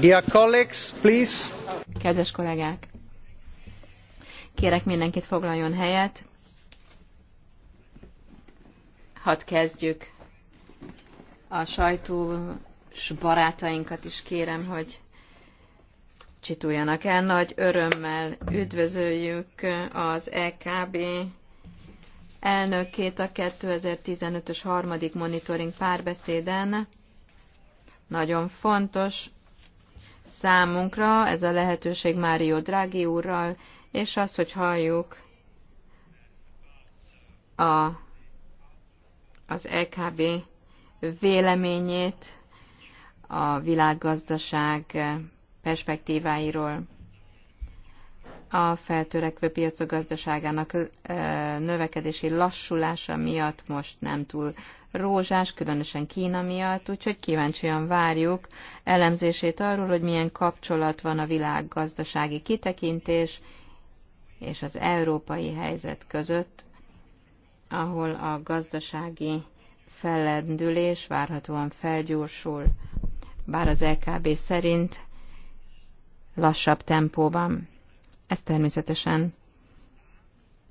Dear colleagues, please. Kedves kollégák, kérek mindenkit foglaljon helyet. Hadd kezdjük. A sajtós barátainkat is kérem, hogy csituljanak el. Nagy örömmel üdvözöljük az EKB elnökét a 2015-ös harmadik monitoring párbeszéden. Nagyon fontos Számunkra ez a lehetőség Mário Drági úrral, és az, hogy halljuk a, az EKB véleményét a világgazdaság perspektíváiról, a feltörekvő piacok gazdaságának növekedési lassulása miatt most nem túl rózsás, különösen Kína miatt, úgyhogy kíváncsian várjuk elemzését arról, hogy milyen kapcsolat van a világ gazdasági kitekintés és az európai helyzet között, ahol a gazdasági fellendülés várhatóan felgyorsul, bár az LKB szerint lassabb tempóban. Ez természetesen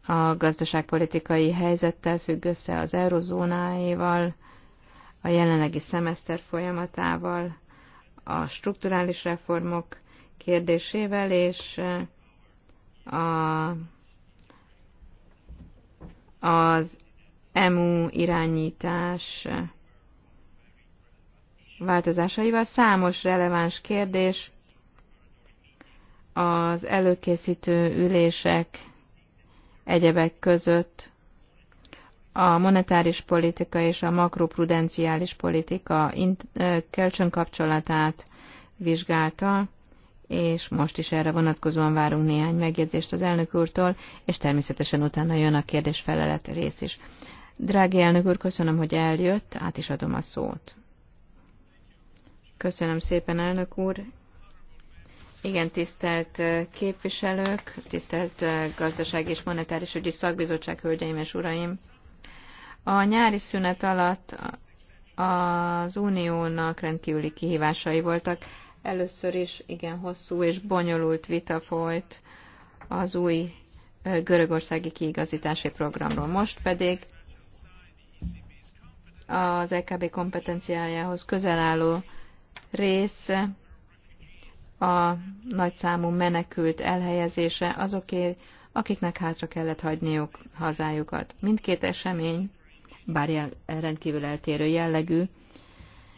a gazdaságpolitikai helyzettel függ össze az eurozónáival, a jelenlegi szemeszter folyamatával, a strukturális reformok kérdésével és eh, a, az EMU irányítás változásaival számos releváns kérdés az előkészítő ülések egyebek között a monetáris politika és a makroprudenciális politika kölcsönkapcsolatát vizsgálta, és most is erre vonatkozóan várunk néhány megjegyzést az elnök úrtól, és természetesen utána jön a kérdés-felelet rész is. Drági elnök úr, köszönöm, hogy eljött, át is adom a szót. Köszönöm szépen, elnök úr, igen, tisztelt képviselők, tisztelt gazdaság és monetáris ügyi szakbizottság, hölgyeim és uraim! A nyári szünet alatt az uniónak rendkívüli kihívásai voltak. Először is igen hosszú és bonyolult vita folyt az új görögországi kiigazítási programról. Most pedig az EKB kompetenciájához közel álló rész a nagyszámú menekült elhelyezése azoké, akiknek hátra kellett hagyniuk hazájukat. Mindkét esemény, bár rendkívül eltérő jellegű,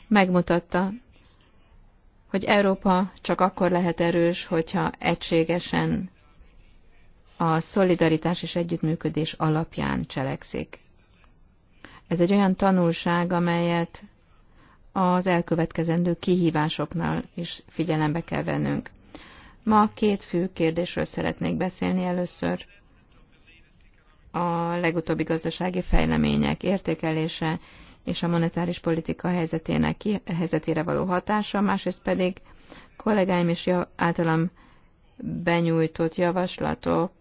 megmutatta, hogy Európa csak akkor lehet erős, hogyha egységesen a szolidaritás és együttműködés alapján cselekszik. Ez egy olyan tanulság, amelyet az elkövetkezendő kihívásoknál is figyelembe kell vennünk. Ma két fő kérdésről szeretnék beszélni először. A legutóbbi gazdasági fejlemények értékelése és a monetáris politika helyzetének, helyzetére való hatása, másrészt pedig kollégáim is általam benyújtott javaslatok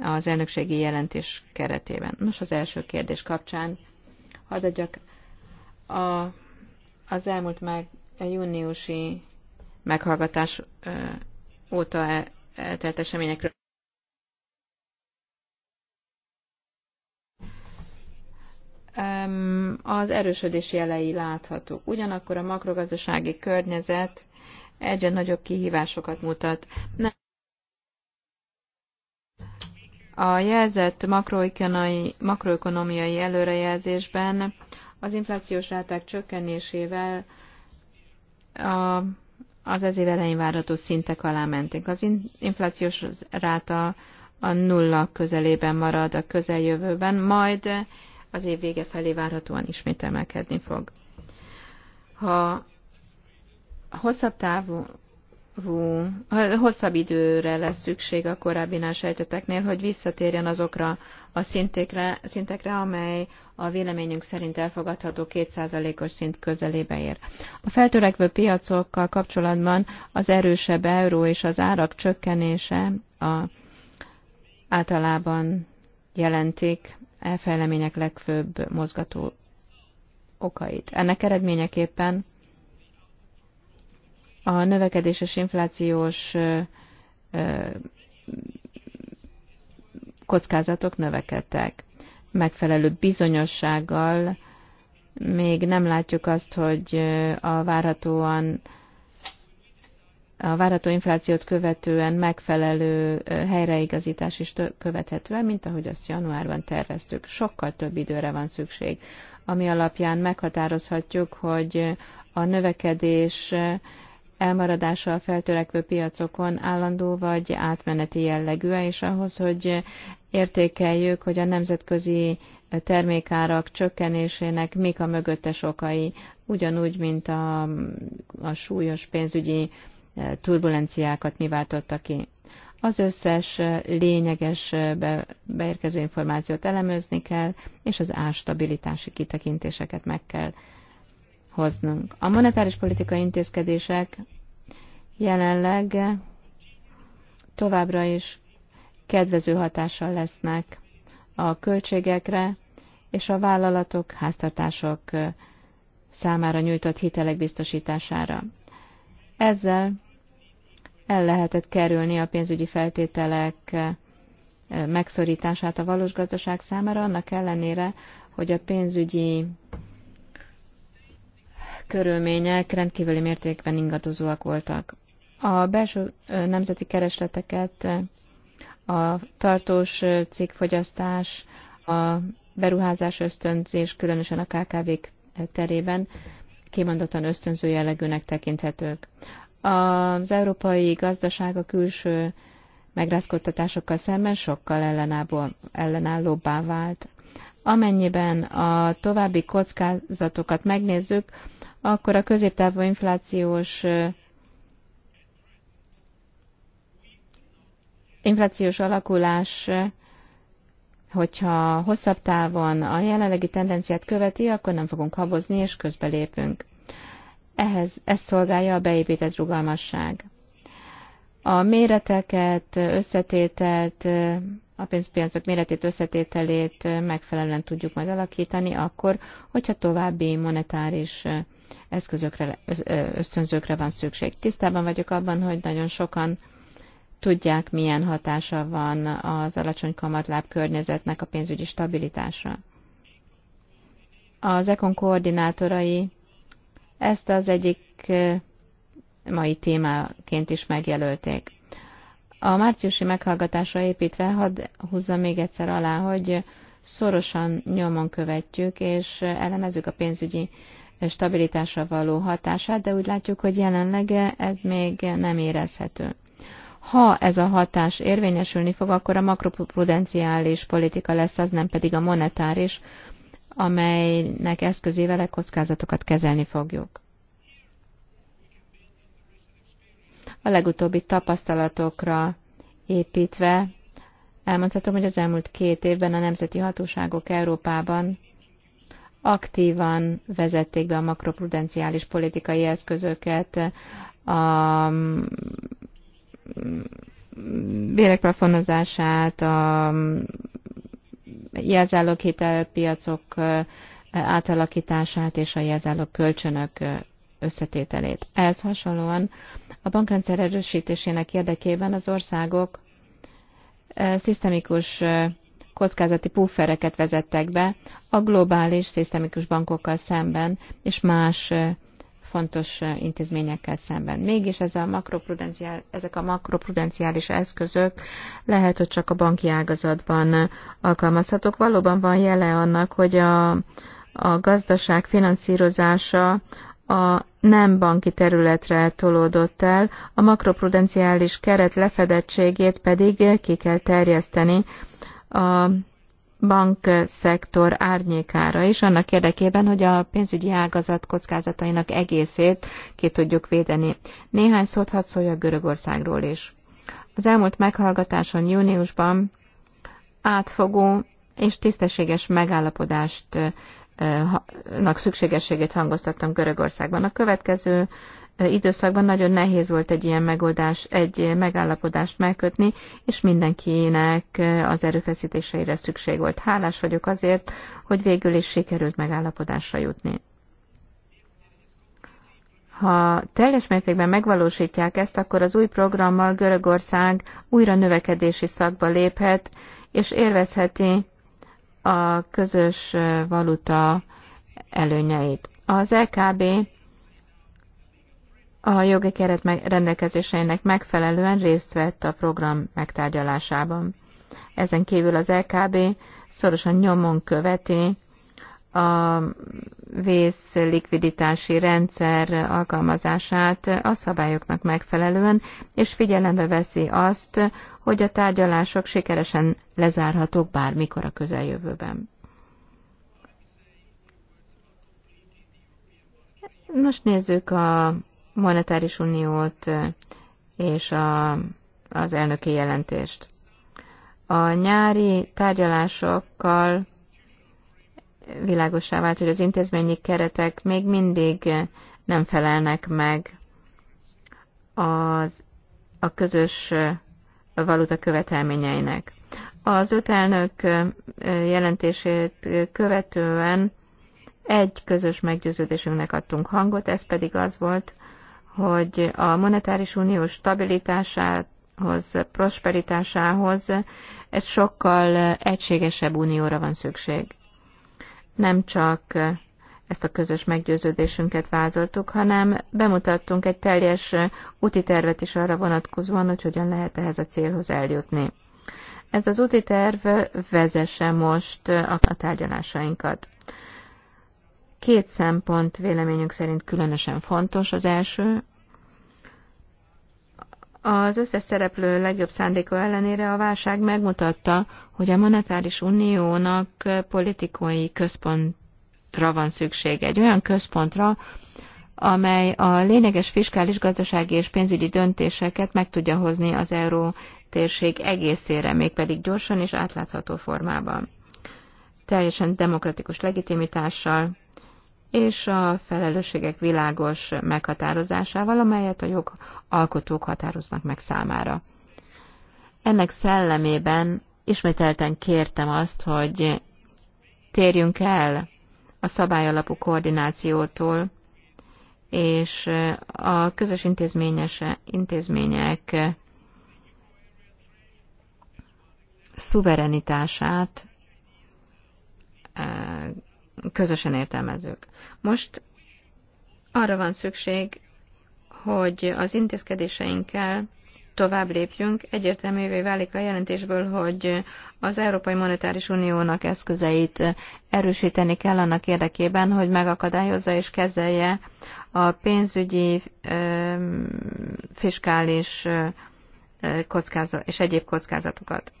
az elnökségi jelentés keretében. Most az első kérdés kapcsán hadd adjak a, az elmúlt meg a júniusi meghallgatás óta e, eltelt eseményekről. Az erősödés jelei láthatók. Ugyanakkor a makrogazdasági környezet egyre nagyobb kihívásokat mutat. Nem a jelzett makroekonomiai előrejelzésben az inflációs ráták csökkenésével a, az ez év elején várható szintek alá mentünk. Az inflációs ráta a nulla közelében marad a közeljövőben, majd az év vége felé várhatóan ismét emelkedni fog. Ha hosszabb távú Hú, hosszabb időre lesz szükség a korábbinál sejteteknél, hogy visszatérjen azokra a szintekre, szintekre amely a véleményünk szerint elfogadható 2%-os szint közelébe ér. A feltörekvő piacokkal kapcsolatban az erősebb euró és az árak csökkenése a, általában jelentik e fejlemények legfőbb mozgató okait. Ennek eredményeképpen a növekedéses inflációs kockázatok növekedtek. Megfelelő bizonyossággal még nem látjuk azt, hogy a várhatóan a várható inflációt követően megfelelő helyreigazítás is követhető mint ahogy azt januárban terveztük. Sokkal több időre van szükség, ami alapján meghatározhatjuk, hogy a növekedés elmaradása a feltörekvő piacokon állandó vagy átmeneti jellegű, és ahhoz, hogy értékeljük, hogy a nemzetközi termékárak csökkenésének mik a mögöttes okai, ugyanúgy, mint a, a súlyos pénzügyi e, turbulenciákat mi váltotta ki. Az összes e, lényeges e, be, beérkező információt elemezni kell, és az ástabilitási kitekintéseket meg kell hoznunk. A monetáris politikai intézkedések jelenleg továbbra is kedvező hatással lesznek a költségekre és a vállalatok, háztartások számára nyújtott hitelek biztosítására. Ezzel el lehetett kerülni a pénzügyi feltételek megszorítását a valós gazdaság számára, annak ellenére, hogy a pénzügyi körülmények rendkívüli mértékben ingadozóak voltak. A belső nemzeti keresleteket a tartós cégfogyasztás, a beruházás ösztönzés, különösen a KKV-k terében kimondottan ösztönző jellegűnek tekinthetők. Az európai gazdaság a külső megrázkodtatásokkal szemben sokkal ellenállóbbá vált. Amennyiben a további kockázatokat megnézzük, akkor a középtávú inflációs inflációs alakulás, hogyha hosszabb távon a jelenlegi tendenciát követi, akkor nem fogunk habozni és közbelépünk. Ehhez ezt szolgálja a beépített rugalmasság. A méreteket, összetételt, a pénzpiacok méretét, összetételét megfelelően tudjuk majd alakítani, akkor, hogyha további monetáris eszközökre, ösztönzőkre van szükség. Tisztában vagyok abban, hogy nagyon sokan tudják, milyen hatása van az alacsony kamatláb környezetnek a pénzügyi stabilitásra. Az ekon koordinátorai ezt az egyik mai témáként is megjelölték. A márciusi meghallgatásra építve hadd húzza még egyszer alá, hogy szorosan nyomon követjük és elemezzük a pénzügyi stabilitásra való hatását, de úgy látjuk, hogy jelenleg ez még nem érezhető. Ha ez a hatás érvényesülni fog, akkor a makroprudenciális politika lesz, az nem pedig a monetáris, amelynek eszközével a kockázatokat kezelni fogjuk. A legutóbbi tapasztalatokra építve elmondhatom, hogy az elmúlt két évben a nemzeti hatóságok Európában aktívan vezették be a makroprudenciális politikai eszközöket, a mm, mm, bérek plafonozását, a mm, jelzálók hitelpiacok átalakítását és a jelzálók kölcsönök összetételét. Ehhez hasonlóan a bankrendszer erősítésének érdekében az országok szisztemikus kockázati puffereket vezettek be a globális szisztemikus bankokkal szemben és más fontos intézményekkel szemben. Mégis ez a ezek a makroprudenciális eszközök lehet, hogy csak a banki ágazatban alkalmazhatók. Valóban van jele annak, hogy a, a gazdaság finanszírozása a nem banki területre tolódott el, a makroprudenciális keret lefedettségét pedig ki kell terjeszteni a bankszektor árnyékára is, annak érdekében, hogy a pénzügyi ágazat kockázatainak egészét ki tudjuk védeni. Néhány szót hadd szóljak Görögországról is. Az elmúlt meghallgatáson júniusban átfogó és tisztességes megállapodást eh, szükségességét hangoztattam Görögországban. A következő időszakban nagyon nehéz volt egy ilyen megoldás, egy megállapodást megkötni, és mindenkinek az erőfeszítéseire szükség volt. Hálás vagyok azért, hogy végül is sikerült megállapodásra jutni. Ha teljes mértékben megvalósítják ezt, akkor az új programmal Görögország újra növekedési szakba léphet, és élvezheti a közös valuta előnyeit. Az LKB e a jogi keret rendelkezéseinek megfelelően részt vett a program megtárgyalásában. Ezen kívül az LKB szorosan nyomon követi a vész likviditási rendszer alkalmazását a szabályoknak megfelelően, és figyelembe veszi azt, hogy a tárgyalások sikeresen lezárhatók bármikor a közeljövőben. Most nézzük a monetáris uniót és a, az elnöki jelentést. A nyári tárgyalásokkal világosá vált, hogy az intézményi keretek még mindig nem felelnek meg az, a közös valuta követelményeinek. Az öt elnök jelentését követően egy közös meggyőződésünknek adtunk hangot, ez pedig az volt, hogy a monetáris unió stabilitásához, prosperitásához egy sokkal egységesebb unióra van szükség. Nem csak ezt a közös meggyőződésünket vázoltuk, hanem bemutattunk egy teljes úti tervet is arra vonatkozóan, hogy hogyan lehet ehhez a célhoz eljutni. Ez az úti terv vezesse most a tárgyalásainkat. Két szempont véleményünk szerint különösen fontos. Az első, az összes szereplő legjobb szándéka ellenére a válság megmutatta, hogy a monetáris uniónak politikai központra van szüksége. Egy olyan központra, amely a lényeges fiskális, gazdasági és pénzügyi döntéseket meg tudja hozni az euró térség egészére, mégpedig gyorsan és átlátható formában. Teljesen demokratikus legitimitással, és a felelősségek világos meghatározásával, amelyet a jog alkotók határoznak meg számára. Ennek szellemében ismételten kértem azt, hogy térjünk el a szabályalapú koordinációtól, és a közös intézményese, intézmények szuverenitását közösen értelmezők. Most arra van szükség, hogy az intézkedéseinkkel tovább lépjünk. Egyértelművé válik a jelentésből, hogy az Európai Monetáris Uniónak eszközeit erősíteni kell annak érdekében, hogy megakadályozza és kezelje a pénzügyi, fiskális kockázat és egyéb kockázatokat.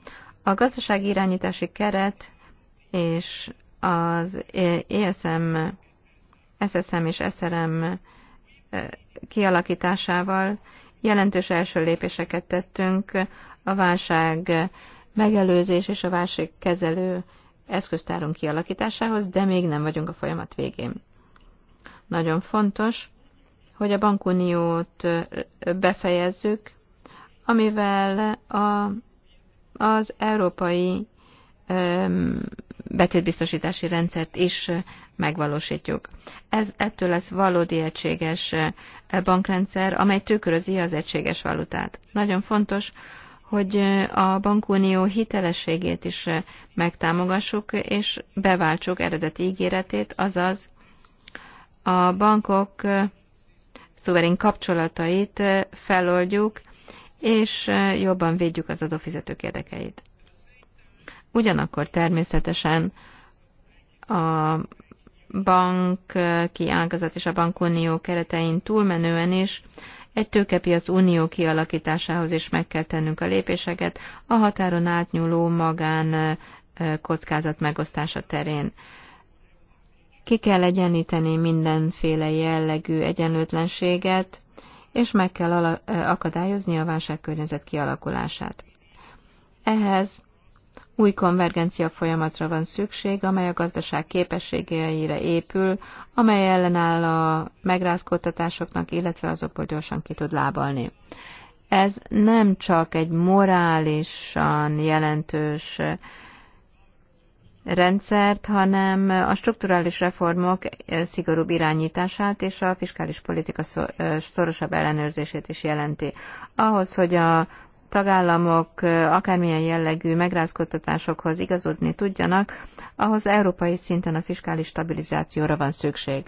A gazdasági irányítási keret és az ESM, SSM és SRM kialakításával jelentős első lépéseket tettünk a válság megelőzés és a válság kezelő eszköztárunk kialakításához, de még nem vagyunk a folyamat végén. Nagyon fontos, hogy a bankuniót befejezzük, amivel a, az európai betétbiztosítási rendszert is megvalósítjuk. Ez ettől lesz valódi egységes bankrendszer, amely tükrözi az egységes valutát. Nagyon fontos, hogy a bankunió hitelességét is megtámogassuk, és beváltsuk eredeti ígéretét, azaz a bankok szuverén kapcsolatait feloldjuk, és jobban védjük az adófizetők érdekeit. Ugyanakkor természetesen a banki kiágazat és a bankunió keretein túlmenően is egy tőkepiac unió kialakításához is meg kell tennünk a lépéseket a határon átnyúló magán kockázat megosztása terén. Ki kell egyeníteni mindenféle jellegű egyenlőtlenséget, és meg kell akadályozni a válságkörnyezet kialakulását. Ehhez új konvergencia folyamatra van szükség, amely a gazdaság képességeire épül, amely ellenáll a megrázkódtatásoknak, illetve azokból gyorsan ki tud lábalni. Ez nem csak egy morálisan jelentős rendszert, hanem a strukturális reformok szigorúbb irányítását és a fiskális politika szorosabb ellenőrzését is jelenti. Ahhoz, hogy a tagállamok akármilyen jellegű megrázkodtatásokhoz igazodni tudjanak, ahhoz európai szinten a fiskális stabilizációra van szükség.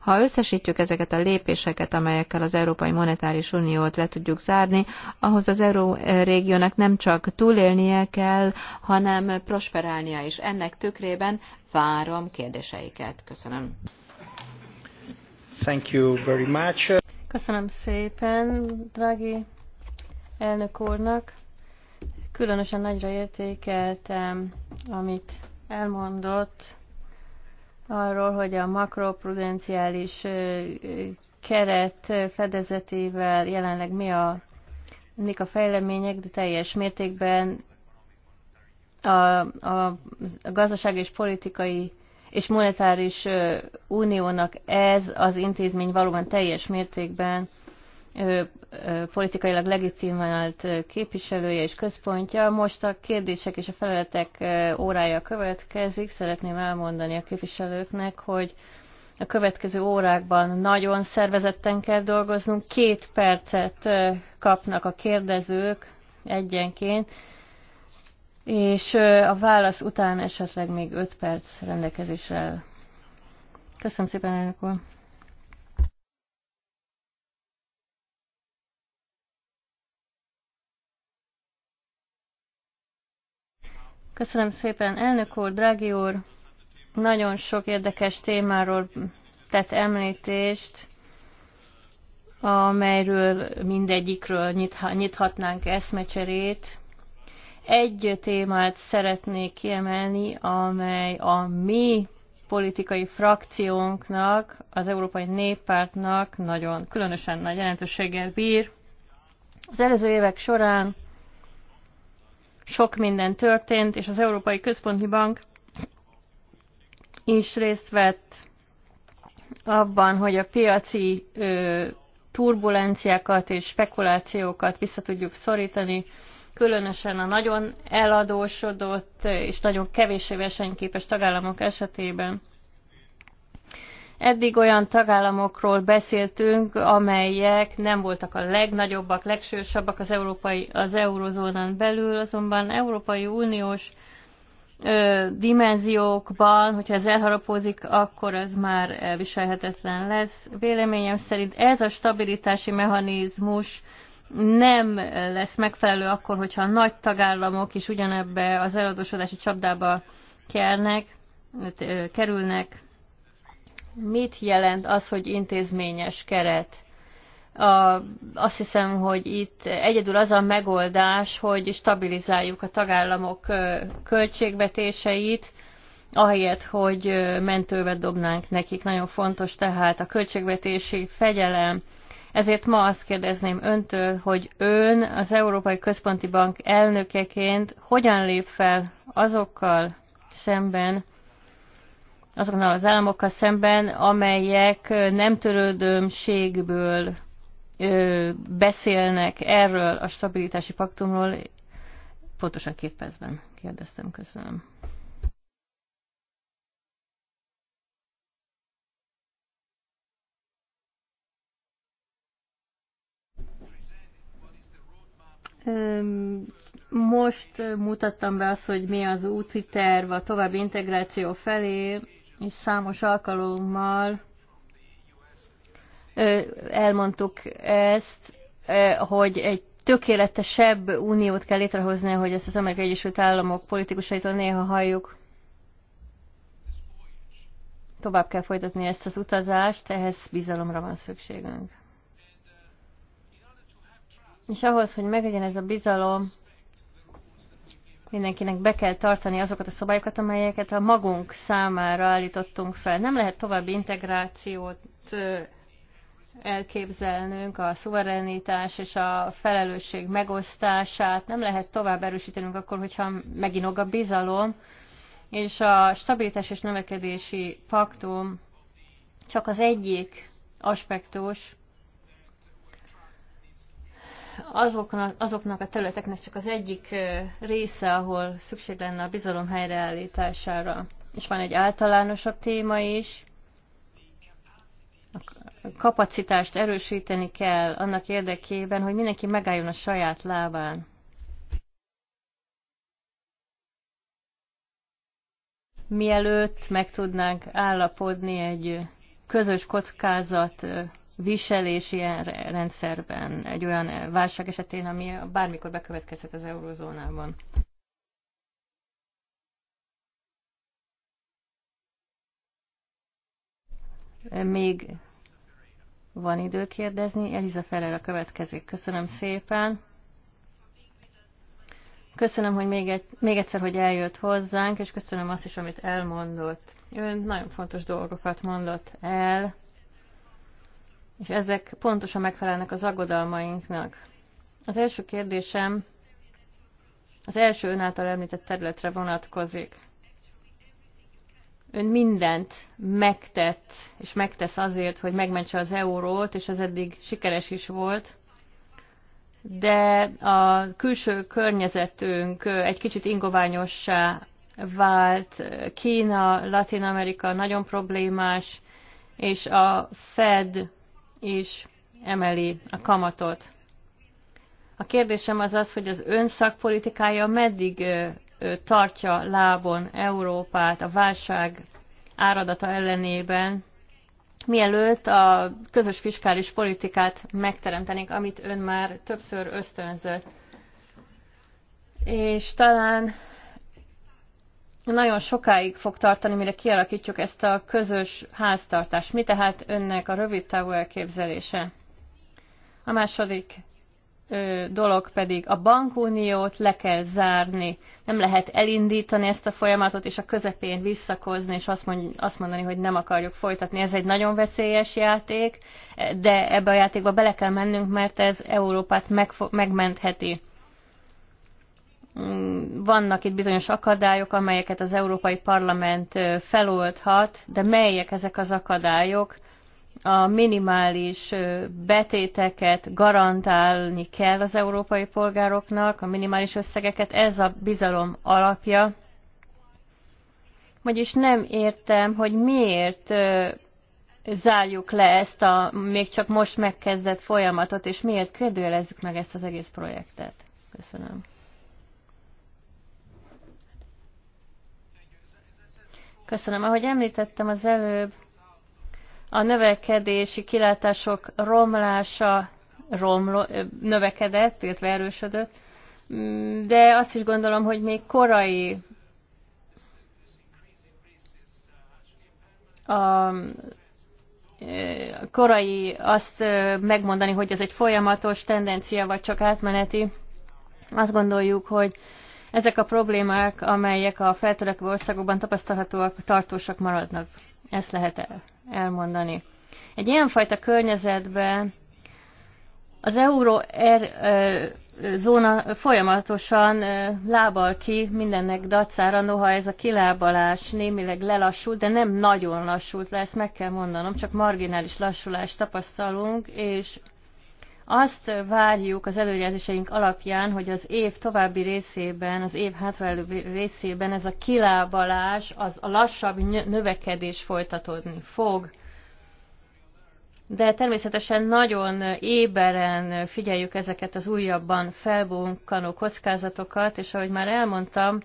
Ha összesítjük ezeket a lépéseket, amelyekkel az Európai Monetáris Uniót le tudjuk zárni, ahhoz az euró régiónak nem csak túlélnie kell, hanem prosperálnia is. Ennek tükrében várom kérdéseiket. Köszönöm. Thank you very much. Köszönöm szépen, drági elnök úrnak. Különösen nagyra értékeltem, amit elmondott arról, hogy a makroprudenciális keret fedezetével jelenleg mi a, mik a fejlemények, de teljes mértékben a, a, a gazdaság és politikai és monetáris uniónak ez az intézmény valóban teljes mértékben politikailag legitimált képviselője és központja. Most a kérdések és a feleletek órája következik. Szeretném elmondani a képviselőknek, hogy a következő órákban nagyon szervezetten kell dolgoznunk. Két percet kapnak a kérdezők egyenként, és a válasz után esetleg még öt perc rendelkezésre Köszönöm szépen, elnök úr! Köszönöm szépen, elnök úr, drági úr, nagyon sok érdekes témáról tett említést, amelyről mindegyikről nyithatnánk eszmecserét. Egy témát szeretnék kiemelni, amely a mi politikai frakciónknak, az Európai Néppártnak nagyon különösen nagy jelentőséggel bír. Az előző évek során sok minden történt, és az Európai Központi Bank is részt vett abban, hogy a piaci ö, turbulenciákat és spekulációkat vissza tudjuk szorítani, különösen a nagyon eladósodott és nagyon kevésé versenyképes tagállamok esetében. Eddig olyan tagállamokról beszéltünk, amelyek nem voltak a legnagyobbak, legsősabbak az, európai, az eurozónán belül, azonban Európai Uniós ö, dimenziókban, hogyha ez elharapózik, akkor az már elviselhetetlen lesz. Véleményem szerint ez a stabilitási mechanizmus nem lesz megfelelő akkor, hogyha a nagy tagállamok is ugyanebbe az eladósodási csapdába kelnek, kerülnek, mit jelent az, hogy intézményes keret? A, azt hiszem, hogy itt egyedül az a megoldás, hogy stabilizáljuk a tagállamok költségvetéseit, ahelyett, hogy mentővet dobnánk nekik. Nagyon fontos tehát a költségvetési fegyelem. Ezért ma azt kérdezném öntől, hogy ön az Európai Központi Bank elnökeként hogyan lép fel azokkal szemben, azoknál az államokkal szemben, amelyek nem törődömségből beszélnek erről a stabilitási paktumról. Pontosan két percben kérdeztem, köszönöm. Most mutattam be azt, hogy mi az úti terv a további integráció felé, és számos alkalommal elmondtuk ezt, hogy egy tökéletesebb uniót kell létrehozni, hogy ezt az Amerikai Egyesült Államok politikusaitól néha halljuk. Tovább kell folytatni ezt az utazást, ehhez bizalomra van szükségünk. És ahhoz, hogy meglegyen ez a bizalom, mindenkinek be kell tartani azokat a szabályokat, amelyeket a magunk számára állítottunk fel. Nem lehet további integrációt elképzelnünk, a szuverenitás és a felelősség megosztását, nem lehet tovább erősítenünk akkor, hogyha meginog a bizalom, és a stabilitás és növekedési paktum csak az egyik aspektus azoknak, azoknak a területeknek csak az egyik része, ahol szükség lenne a bizalom helyreállítására. És van egy általánosabb téma is. A kapacitást erősíteni kell annak érdekében, hogy mindenki megálljon a saját lábán. Mielőtt meg tudnánk állapodni egy közös kockázat viselési rendszerben egy olyan válság esetén, ami bármikor bekövetkezhet az eurozónában. Még van idő kérdezni. Eliza Ferrer a következik. Köszönöm szépen. Köszönöm, hogy még, egy, még egyszer, hogy eljött hozzánk, és köszönöm azt is, amit elmondott. Ön nagyon fontos dolgokat mondott el, és ezek pontosan megfelelnek az aggodalmainknak. Az első kérdésem az első ön által említett területre vonatkozik. Ön mindent megtett, és megtesz azért, hogy megmentse az eurót, és ez eddig sikeres is volt. De a külső környezetünk egy kicsit ingoványossá vált, Kína, Latin Amerika nagyon problémás, és a Fed is emeli a kamatot. A kérdésem az az, hogy az ön szakpolitikája meddig tartja lábon Európát a válság áradata ellenében, mielőtt a közös fiskális politikát megteremtenénk, amit ön már többször ösztönzött. És talán nagyon sokáig fog tartani, mire kialakítjuk ezt a közös háztartást. Mi tehát önnek a rövid távú elképzelése? A második ö, dolog pedig a bankuniót le kell zárni. Nem lehet elindítani ezt a folyamatot, és a közepén visszakozni, és azt, mond, azt mondani, hogy nem akarjuk folytatni. Ez egy nagyon veszélyes játék, de ebbe a játékba bele kell mennünk, mert ez Európát meg, megmentheti vannak itt bizonyos akadályok, amelyeket az Európai Parlament feloldhat, de melyek ezek az akadályok? A minimális betéteket garantálni kell az európai polgároknak, a minimális összegeket, ez a bizalom alapja. Vagyis nem értem, hogy miért zárjuk le ezt a még csak most megkezdett folyamatot, és miért kérdőjelezzük meg ezt az egész projektet. Köszönöm. Köszönöm. Ahogy említettem az előbb, a növekedési kilátások romlása romlo, növekedett, illetve erősödött, mm, de azt is gondolom, hogy még korai a korai azt megmondani, hogy ez egy folyamatos tendencia, vagy csak átmeneti. Azt gondoljuk, hogy ezek a problémák, amelyek a feltörekvő országokban tapasztalhatóak, tartósak maradnak. Ezt lehet e- elmondani. Egy ilyenfajta környezetben az euró er, ö, zóna folyamatosan ö, lábal ki mindennek dacára, noha ez a kilábalás némileg lelassult, de nem nagyon lassult le, ezt meg kell mondanom, csak marginális lassulást tapasztalunk, és azt várjuk az előrejelzéseink alapján, hogy az év további részében, az év hátralévő részében ez a kilábalás, az a lassabb növekedés folytatódni fog. De természetesen nagyon éberen figyeljük ezeket az újabban felbunkanó kockázatokat, és ahogy már elmondtam,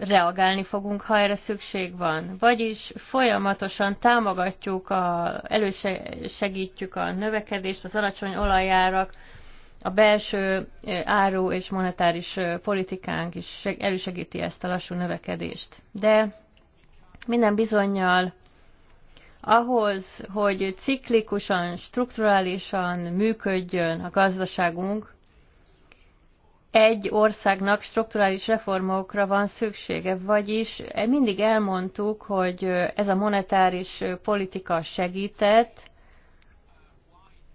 reagálni fogunk, ha erre szükség van. Vagyis folyamatosan támogatjuk, a, elősegítjük a növekedést, az alacsony olajárak, a belső áru és monetáris politikánk is elősegíti ezt a lassú növekedést. De minden bizonyal ahhoz, hogy ciklikusan, strukturálisan működjön a gazdaságunk, egy országnak strukturális reformokra van szüksége, vagyis eh, mindig elmondtuk, hogy eh, ez a monetáris eh, politika segített,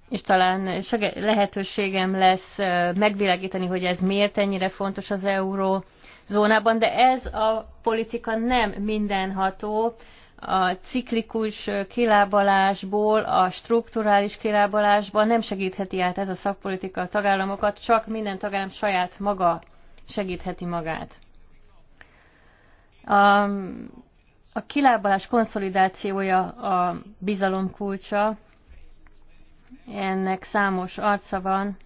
és talán lehetőségem lesz megvilágítani, hogy ez miért ennyire fontos az euró zónában, de ez a politika nem mindenható, a ciklikus kilábalásból a strukturális kilábalásba nem segítheti át ez a szakpolitika a tagállamokat, csak minden tagállam saját maga segítheti magát. A, a kilábalás konszolidációja a bizalom kulcsa, ennek számos arca van,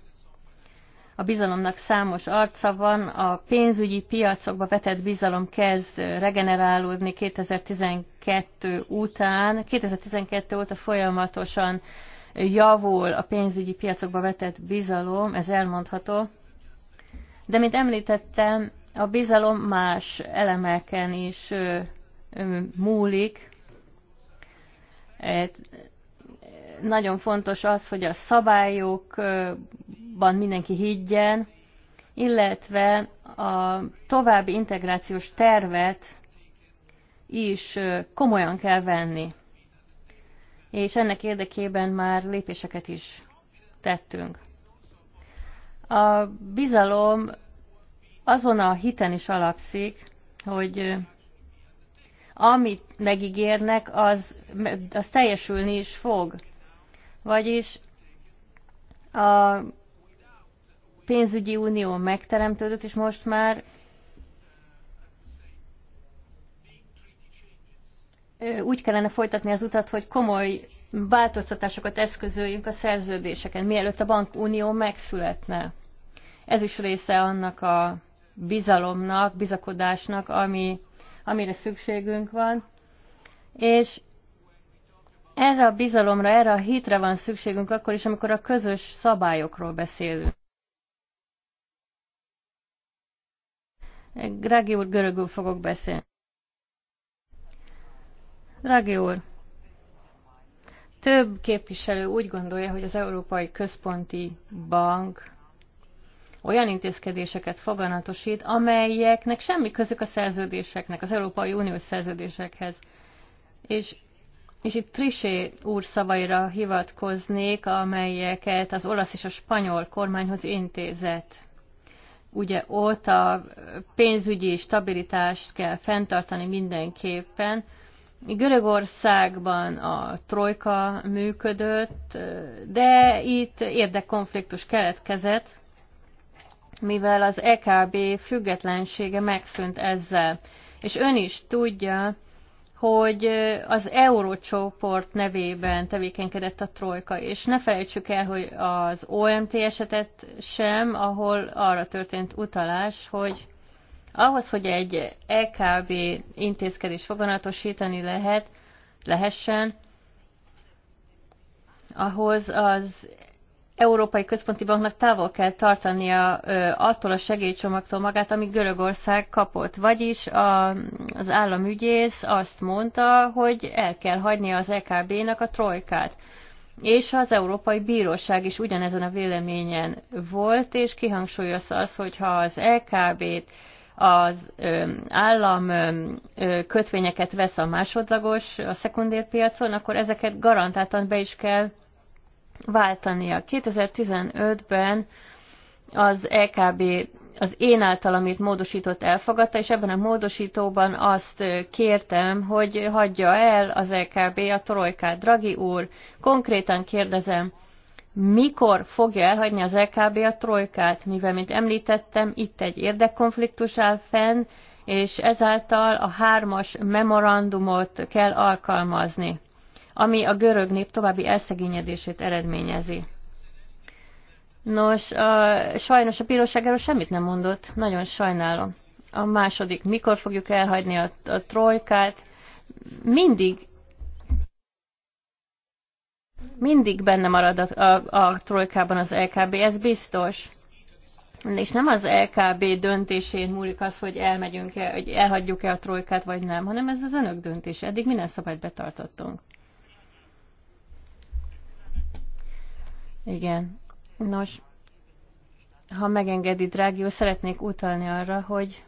a bizalomnak számos arca van, a pénzügyi piacokba vetett bizalom kezd regenerálódni 2012 után. 2012 óta folyamatosan javul a pénzügyi piacokba vetett bizalom, ez elmondható. De, mint említettem, a bizalom más elemeken is múlik. Nagyon fontos az, hogy a szabályok abban mindenki higgyen, illetve a további integrációs tervet is komolyan kell venni. És ennek érdekében már lépéseket is tettünk. A bizalom azon a hiten is alapszik, hogy amit megígérnek, az, az teljesülni is fog. Vagyis a pénzügyi unió megteremtődött, és most már úgy kellene folytatni az utat, hogy komoly változtatásokat eszközöljünk a szerződéseken, mielőtt a bankunió megszületne. Ez is része annak a bizalomnak, bizakodásnak, ami, amire szükségünk van. És erre a bizalomra, erre a hitre van szükségünk akkor is, amikor a közös szabályokról beszélünk. Drági úr, görögül fogok beszélni. Drági úr, több képviselő úgy gondolja, hogy az Európai Központi Bank olyan intézkedéseket foganatosít, amelyeknek semmi közük a szerződéseknek, az Európai Uniós szerződésekhez. És, és itt Trisé úr szavaira hivatkoznék, amelyeket az olasz és a spanyol kormányhoz intézett ugye ott a pénzügyi stabilitást kell fenntartani mindenképpen. Görögországban a trojka működött, de itt érdekkonfliktus keletkezett, mivel az EKB függetlensége megszűnt ezzel. És ön is tudja, hogy az eurócsoport nevében tevékenykedett a trojka, és ne felejtsük el, hogy az OMT esetet sem, ahol arra történt utalás, hogy ahhoz, hogy egy EKB intézkedés foganatosítani lehet, lehessen, ahhoz az Európai Központi Banknak távol kell tartania attól a segélycsomagtól magát, amit Görögország kapott. Vagyis a, az államügyész azt mondta, hogy el kell hagynia az EKB-nak a trojkát. És az Európai Bíróság is ugyanezen a véleményen volt, és kihangsúlyozta azt, hogy ha az EKB-t az ö, állam ö, kötvényeket vesz a másodlagos, a szekundérpiacon, akkor ezeket garantáltan be is kell váltania. 2015-ben az EKB az én általam amit módosított elfogadta, és ebben a módosítóban azt kértem, hogy hagyja el az EKB a trojkát. Dragi úr, konkrétan kérdezem, mikor fogja elhagyni az EKB a trojkát, mivel, mint említettem, itt egy érdekkonfliktus áll fenn, és ezáltal a hármas memorandumot kell alkalmazni ami a görög nép további elszegényedését eredményezi. Nos, a, sajnos a bíróság erről semmit nem mondott, nagyon sajnálom. A második, mikor fogjuk elhagyni a, a trojkát, mindig mindig benne marad a, a, a trojkában az LKB, ez biztos. És nem az LKB döntésén múlik az, hogy elmegyünk-e, hogy elhagyjuk-e a trojkát, vagy nem, hanem ez az önök döntése. Eddig minden szabályt betartottunk. Igen. Nos, ha megengedi, drági úr, szeretnék utalni arra, hogy,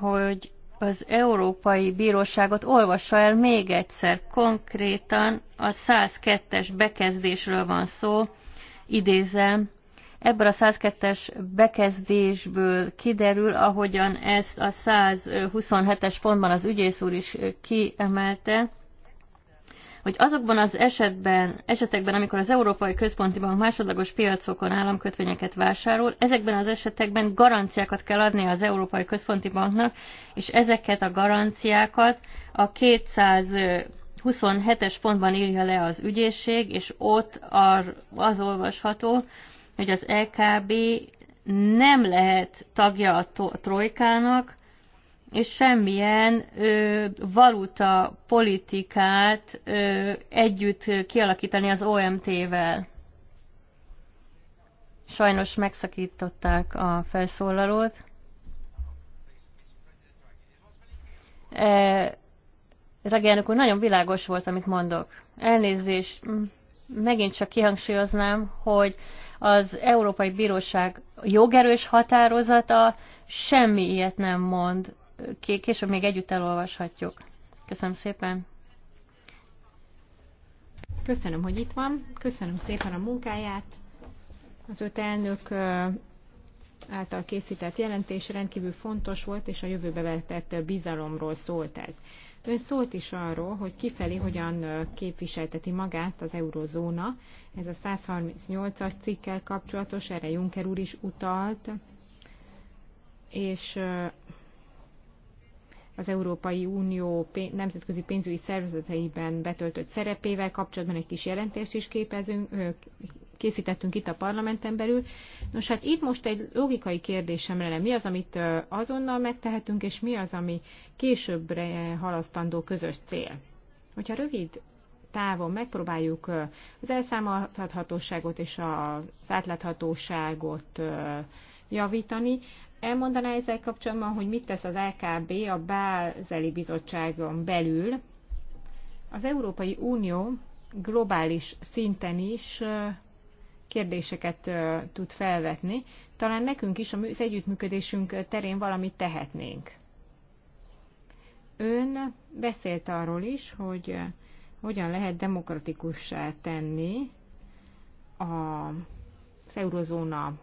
hogy az Európai Bíróságot olvassa el még egyszer. Konkrétan a 102-es bekezdésről van szó, idézem. Ebből a 102-es bekezdésből kiderül, ahogyan ezt a 127-es pontban az ügyész úr is kiemelte, hogy azokban az esetben, esetekben, amikor az Európai Központi Bank másodlagos piacokon államkötvényeket vásárol, ezekben az esetekben garanciákat kell adni az Európai Központi Banknak, és ezeket a garanciákat a 200 27-es pontban írja le az ügyészség, és ott az olvasható, hogy az EKB nem lehet tagja a trojkának, és semmilyen ö, valuta politikát ö, együtt kialakítani az OMT-vel. Sajnos megszakították a felszólalót. E, Regélnök úr, nagyon világos volt, amit mondok. Elnézést, megint csak kihangsúlyoznám, hogy az Európai Bíróság jogerős határozata semmi ilyet nem mond később még együtt elolvashatjuk. Köszönöm szépen! Köszönöm, hogy itt van. Köszönöm szépen a munkáját. Az öt elnök által készített jelentés rendkívül fontos volt, és a jövőbe vetett bizalomról szólt ez. Ön szólt is arról, hogy kifelé hogyan képviselteti magát az eurozóna. Ez a 138-as cikkel kapcsolatos, erre Juncker úr is utalt, és az Európai Unió nemzetközi pénzügyi szervezeteiben betöltött szerepével kapcsolatban egy kis jelentést is képezünk, készítettünk itt a parlamenten belül. Nos, hát itt most egy logikai kérdésem lenne, mi az, amit azonnal megtehetünk, és mi az, ami későbbre halasztandó közös cél. Hogyha rövid távon megpróbáljuk az elszámolhatóságot és az átláthatóságot javítani, Elmondaná ezzel kapcsolatban, hogy mit tesz az LKB a Bázeli Bizottságon belül. Az Európai Unió globális szinten is kérdéseket tud felvetni. Talán nekünk is az együttműködésünk terén valamit tehetnénk. Ön beszélt arról is, hogy hogyan lehet demokratikussá tenni az eurozóna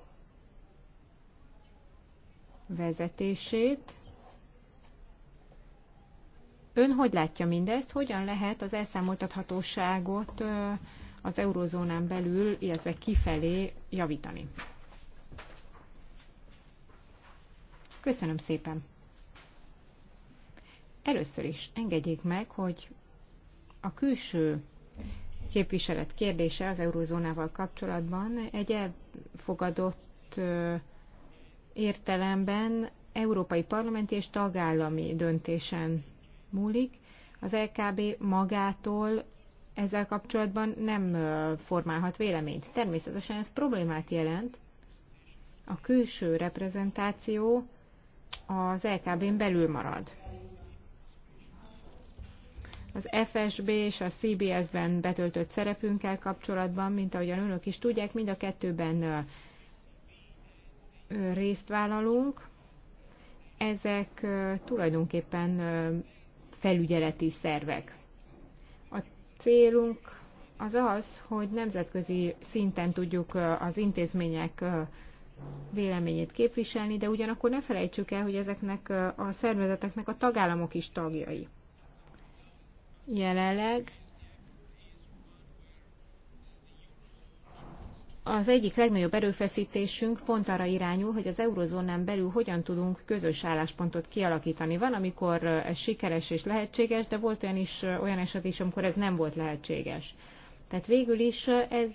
vezetését. Ön hogy látja mindezt? Hogyan lehet az elszámoltathatóságot az eurozónán belül, illetve kifelé javítani? Köszönöm szépen! Először is engedjék meg, hogy a külső képviselet kérdése az eurozónával kapcsolatban egy elfogadott értelemben európai parlamenti és tagállami döntésen múlik. Az LKB magától ezzel kapcsolatban nem formálhat véleményt. Természetesen ez problémát jelent. A külső reprezentáció az LKB-n belül marad. Az FSB és a CBS-ben betöltött szerepünkkel kapcsolatban, mint ahogyan önök is tudják, mind a kettőben részt vállalunk, ezek tulajdonképpen felügyeleti szervek. A célunk az az, hogy nemzetközi szinten tudjuk az intézmények véleményét képviselni, de ugyanakkor ne felejtsük el, hogy ezeknek a szervezeteknek a tagállamok is tagjai. Jelenleg az egyik legnagyobb erőfeszítésünk pont arra irányul, hogy az eurozónán belül hogyan tudunk közös álláspontot kialakítani. Van, amikor ez sikeres és lehetséges, de volt olyan, is, olyan eset is, amikor ez nem volt lehetséges. Tehát végül is ez,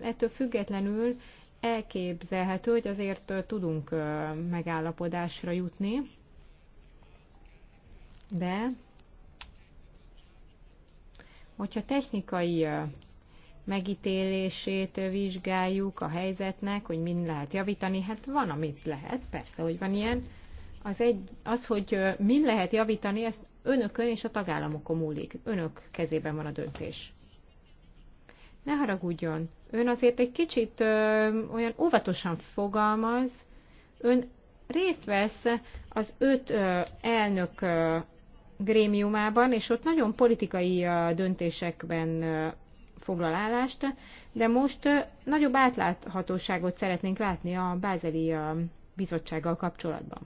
ettől függetlenül elképzelhető, hogy azért tudunk megállapodásra jutni, de hogyha technikai megítélését vizsgáljuk a helyzetnek, hogy mind lehet javítani. Hát van, amit lehet, persze, hogy van ilyen. Az, egy, az hogy mind lehet javítani, ezt önökön és a tagállamokon múlik. Önök kezében van a döntés. Ne haragudjon. Ön azért egy kicsit ö, olyan óvatosan fogalmaz. Ön részt vesz az öt ö, elnök ö, grémiumában, és ott nagyon politikai döntésekben foglalálást, de most nagyobb átláthatóságot szeretnénk látni a Bázeli bizottsággal kapcsolatban.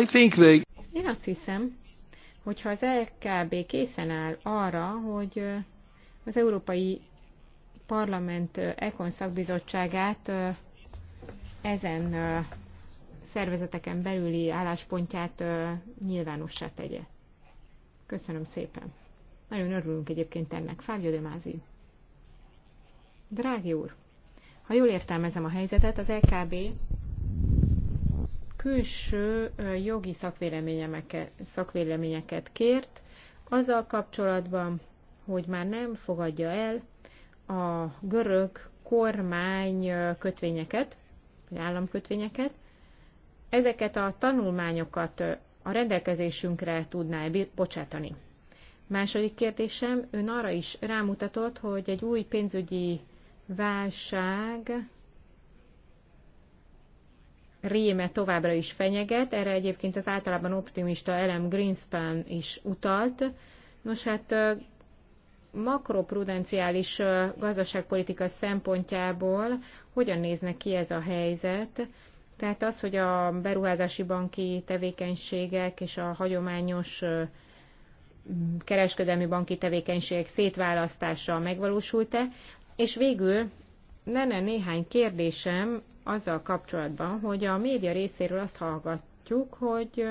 I think they... Én azt hiszem, hogyha az LKB készen áll arra, hogy az Európai Parlament Ekon szakbizottságát ezen szervezeteken belüli álláspontját nyilvánossá tegye. Köszönöm szépen. Nagyon örülünk egyébként ennek. Fábio de Mázi. Drági úr, ha jól értelmezem a helyzetet, az LKB külső jogi szakvéleményeket kért, azzal kapcsolatban, hogy már nem fogadja el a görög kormány kötvényeket, vagy államkötvényeket, ezeket a tanulmányokat a rendelkezésünkre tudná -e bocsátani. Második kérdésem, ön arra is rámutatott, hogy egy új pénzügyi válság réme továbbra is fenyeget, erre egyébként az általában optimista elem Greenspan is utalt. Nos hát makroprudenciális gazdaságpolitika szempontjából hogyan néznek ki ez a helyzet, tehát az, hogy a beruházási banki tevékenységek és a hagyományos kereskedelmi banki tevékenységek szétválasztása megvalósult-e, és végül lenne néhány kérdésem azzal kapcsolatban, hogy a média részéről azt hallgatjuk, hogy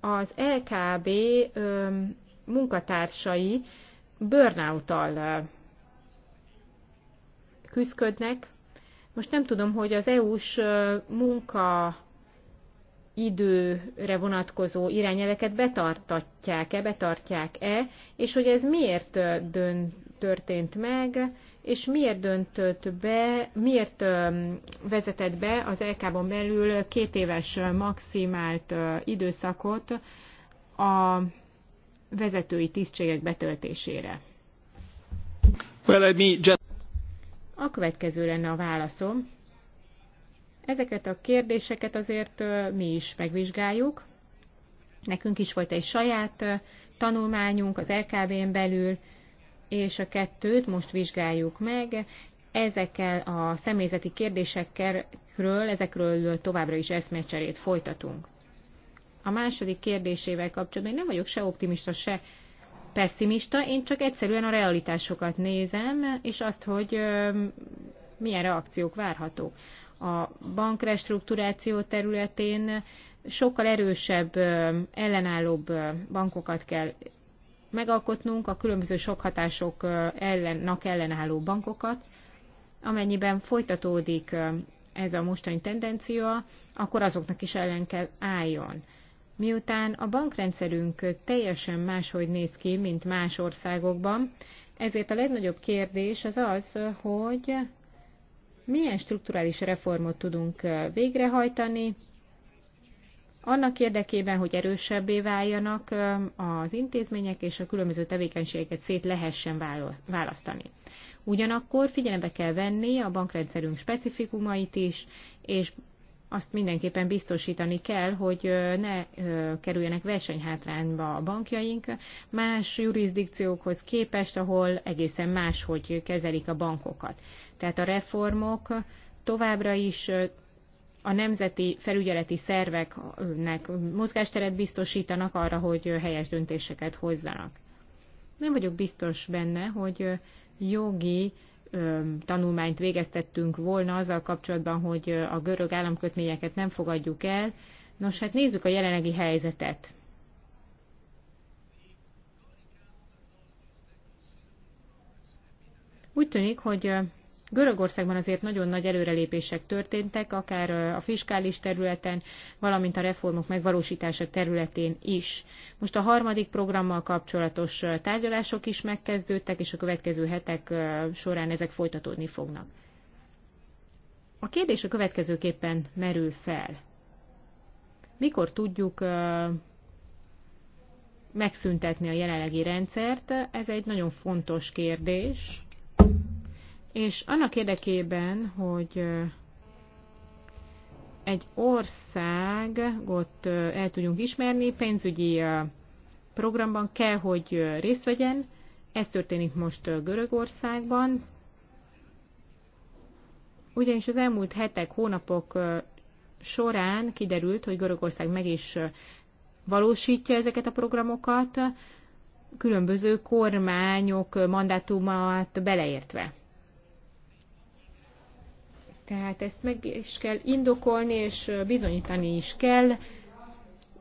az LKB munkatársai burnout küzdködnek, most nem tudom, hogy az EU-s munka időre vonatkozó irányelveket betartatják-e, betartják-e, és hogy ez miért dönt, történt meg, és miért döntött be, miért vezetett be az LK-ban belül két éves maximált időszakot a vezetői tisztségek betöltésére. Well, let me just... A következő lenne a válaszom. Ezeket a kérdéseket azért mi is megvizsgáljuk. Nekünk is volt egy saját tanulmányunk az LKB-n belül, és a kettőt most vizsgáljuk meg. Ezekkel a személyzeti kérdésekről, ezekről továbbra is eszmecserét folytatunk. A második kérdésével kapcsolatban én nem vagyok se optimista, se pessimista, én csak egyszerűen a realitásokat nézem, és azt, hogy milyen reakciók várhatók. A bankrestruktúráció területén sokkal erősebb, ellenállóbb bankokat kell megalkotnunk, a különböző sokhatások ellennak ellenálló bankokat. Amennyiben folytatódik ez a mostani tendencia, akkor azoknak is ellen kell álljon. Miután a bankrendszerünk teljesen máshogy néz ki, mint más országokban, ezért a legnagyobb kérdés az az, hogy milyen strukturális reformot tudunk végrehajtani, annak érdekében, hogy erősebbé váljanak az intézmények, és a különböző tevékenységeket szét lehessen választani. Ugyanakkor figyelembe kell venni a bankrendszerünk specifikumait is, és azt mindenképpen biztosítani kell, hogy ne kerüljenek versenyhátrányba a bankjaink más jurisdikciókhoz képest, ahol egészen máshogy kezelik a bankokat. Tehát a reformok továbbra is a nemzeti felügyeleti szerveknek mozgásteret biztosítanak arra, hogy helyes döntéseket hozzanak. Nem vagyok biztos benne, hogy jogi tanulmányt végeztettünk volna azzal kapcsolatban, hogy a görög államkötményeket nem fogadjuk el. Nos, hát nézzük a jelenlegi helyzetet. Úgy tűnik, hogy Görögországban azért nagyon nagy előrelépések történtek, akár a fiskális területen, valamint a reformok megvalósítása területén is. Most a harmadik programmal kapcsolatos tárgyalások is megkezdődtek, és a következő hetek során ezek folytatódni fognak. A kérdés a következőképpen merül fel. Mikor tudjuk megszüntetni a jelenlegi rendszert? Ez egy nagyon fontos kérdés és annak érdekében, hogy egy országot el tudjunk ismerni, pénzügyi programban kell, hogy részt vegyen. Ez történik most Görögországban. Ugyanis az elmúlt hetek, hónapok során kiderült, hogy Görögország meg is valósítja ezeket a programokat, különböző kormányok mandátumát beleértve. Tehát ezt meg is kell indokolni, és bizonyítani is kell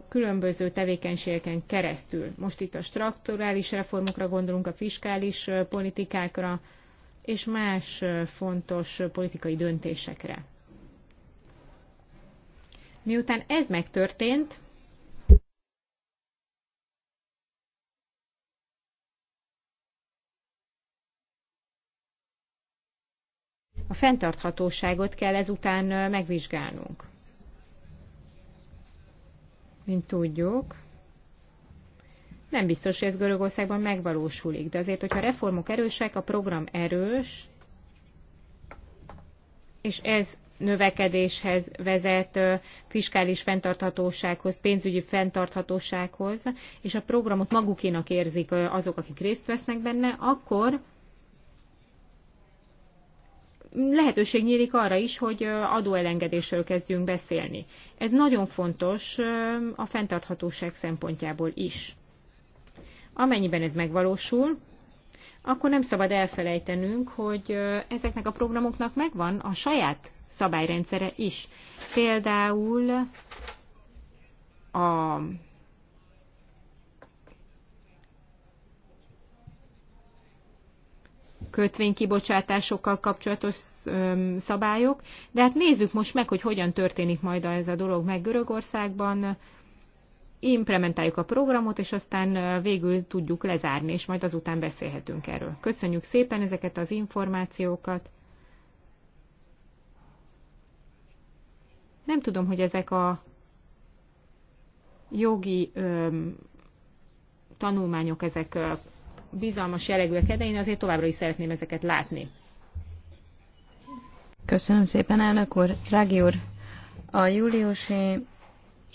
különböző tevékenységeken keresztül. Most itt a strukturális reformokra gondolunk, a fiskális politikákra, és más fontos politikai döntésekre. Miután ez megtörtént, A fenntarthatóságot kell ezután megvizsgálnunk. Mint tudjuk, nem biztos, hogy ez Görögországban megvalósulik, de azért, hogyha reformok erősek, a program erős, és ez növekedéshez vezet, fiskális fenntarthatósághoz, pénzügyi fenntarthatósághoz, és a programot magukénak érzik azok, akik részt vesznek benne, akkor lehetőség nyílik arra is, hogy adóelengedésről kezdjünk beszélni. Ez nagyon fontos a fenntarthatóság szempontjából is. Amennyiben ez megvalósul, akkor nem szabad elfelejtenünk, hogy ezeknek a programoknak megvan a saját szabályrendszere is. Például a kötvénykibocsátásokkal kapcsolatos szabályok, de hát nézzük most meg, hogy hogyan történik majd ez a dolog meg Görögországban, implementáljuk a programot, és aztán végül tudjuk lezárni, és majd azután beszélhetünk erről. Köszönjük szépen ezeket az információkat. Nem tudom, hogy ezek a jogi öm, tanulmányok, ezek bizalmas jellegűek, de én azért továbbra is szeretném ezeket látni. Köszönöm szépen, elnök úr. Rági úr, a júliusi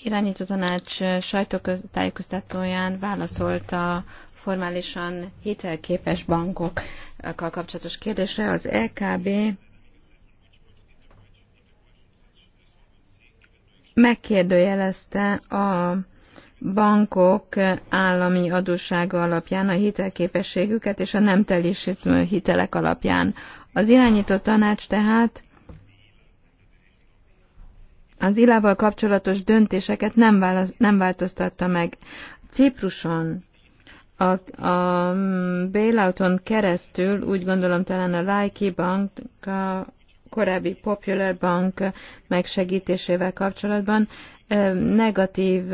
irányító tanács sajtótájékoztatóján válaszolt a formálisan hitelképes bankokkal kapcsolatos kérdésre. Az LKB e megkérdőjelezte a bankok állami adóssága alapján a hitelképességüket és a nem teljesítő hitelek alapján. Az irányító tanács tehát az ilával kapcsolatos döntéseket nem, válasz, nem változtatta meg. Cipruson a, a bailouton keresztül úgy gondolom talán a Laiki Bank, a korábbi Popular Bank megsegítésével kapcsolatban negatív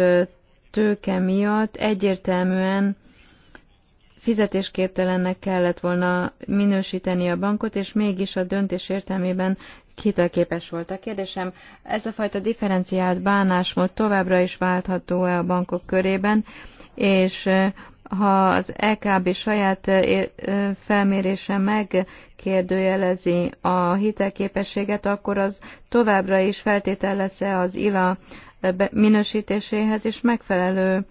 tőke miatt egyértelműen fizetésképtelennek kellett volna minősíteni a bankot, és mégis a döntés értelmében hitelképes volt. A kérdésem, ez a fajta differenciált bánásmód továbbra is váltható-e a bankok körében, és eh, ha az EKB saját eh, eh, felmérése megkérdőjelezi a hitelképességet, akkor az továbbra is feltétel lesz-e az ILA minősítéséhez és megfelelő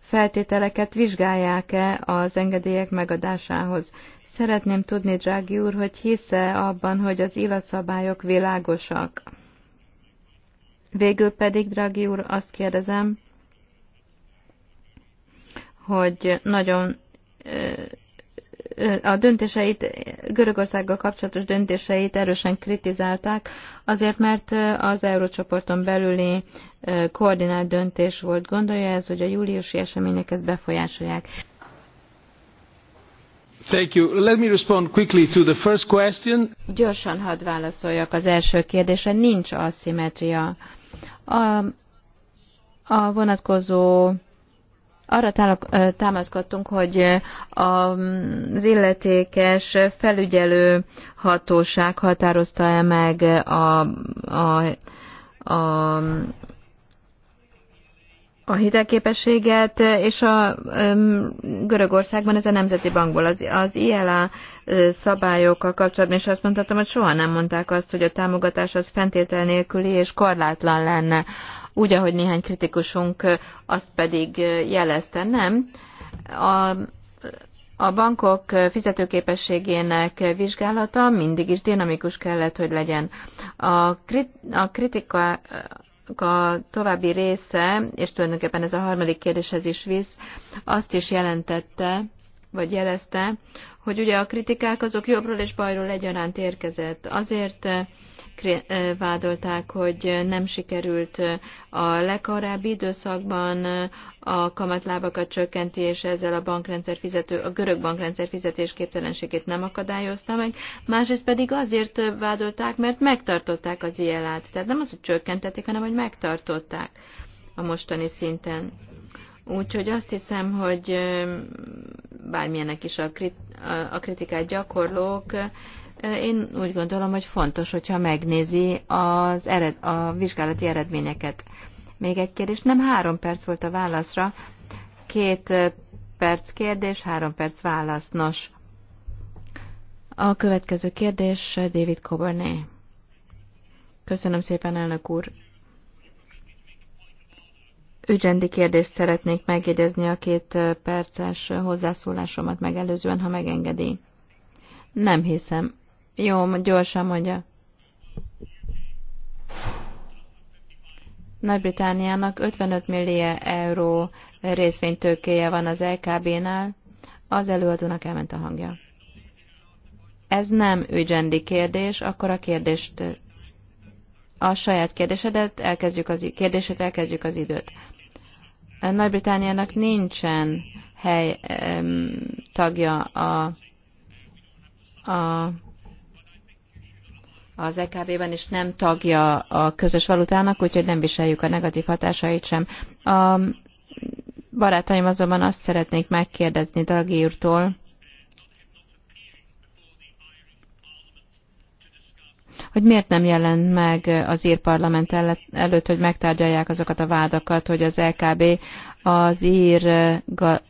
feltételeket vizsgálják-e az engedélyek megadásához. Szeretném tudni, drági úr, hogy hisze abban, hogy az ILA világosak. Végül pedig, drági úr, azt kérdezem, hogy nagyon a döntéseit, Görögországgal kapcsolatos döntéseit erősen kritizálták, azért mert az eurócsoporton belüli koordinált döntés volt. Gondolja ez, hogy a júliusi események ezt befolyásolják? Thank you. Let me respond quickly to the first question. Gyorsan hadd válaszoljak az első kérdésre. Nincs aszimetria. A, a vonatkozó arra támaszkodtunk, hogy mm, az illetékes felügyelő hatóság határozta -e meg a, a, a, a hitelképességet, és a Görögországban ez a Nemzeti Bankból az, az ILA szabályokkal kapcsolatban és azt mondhatom, hogy soha nem mondták azt, hogy a támogatás az fentétel nélküli és korlátlan lenne úgy, ahogy néhány kritikusunk azt pedig jelezte, nem. A, a bankok fizetőképességének vizsgálata mindig is dinamikus kellett, hogy legyen. A, krit, a kritika a további része, és tulajdonképpen ez a harmadik kérdéshez is visz, azt is jelentette, vagy jelezte, hogy ugye a kritikák azok jobbról és bajról egyaránt érkezett. Azért vádolták, hogy nem sikerült a legkorábbi időszakban a kamatlábakat csökkenti, és ezzel a bankrendszer fizető, a görög bankrendszer fizetés képtelenségét nem akadályozta meg, másrészt pedig azért vádolták, mert megtartották az ila Tehát nem az, hogy csökkentették, hanem hogy megtartották a mostani szinten. Úgyhogy azt hiszem, hogy bármilyenek is a, krit, a kritikát gyakorlók, én úgy gondolom, hogy fontos, hogyha megnézi az ered, a vizsgálati eredményeket. Még egy kérdés. Nem három perc volt a válaszra. Két perc kérdés, három perc válasz. Nos, a következő kérdés David Coburné. Köszönöm szépen, elnök úr. Ügyrendi kérdést szeretnék megjegyezni a két perces hozzászólásomat megelőzően, ha megengedi. Nem hiszem, jó, gyorsan mondja. Nagy-Britániának 55 millió euró részvénytőkéje van az LKB-nál, az előadónak elment a hangja. Ez nem ügyrendi kérdés, akkor a kérdést, a saját kérdésedet, elkezdjük az, kérdését elkezdjük az időt. Nagy-Britániának nincsen hely, tagja a, a az EKB-ben is nem tagja a közös valutának, úgyhogy nem viseljük a negatív hatásait sem. A barátaim azonban azt szeretnék megkérdezni Draghi úrtól, hogy miért nem jelent meg az ír parlament előtt, hogy megtárgyalják azokat a vádakat, hogy az LKB e az ír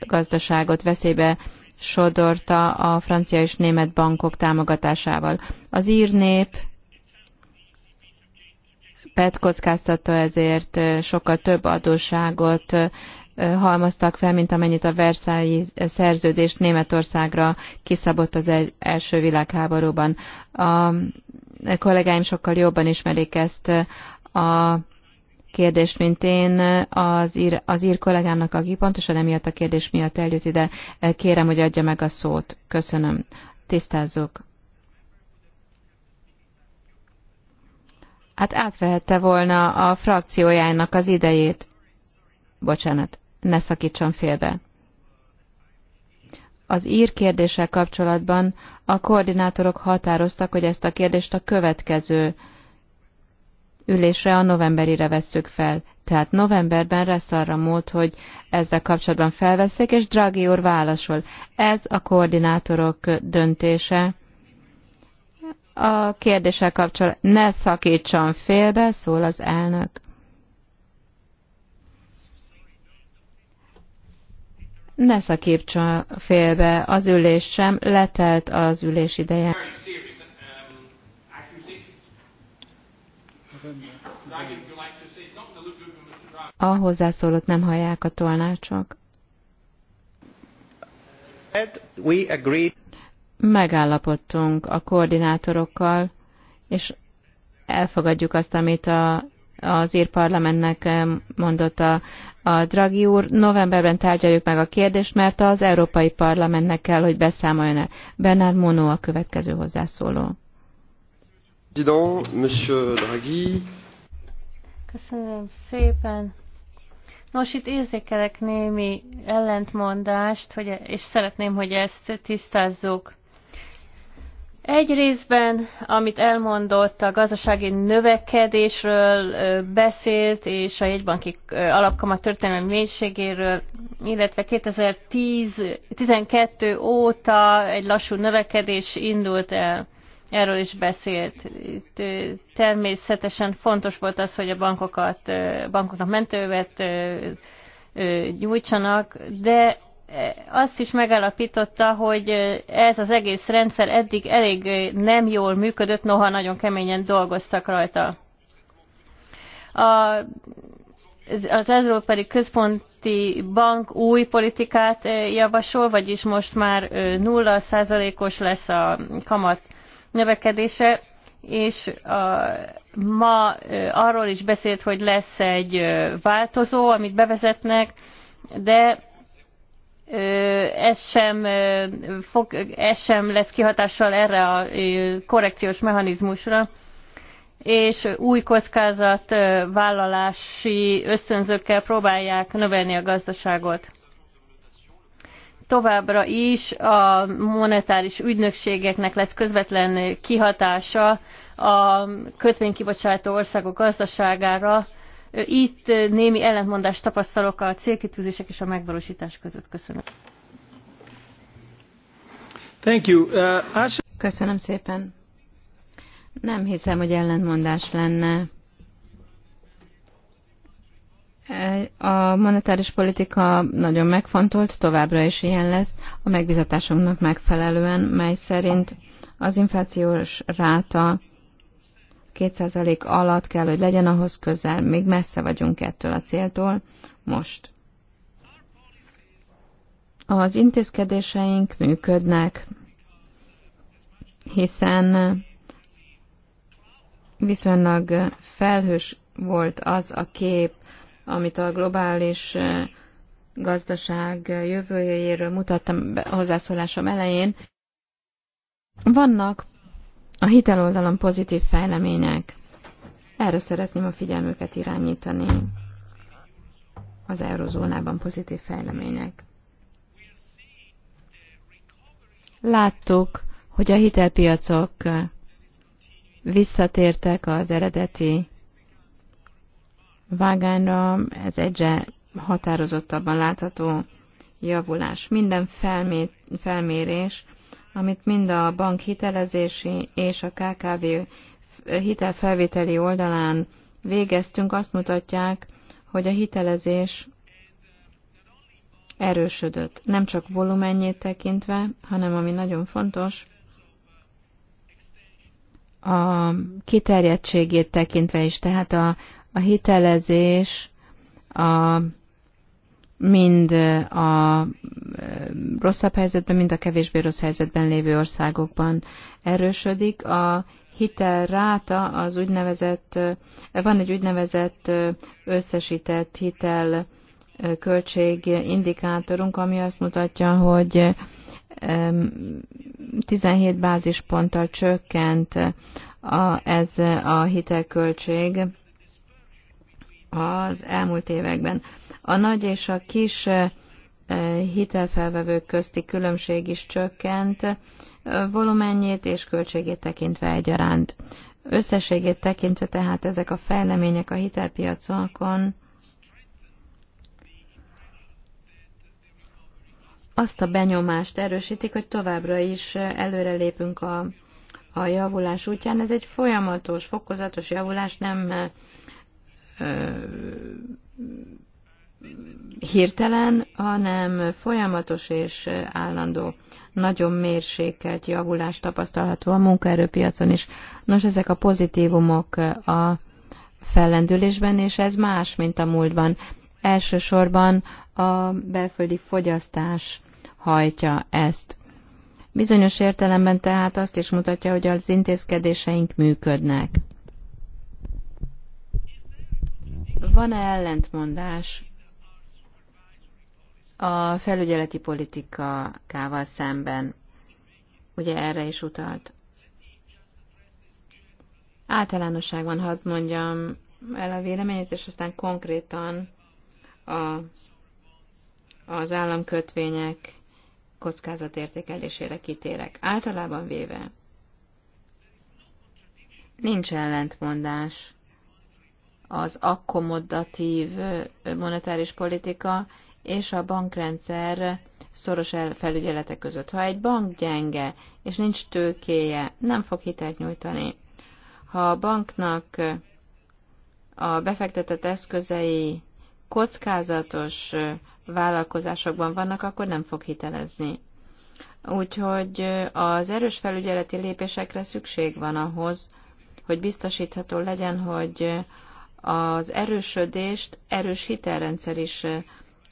gazdaságot veszélybe sodorta a francia és német bankok támogatásával. Az ír nép PET kockáztatta ezért sokkal több adósságot halmaztak fel, mint amennyit a Versailles szerződést Németországra kiszabott az első világháborúban. A kollégáim sokkal jobban ismerik ezt a kérdést, mint én. Az ír, az ír kollégámnak, aki pontosan emiatt a kérdés miatt eljött ide, kérem, hogy adja meg a szót. Köszönöm. Tisztázzuk. Hát átvehette volna a frakciójának az idejét. Bocsánat, ne szakítson félbe. Az ír kérdéssel kapcsolatban a koordinátorok határoztak, hogy ezt a kérdést a következő ülésre, a novemberire vesszük fel. Tehát novemberben lesz arra mód, hogy ezzel kapcsolatban felveszik, és Draghi úr válaszol. Ez a koordinátorok döntése a kérdéssel kapcsolatban ne szakítson félbe, szól az elnök. Ne szakítson félbe az ülés sem, letelt az ülés ideje. A hozzászólót nem hallják a tolnácsok megállapodtunk a koordinátorokkal, és elfogadjuk azt, amit a, az ír parlamentnek eh, mondott a, a Draghi úr. Novemberben tárgyaljuk meg a kérdést, mert az Európai Parlamentnek kell, hogy beszámoljon el. Bernard Monó a következő hozzászóló. Köszönöm szépen. Nos, itt érzékelek némi ellentmondást, hogy, és szeretném, hogy ezt tisztázzuk. Egy részben, amit elmondott, a gazdasági növekedésről beszélt, és a jegybanki alapkamat történelmi mélységéről, illetve 2012 óta egy lassú növekedés indult el. Erről is beszélt. Itt természetesen fontos volt az, hogy a bankokat, bankoknak mentővet nyújtsanak, de azt is megállapította, hogy ez az egész rendszer eddig elég nem jól működött, noha nagyon keményen dolgoztak rajta. A, az Európai Központi Bank új politikát eh, javasol, vagyis most már 0%-os eh, lesz a kamat növekedése, és a, ma eh, arról is beszélt, hogy lesz egy változó, amit bevezetnek, de ez sem, fog, ez sem lesz kihatással erre a korrekciós mechanizmusra, és új kockázat vállalási ösztönzőkkel próbálják növelni a gazdaságot. Továbbra is a monetáris ügynökségeknek lesz közvetlen kihatása a kötvénykibocsátó országok gazdaságára, itt némi ellentmondást tapasztalok a célkitűzések és a megvalósítás között. Köszönöm. Thank you. Uh, Köszönöm szépen. Nem hiszem, hogy ellentmondás lenne. A monetáris politika nagyon megfontolt, továbbra is ilyen lesz, a megbizatásunknak megfelelően, mely szerint az inflációs ráta 2% alatt kell, hogy legyen ahhoz közel, még messze vagyunk ettől a céltól most. Az intézkedéseink működnek, hiszen viszonylag felhős volt az a kép, amit a globális gazdaság jövőjéről mutattam hozzászólásom elején. Vannak a hiteloldalon pozitív fejlemények. Erre szeretném a figyelmüket irányítani. Az eurozónában pozitív fejlemények. Láttuk, hogy a hitelpiacok visszatértek az eredeti vágányra, ez egyre határozottabban látható javulás. Minden felmé- felmérés amit mind a bank hitelezési és a KKV hitelfelvételi oldalán végeztünk, azt mutatják, hogy a hitelezés erősödött. Nem csak volumenjét tekintve, hanem ami nagyon fontos, a kiterjedtségét tekintve is. Tehát a, a hitelezés, a mind a rosszabb helyzetben, mind a kevésbé rossz helyzetben lévő országokban erősödik. A hitel ráta az úgynevezett, van egy úgynevezett összesített hitel költség indikátorunk, ami azt mutatja, hogy 17 bázisponttal csökkent a, ez a hitelköltség az elmúlt években. A nagy és a kis hitelfelvevők közti különbség is csökkent, volumenjét és költségét tekintve egyaránt. Összességét tekintve tehát ezek a fejlemények a hitelpiacokon azt a benyomást erősítik, hogy továbbra is előrelépünk a, a javulás útján. Ez egy folyamatos, fokozatos javulás, nem ö, hirtelen, hanem folyamatos és állandó, nagyon mérsékelt javulás tapasztalható a munkaerőpiacon is. Nos, ezek a pozitívumok a fellendülésben, és ez más, mint a múltban. Elsősorban a belföldi fogyasztás hajtja ezt. Bizonyos értelemben tehát azt is mutatja, hogy az intézkedéseink működnek. Van-e ellentmondás a felügyeleti politikával szemben. Ugye erre is utalt. Általánosságban hadd mondjam el a véleményét, és aztán konkrétan a, az államkötvények kockázatértékelésére kitérek. Általában véve nincs ellentmondás az akkomodatív monetáris politika és a bankrendszer szoros felügyelete között. Ha egy bank gyenge, és nincs tőkéje, nem fog hitelt nyújtani. Ha a banknak a befektetett eszközei kockázatos vállalkozásokban vannak, akkor nem fog hitelezni. Úgyhogy az erős felügyeleti lépésekre szükség van ahhoz, hogy biztosítható legyen, hogy az erősödést erős hitelrendszer is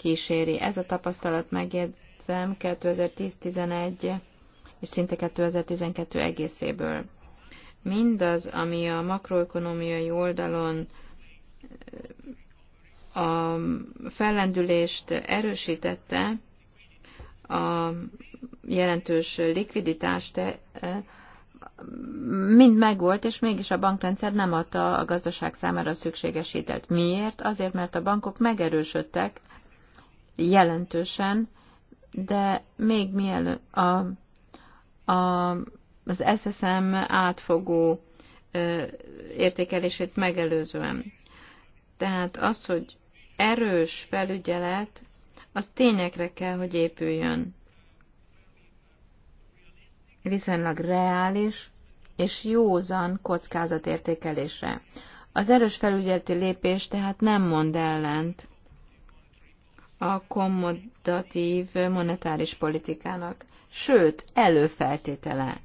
kíséri. Ez a tapasztalat megjegyzem 2010-11 és szinte 2012 egészéből. Mindaz, ami a makroökonomiai oldalon a fellendülést erősítette, a jelentős likviditást eh, mind megvolt, és mégis a bankrendszer nem adta a gazdaság számára szükséges hitelt. Miért? Azért, mert a bankok megerősödtek, jelentősen, de még mielőtt a, a, az SSM átfogó ö, értékelését megelőzően. Tehát az, hogy erős felügyelet, az tényekre kell, hogy épüljön. Viszonylag reális és józan kockázatértékelésre. Az erős felügyeleti lépés tehát nem mond ellent a kommodatív monetáris politikának, sőt, előfeltétele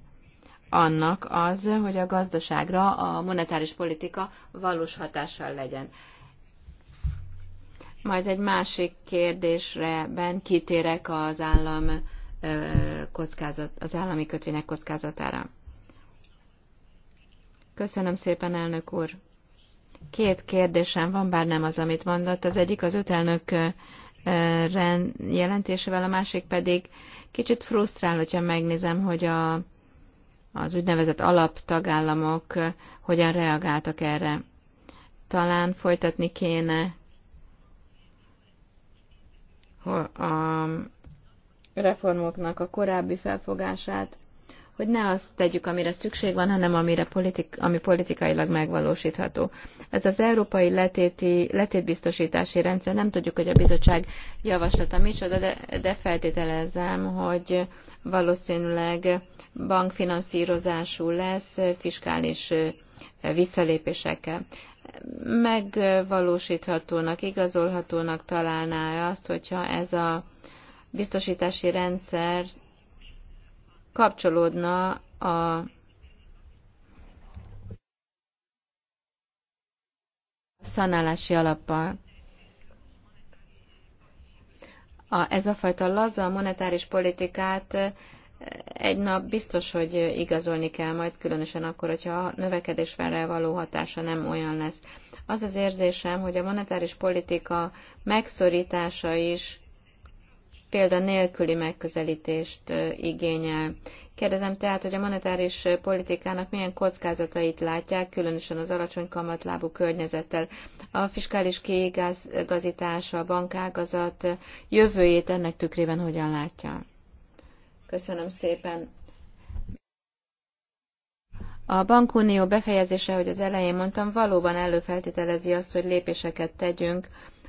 annak az, hogy a gazdaságra a monetáris politika valós hatással legyen. Majd egy másik kérdésre ben kitérek az állam kockázat, az állami kötvények kockázatára. Köszönöm szépen, elnök úr. Két kérdésem van, bár nem az, amit mondott. Az egyik az elnök jelentésével, a másik pedig kicsit frusztrál, hogyha megnézem, hogy a, az úgynevezett alaptagállamok hogyan reagáltak erre. Talán folytatni kéne a reformoknak a korábbi felfogását, hogy ne azt tegyük, amire szükség van, hanem amire politik, ami politikailag megvalósítható. Ez az európai letéti, letétbiztosítási rendszer, nem tudjuk, hogy a bizottság javaslata micsoda, de, de feltételezem, hogy valószínűleg bankfinanszírozású lesz, fiskális visszalépésekkel. Megvalósíthatónak, igazolhatónak találná azt, hogyha ez a biztosítási rendszert kapcsolódna a szanálási alappal. A, ez a fajta laza monetáris politikát eh, egy nap biztos, hogy igazolni kell majd, különösen akkor, hogyha a növekedésre való hatása nem olyan lesz. Az az érzésem, hogy a monetáris politika megszorítása is példa nélküli megközelítést igényel. Kérdezem tehát, hogy a monetáris politikának milyen kockázatait látják, különösen az alacsony kamatlábú környezettel. A fiskális kiigazítása, a bankágazat jövőjét ennek tükrében hogyan látja? Köszönöm szépen. A bankunió befejezése, hogy az elején mondtam, valóban előfeltételezi azt, hogy lépéseket tegyünk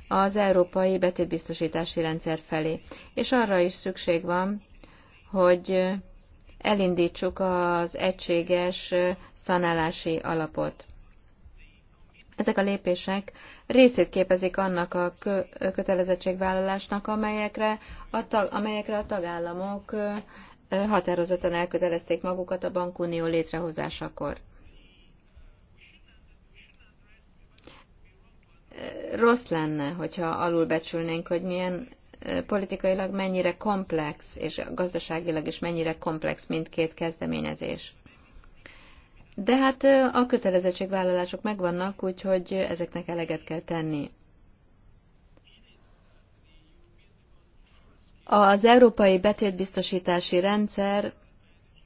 az európai betétbiztosítási rendszer felé. És arra is szükség van, hogy elindítsuk az egységes szanálási alapot. Ezek a lépések részét képezik annak a kötelezettségvállalásnak, amelyekre a, tag, amelyekre a tagállamok határozottan elkötelezték magukat a bankunió létrehozásakor. rossz lenne, hogyha alulbecsülnénk, hogy milyen politikailag mennyire komplex, és gazdaságilag is mennyire komplex mindkét kezdeményezés. De hát a kötelezettségvállalások megvannak, úgyhogy ezeknek eleget kell tenni. Az európai betétbiztosítási rendszer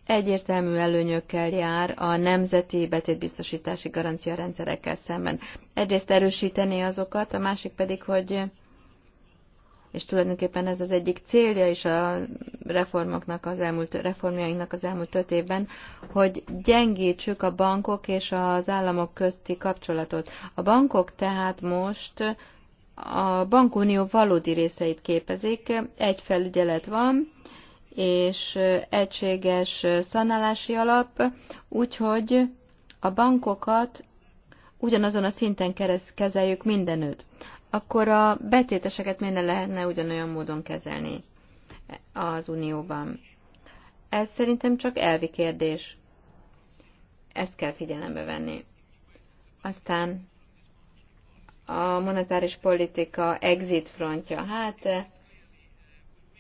egyértelmű előnyökkel jár a nemzeti betétbiztosítási garancia rendszerekkel szemben. Egyrészt erősíteni azokat, a másik pedig, hogy és tulajdonképpen ez az egyik célja is a reformoknak az elmúlt, reformjainknak az elmúlt öt évben, hogy gyengítsük a bankok és az államok közti kapcsolatot. A bankok tehát most a bankunió valódi részeit képezik, egy felügyelet van, és egységes szanálási alap, úgyhogy a bankokat ugyanazon a szinten kezeljük mindenütt. Akkor a betéteseket minden lehetne ugyanolyan módon kezelni az Unióban? Ez szerintem csak elvi kérdés. Ezt kell figyelembe venni. Aztán a monetáris politika exit frontja. Hát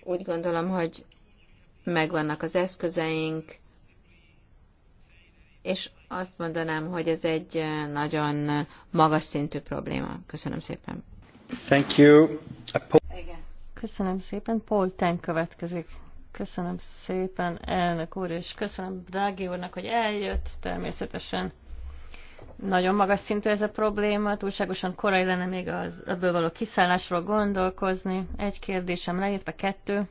úgy gondolom, hogy megvannak az eszközeink, és azt mondanám, hogy ez egy nagyon magas szintű probléma. Köszönöm szépen. Thank you. Köszönöm szépen. Paul Ten következik. Köszönöm szépen, elnök úr, és köszönöm Drági úrnak, hogy eljött. Természetesen nagyon magas szintű ez a probléma, túlságosan korai lenne még az ebből való kiszállásról gondolkozni. Egy kérdésem leírva kettő.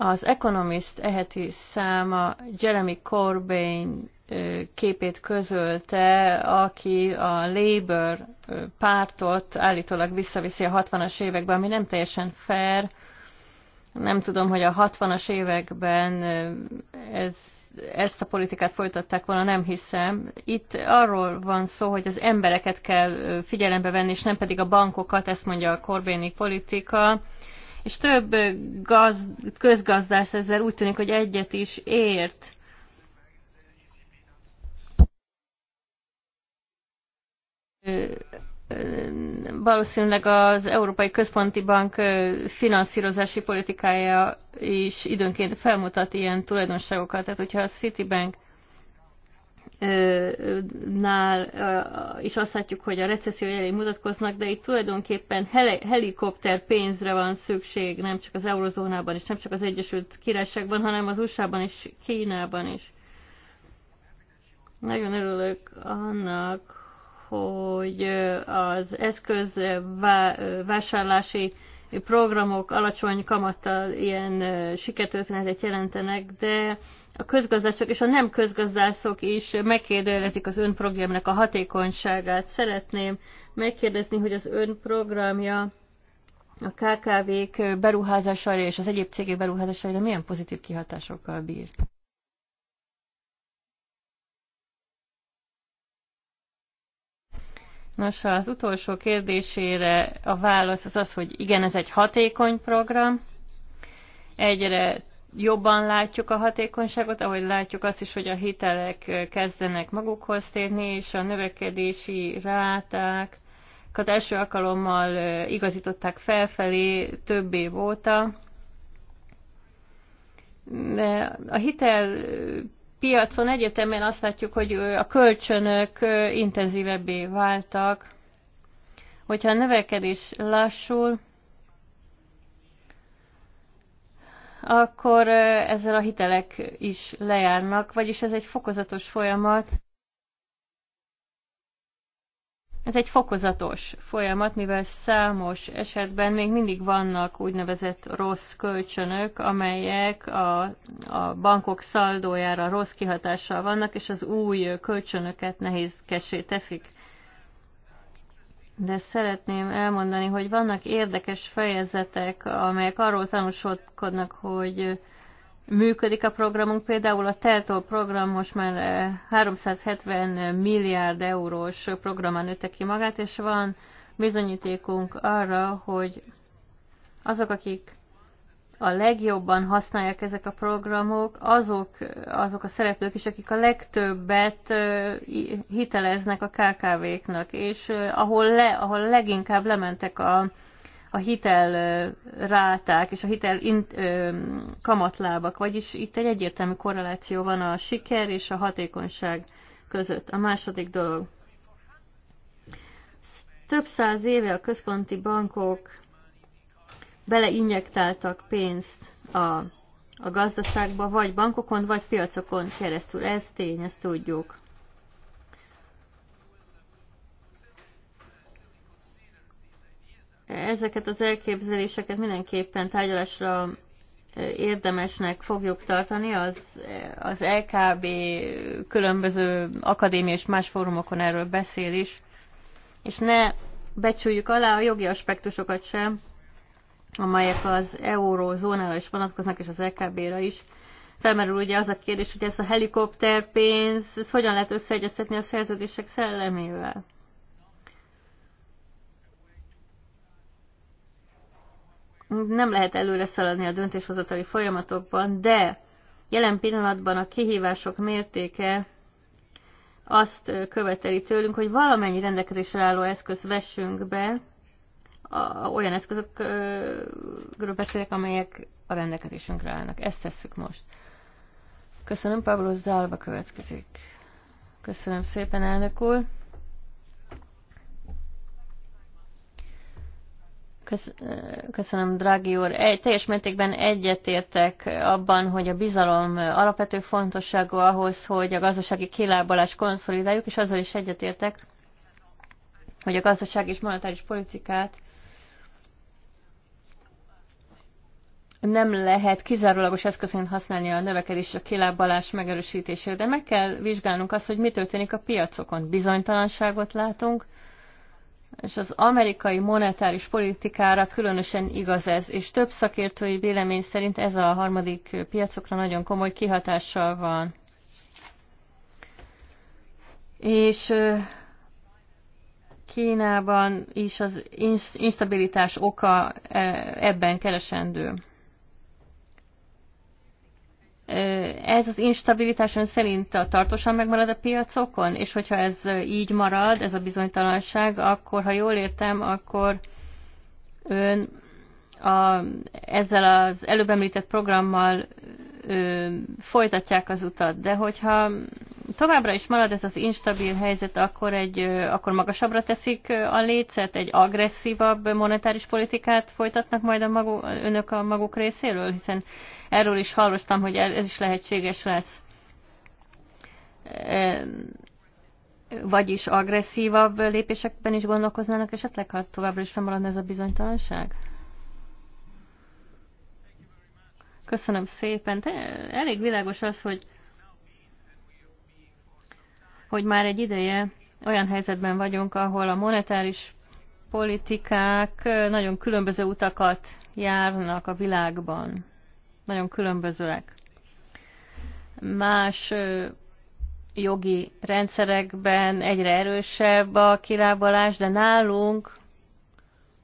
Az Economist eheti száma Jeremy Corbyn képét közölte, aki a Labour pártot állítólag visszaviszi a 60-as évekbe, ami nem teljesen fair. Nem tudom, hogy a 60-as években ez, ezt a politikát folytatták volna, nem hiszem. Itt arról van szó, hogy az embereket kell figyelembe venni, és nem pedig a bankokat, ezt mondja a korbéni politika és több gaz, közgazdász ezzel úgy tűnik, hogy egyet is ért. Valószínűleg az Európai Központi Bank finanszírozási politikája is időnként felmutat ilyen tulajdonságokat. Tehát, hogyha a Citibank nál is azt látjuk, hogy a recesszió jelé mutatkoznak, de itt tulajdonképpen helikopter pénzre van szükség, nem csak az eurozónában és nem csak az Egyesült Királyságban, hanem az USA-ban és Kínában is. Nagyon örülök annak, hogy az eszköz vásárlási programok alacsony kamattal ilyen sikertörténetet jelentenek, de a közgazdászok és a nem közgazdászok is megkérdőjelezik az programnak a hatékonyságát. Szeretném megkérdezni, hogy az önprogramja a KKV-k beruházásaira és az egyéb cégek beruházásaira milyen pozitív kihatásokkal bír? Nos, az utolsó kérdésére a válasz az az, hogy igen, ez egy hatékony program. Egyre jobban látjuk a hatékonyságot, ahogy látjuk azt is, hogy a hitelek kezdenek magukhoz térni, és a növekedési az első alkalommal igazították felfelé több év óta. De a hitel piacon egyetemen azt látjuk, hogy a kölcsönök intenzívebbé váltak. Hogyha a növekedés lassul, akkor ezzel a hitelek is lejárnak, vagyis ez egy fokozatos folyamat. Ez egy fokozatos folyamat, mivel számos esetben még mindig vannak úgynevezett rossz kölcsönök, amelyek a, a bankok szaldójára rossz kihatással vannak, és az új kölcsönöket nehézkesé teszik de szeretném elmondani, hogy vannak érdekes fejezetek, amelyek arról tanúsodkodnak, hogy működik a programunk. Például a TELTOL program most már 370 eh, milliárd eurós programán nőtte ki magát, és van bizonyítékunk arra, hogy azok, akik a legjobban használják ezek a programok azok, azok a szereplők is, akik a legtöbbet hiteleznek a KKV-knak, és ahol, le, ahol leginkább lementek a, a hitel ráták és a hitel in, ö, kamatlábak, vagyis itt egy egyértelmű korreláció van a siker és a hatékonyság között. A második dolog. Több száz éve a központi bankok beleinjektáltak pénzt a, a gazdaságba, vagy bankokon, vagy piacokon keresztül. Ez tény, ezt tudjuk. Ezeket az elképzeléseket mindenképpen tárgyalásra e, érdemesnek fogjuk tartani, az, az LKB különböző akadémia és más fórumokon erről beszél is, és ne becsüljük alá a jogi aspektusokat sem, amelyek az eurózónára is vonatkoznak, és az lkb e ra is. Felmerül ugye az a kérdés, hogy ez a helikopterpénz, ez hogyan lehet összeegyeztetni a szerződések szellemével? Nem lehet előre szaladni a döntéshozatali folyamatokban, de jelen pillanatban a kihívások mértéke azt követeli tőlünk, hogy valamennyi rendelkezésre álló eszköz vessünk be, a, olyan eszközökről beszélek, amelyek a rendelkezésünkre állnak. Ezt tesszük most. Köszönöm, Pablo Zálva következik. Köszönöm szépen, elnök úr. Köszönöm, drági úr. Egy, teljes mértékben egyetértek abban, hogy a bizalom alapvető fontosságú ahhoz, hogy a gazdasági kilábalás konszolidáljuk, és azzal is egyetértek, hogy a gazdaság és monetáris politikát nem lehet kizárólagos eszközként használni a növekedés a kilábalás megerősítésére, de meg kell vizsgálnunk azt, hogy mi történik a piacokon. Bizonytalanságot látunk, és az amerikai monetáris politikára különösen igaz ez, és több szakértői vélemény szerint ez a harmadik piacokra nagyon komoly kihatással van. És Kínában is az instabilitás oka ebben keresendő ez az instabilitás ön szerint a tartósan megmarad a piacokon? És hogyha ez így marad, ez a bizonytalanság, akkor, ha jól értem, akkor ön a, ezzel az előbb említett programmal folytatják az utat. De hogyha továbbra is marad ez az instabil helyzet, akkor, egy, akkor magasabbra teszik a lécet, egy agresszívabb monetáris politikát folytatnak majd a magu, önök a maguk részéről, hiszen erről is hallottam, hogy ez is lehetséges lesz. Vagyis agresszívabb lépésekben is gondolkoznának esetleg, ha továbbra is fennmaradna ez a bizonytalanság? Köszönöm szépen. Te elég világos az, hogy, hogy már egy ideje olyan helyzetben vagyunk, ahol a monetáris politikák nagyon különböző utakat járnak a világban. Nagyon különbözőek. Más jogi rendszerekben egyre erősebb a kilábalás, de nálunk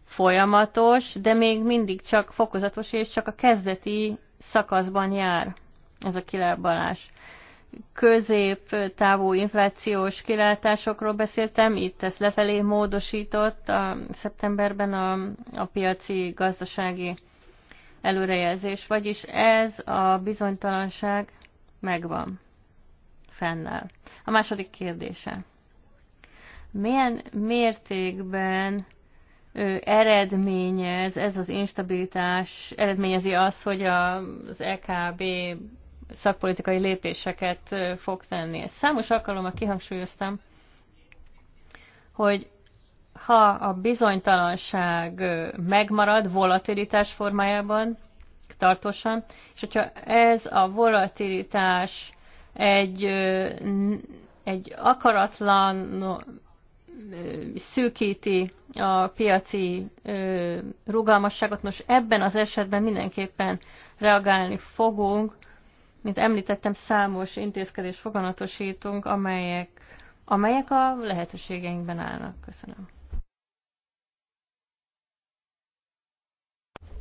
folyamatos, de még mindig csak fokozatos és csak a kezdeti szakaszban jár ez a kilábalás. Közép-távú inflációs kilátásokról beszéltem, itt ezt lefelé módosított a szeptemberben a, a piaci gazdasági előrejelzés, vagyis ez a bizonytalanság megvan, fennáll. A második kérdése. Milyen mértékben eredményez, ez az instabilitás eredményezi azt, hogy az EKB szakpolitikai lépéseket fog tenni. Számos alkalommal kihangsúlyoztam, hogy ha a bizonytalanság megmarad volatilitás formájában, tartósan, és hogyha ez a volatilitás egy, egy akaratlan szűkíti a piaci rugalmasságot. Nos, ebben az esetben mindenképpen reagálni fogunk. Mint említettem, számos intézkedés foganatosítunk, amelyek, amelyek a lehetőségeinkben állnak. Köszönöm.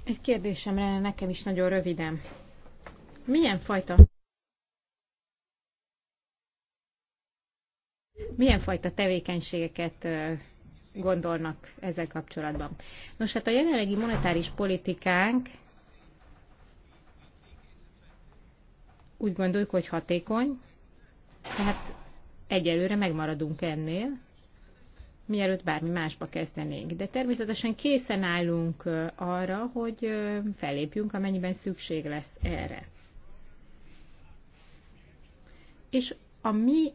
Egy kérdésem lenne nekem is nagyon röviden. Milyen fajta Milyen fajta tevékenységeket gondolnak ezzel kapcsolatban? Nos, hát a jelenlegi monetáris politikánk úgy gondoljuk, hogy hatékony, tehát egyelőre megmaradunk ennél, mielőtt bármi másba kezdenénk. De természetesen készen állunk arra, hogy fellépjünk, amennyiben szükség lesz erre. És a mi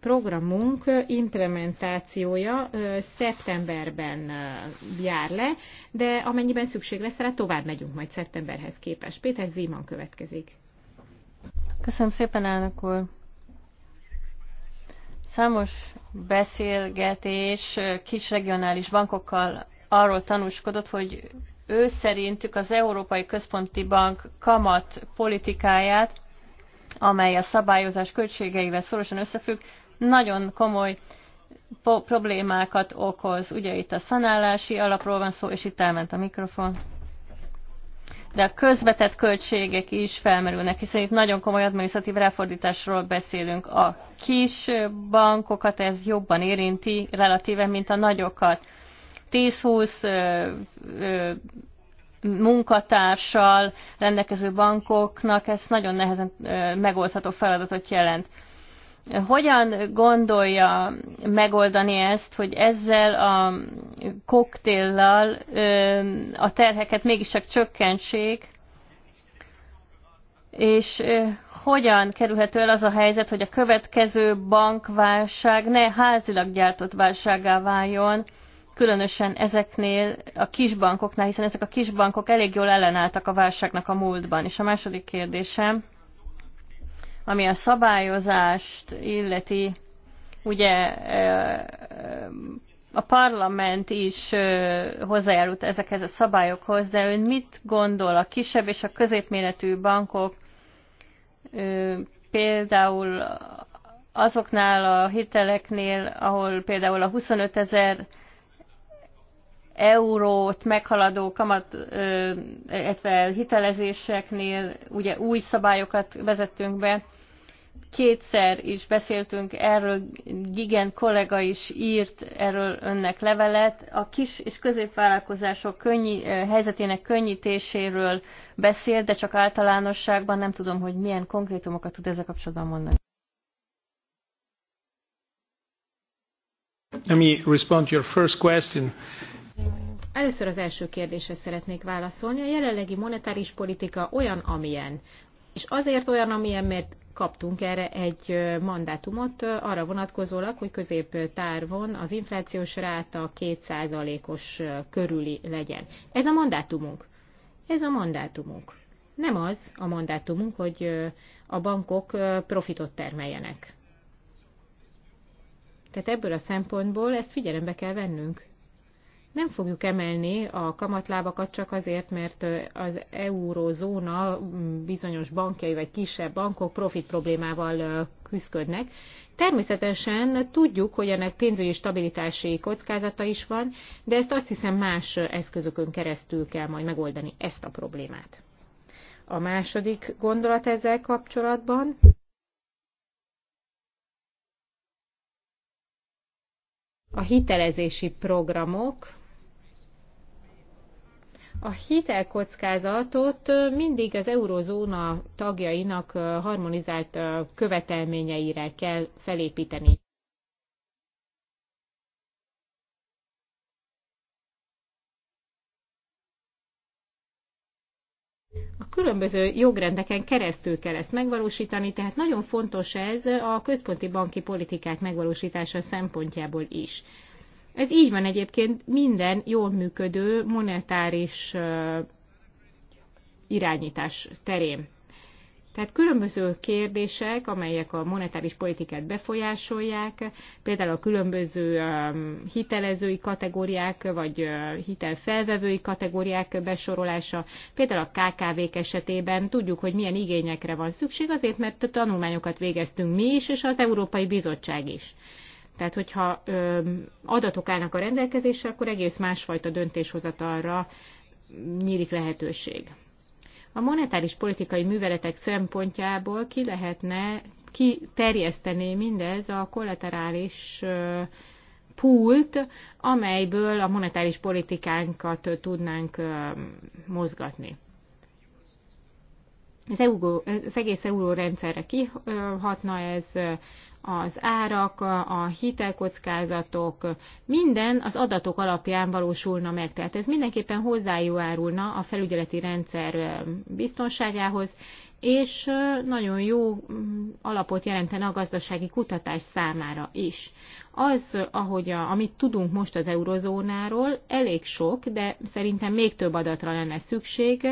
programunk implementációja szeptemberben jár le, de amennyiben szükség lesz rá, tovább megyünk majd szeptemberhez képest. Péter Zíman következik. Köszönöm szépen, elnök úr. Számos beszélgetés kis regionális bankokkal arról tanúskodott, hogy ő szerintük az Európai Központi Bank kamat politikáját, amely a szabályozás költségeivel szorosan összefügg, nagyon komoly problémákat okoz. Ugye itt a szanálási alapról van szó, és itt elment a mikrofon. De a közvetett költségek is felmerülnek, hiszen itt nagyon komoly adminisztratív ráfordításról beszélünk. A kis bankokat ez jobban érinti relatíve, mint a nagyokat. 10-20 munkatársal rendelkező bankoknak ez nagyon nehezen megoldható feladatot jelent. Hogyan gondolja megoldani ezt, hogy ezzel a koktéllal a terheket mégiscsak csökkentsék, és hogyan kerülhető el az a helyzet, hogy a következő bankválság ne házilag gyártott válságá váljon, különösen ezeknél a kisbankoknál, hiszen ezek a kisbankok elég jól ellenálltak a válságnak a múltban. És a második kérdésem, ami a szabályozást illeti, ugye a parlament is hozzájárult ezekhez a szabályokhoz, de ön mit gondol a kisebb és a középméretű bankok például azoknál a hiteleknél, ahol például a 25 ezer eurót meghaladó kamat, illetve hitelezéseknél ugye új szabályokat vezettünk be, kétszer is beszéltünk erről, Gigen kollega is írt erről önnek levelet. A kis és középvállalkozások könnyi, helyzetének könnyítéséről beszélt, de csak általánosságban nem tudom, hogy milyen konkrétumokat tud ezzel kapcsolatban mondani. Let me respond to your first question. Először az első kérdésre szeretnék válaszolni. A jelenlegi monetáris politika olyan, amilyen. És azért olyan, amilyen, mert kaptunk erre egy mandátumot arra vonatkozólag, hogy középtárvon az inflációs ráta 2%-os körüli legyen. Ez a mandátumunk. Ez a mandátumunk. Nem az a mandátumunk, hogy a bankok profitot termeljenek. Tehát ebből a szempontból ezt figyelembe kell vennünk nem fogjuk emelni a kamatlábakat csak azért, mert az eurózóna bizonyos bankjai vagy kisebb bankok profit problémával küzdködnek. Természetesen tudjuk, hogy ennek pénzügyi stabilitási kockázata is van, de ezt azt hiszem más eszközökön keresztül kell majd megoldani ezt a problémát. A második gondolat ezzel kapcsolatban. a hitelezési programok a hitelkockázatot mindig az eurozóna tagjainak harmonizált követelményeire kell felépíteni. a különböző jogrendeken keresztül kell ezt megvalósítani, tehát nagyon fontos ez a központi banki politikák megvalósítása szempontjából is. Ez így van egyébként minden jól működő monetáris irányítás terén. Tehát különböző kérdések, amelyek a monetáris politikát befolyásolják, például a különböző hitelezői kategóriák, vagy hitelfelvevői kategóriák besorolása, például a KKV-k esetében tudjuk, hogy milyen igényekre van szükség, azért mert a tanulmányokat végeztünk mi is, és az Európai Bizottság is. Tehát, hogyha ö, adatok állnak a rendelkezésre, akkor egész másfajta döntéshozatalra nyílik lehetőség. A monetáris politikai műveletek szempontjából ki lehetne terjesztené mindez a kollaterális pult, amelyből a monetáris politikánkat tudnánk mozgatni. Az, EU, az egész euró rendszerre kihatna ez, az árak, a hitelkockázatok, minden az adatok alapján valósulna meg. Tehát ez mindenképpen hozzájárulna a felügyeleti rendszer biztonságához, és nagyon jó mm, alapot jelentene a gazdasági kutatás számára is. Az, ahogy a, amit tudunk most az eurozónáról, elég sok, de szerintem még több adatra lenne szükség,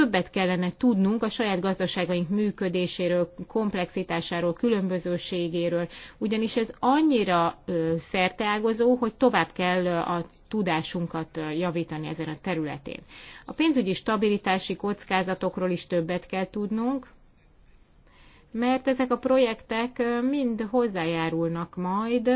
többet kellene tudnunk a saját gazdaságaink működéséről, komplexitásáról, különbözőségéről, ugyanis ez annyira szerteágozó, hogy tovább kell a tudásunkat javítani ezen a területén. A pénzügyi stabilitási kockázatokról is többet kell tudnunk, mert ezek a projektek mind hozzájárulnak majd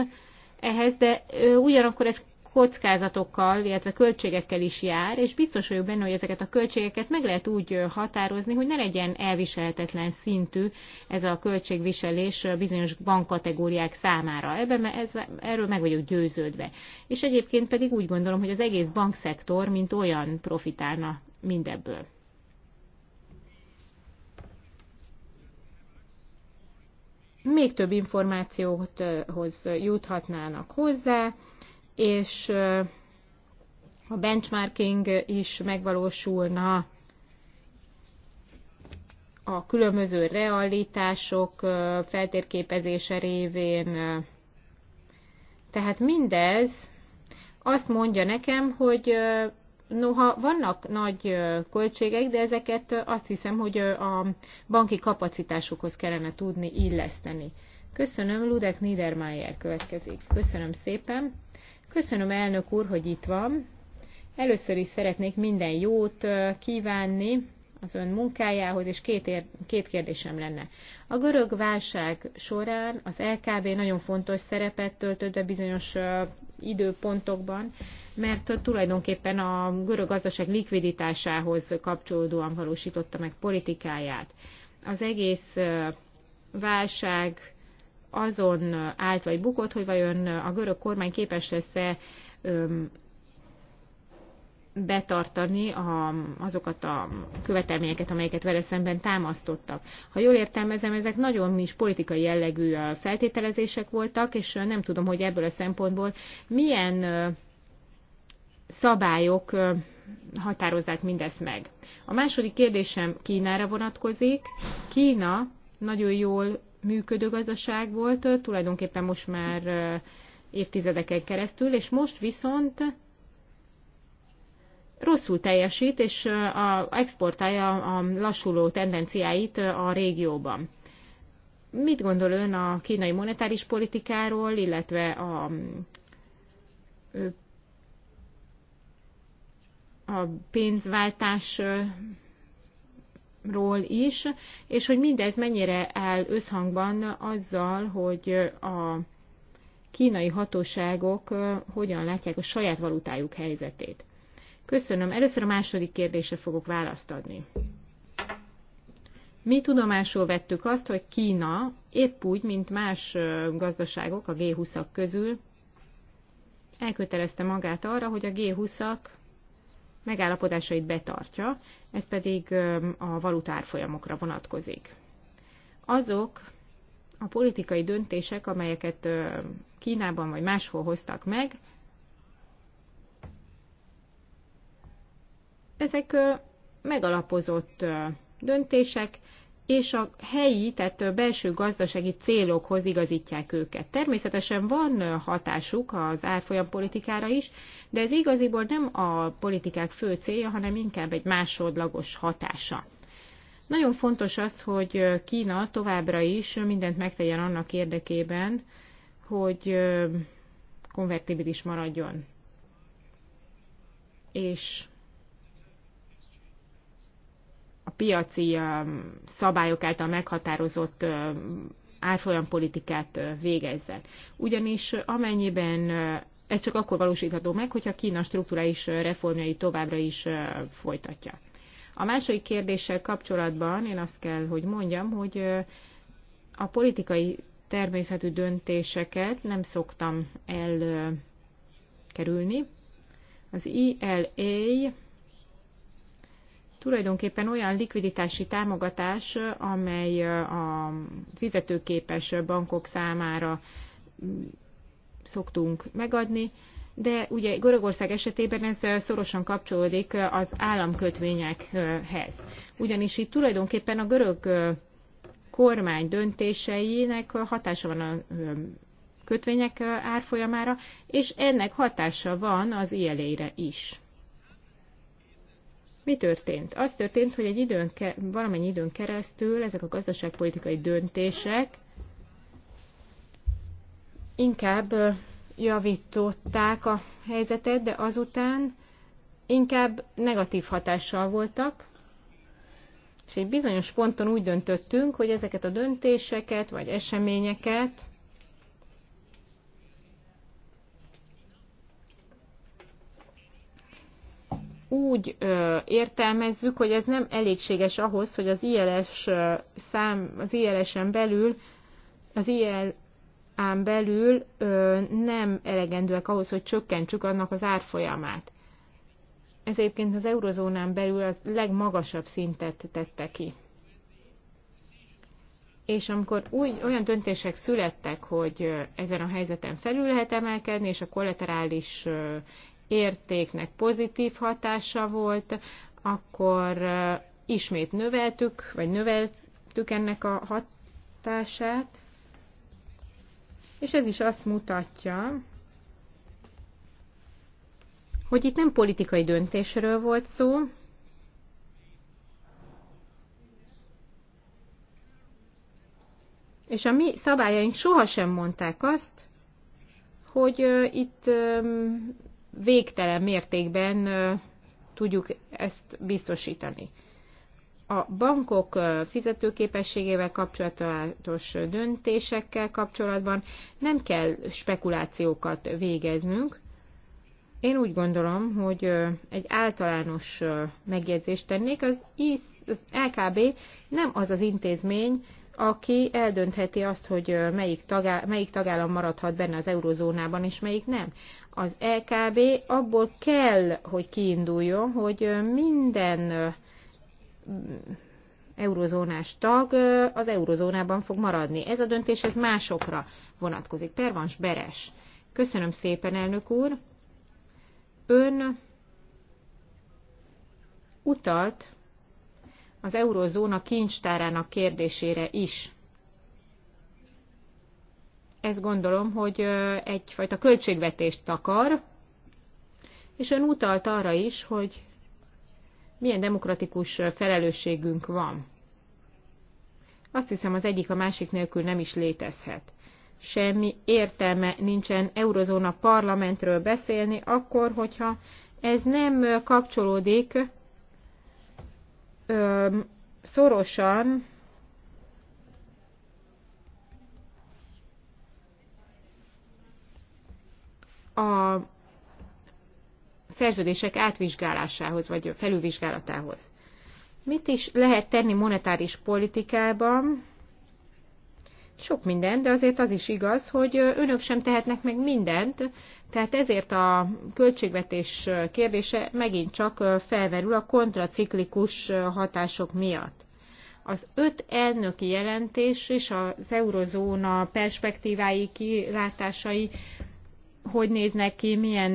ehhez, de ugyanakkor ez kockázatokkal, illetve költségekkel is jár, és biztos vagyok benne, hogy ezeket a költségeket meg lehet úgy határozni, hogy ne legyen elviselhetetlen szintű ez a költségviselés bizonyos bankkategóriák számára. Ebben ez, erről meg vagyok győződve. És egyébként pedig úgy gondolom, hogy az egész bankszektor, mint olyan profitálna mindebből. Még több információhoz juthatnának hozzá, és a benchmarking is megvalósulna a különböző realitások feltérképezése révén. Tehát mindez azt mondja nekem, hogy noha vannak nagy költségek, de ezeket azt hiszem, hogy a banki kapacitásukhoz kellene tudni illeszteni. Köszönöm, Ludek Niedermayer következik. Köszönöm szépen. Köszönöm, elnök úr, hogy itt van. Először is szeretnék minden jót kívánni az ön munkájához, és két, ér, két kérdésem lenne. A görög válság során az LKB nagyon fontos szerepet töltött be bizonyos időpontokban, mert tulajdonképpen a görög gazdaság likviditásához kapcsolódóan valósította meg politikáját. Az egész válság azon állt vagy bukott, hogy vajon a görög kormány képes lesz-e betartani a, azokat a követelményeket, amelyeket vele szemben támasztottak. Ha jól értelmezem, ezek nagyon is politikai jellegű feltételezések voltak, és nem tudom, hogy ebből a szempontból milyen szabályok határozzák mindezt meg. A második kérdésem Kínára vonatkozik. Kína nagyon jól működő gazdaság volt, tulajdonképpen most már évtizedeken keresztül, és most viszont rosszul teljesít, és a, exportálja a lassuló tendenciáit a régióban. Mit gondol ön a kínai monetáris politikáról, illetve a, a pénzváltás ról is, és hogy mindez mennyire áll összhangban azzal, hogy a kínai hatóságok hogyan látják a saját valutájuk helyzetét. Köszönöm. Először a második kérdésre fogok választ adni. Mi tudomásul vettük azt, hogy Kína épp úgy, mint más gazdaságok a G20-ak közül elkötelezte magát arra, hogy a G20-ak megállapodásait betartja, ez pedig a valutárfolyamokra vonatkozik. Azok a politikai döntések, amelyeket Kínában vagy máshol hoztak meg, ezek megalapozott döntések, és a helyi, tehát belső gazdasági célokhoz igazítják őket. Természetesen van hatásuk az árfolyam politikára is, de ez igaziból nem a politikák fő célja, hanem inkább egy másodlagos hatása. Nagyon fontos az, hogy Kína továbbra is mindent megtegyen annak érdekében, hogy konvertibilis maradjon. És piaci szabályok által meghatározott árfolyampolitikát végezzen. Ugyanis amennyiben ez csak akkor valósítható meg, hogyha Kína strukturális reformjai továbbra is folytatja. A második kérdéssel kapcsolatban én azt kell, hogy mondjam, hogy a politikai természetű döntéseket nem szoktam elkerülni. Az ILA tulajdonképpen olyan likviditási támogatás, amely a fizetőképes bankok számára szoktunk megadni, de ugye Görögország esetében ez szorosan kapcsolódik az államkötvényekhez. Ugyanis itt tulajdonképpen a görög kormány döntéseinek hatása van a kötvények árfolyamára, és ennek hatása van az ile is. Mi történt? Az történt, hogy egy időn, valamennyi időn keresztül ezek a gazdaságpolitikai döntések inkább javították a helyzetet, de azután inkább negatív hatással voltak, és egy bizonyos ponton úgy döntöttünk, hogy ezeket a döntéseket vagy eseményeket úgy ö, értelmezzük, hogy ez nem elégséges ahhoz, hogy az ILS szám, az ILS-en belül, az IL ám belül ö, nem elegendőek ahhoz, hogy csökkentsük annak az árfolyamát. Ez egyébként az eurozónán belül a legmagasabb szintet tette ki. És amikor úgy, olyan döntések születtek, hogy ezen a helyzeten felül lehet emelkedni, és a kollaterális értéknek pozitív hatása volt, akkor ismét növeltük, vagy növeltük ennek a hatását, és ez is azt mutatja, hogy itt nem politikai döntésről volt szó, és a mi szabályaink sohasem mondták azt, hogy itt végtelen mértékben tudjuk ezt biztosítani. A bankok fizetőképességével kapcsolatos döntésekkel kapcsolatban nem kell spekulációkat végeznünk. Én úgy gondolom, hogy egy általános megjegyzést tennék, az, ISZ, az LKB nem az az intézmény, aki eldöntheti azt, hogy melyik, tagá- melyik tagállam maradhat benne az eurozónában, és melyik nem. Az LKB e abból kell, hogy kiinduljon, hogy minden eurozónás tag az eurozónában fog maradni. Ez a döntés ez másokra vonatkozik. Pervans Beres. Köszönöm szépen, elnök úr. Ön utalt az eurozóna kincstárának kérdésére is. Ezt gondolom, hogy egyfajta költségvetést takar, és ön utalt arra is, hogy milyen demokratikus felelősségünk van. Azt hiszem, az egyik a másik nélkül nem is létezhet. Semmi értelme nincsen eurozóna parlamentről beszélni, akkor, hogyha ez nem kapcsolódik ö, szorosan a szerződések átvizsgálásához, vagy felülvizsgálatához. Mit is lehet tenni monetáris politikában? sok minden, de azért az is igaz, hogy önök sem tehetnek meg mindent, tehát ezért a költségvetés kérdése megint csak felverül a kontraciklikus hatások miatt. Az öt elnöki jelentés és az eurozóna perspektívái, kilátásai, hogy néznek ki, milyen,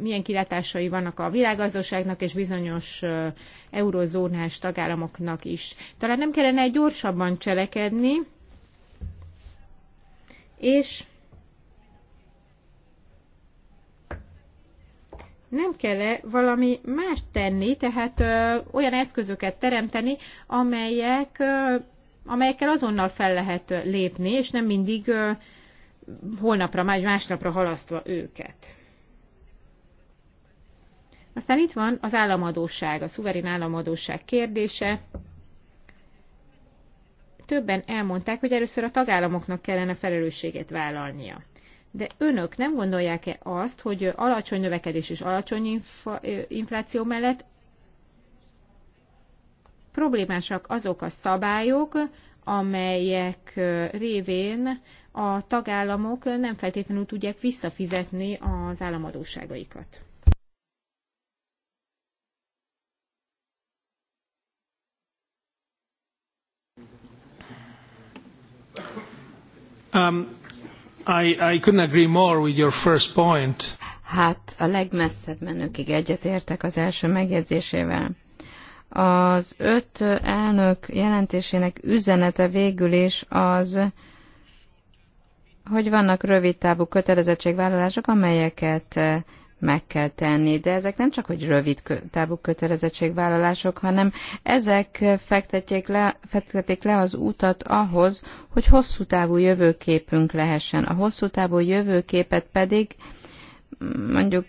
milyen kilátásai vannak a világgazdaságnak és bizonyos eurozónás tagállamoknak is. Talán nem kellene gyorsabban cselekedni, és nem kell -e valami más tenni, tehát ö, olyan eszközöket teremteni, amelyek, ö, amelyekkel azonnal fel lehet lépni, és nem mindig ö, holnapra, vagy másnapra halasztva őket. Aztán itt van az államadóság, a szuverén államadóság kérdése. Többen elmondták, hogy először a tagállamoknak kellene felelősséget vállalnia. De önök nem gondolják-e azt, hogy alacsony növekedés és alacsony infláció mellett problémásak azok a szabályok, amelyek révén a tagállamok nem feltétlenül tudják visszafizetni az államadóságaikat. Um, I couldn't agree more with your first point. Hát a legmesszebb menőkig egyetértek az első megjegyzésével. Az öt elnök jelentésének üzenete végül is az, hogy vannak rövid távú kötelezettségvállalások, amelyeket meg kell tenni, de ezek nem csak hogy rövid távú kötelezettségvállalások, hanem ezek fektetjék le, fektetik le az útat ahhoz, hogy hosszú távú jövőképünk lehessen. A hosszú távú jövőképet pedig mondjuk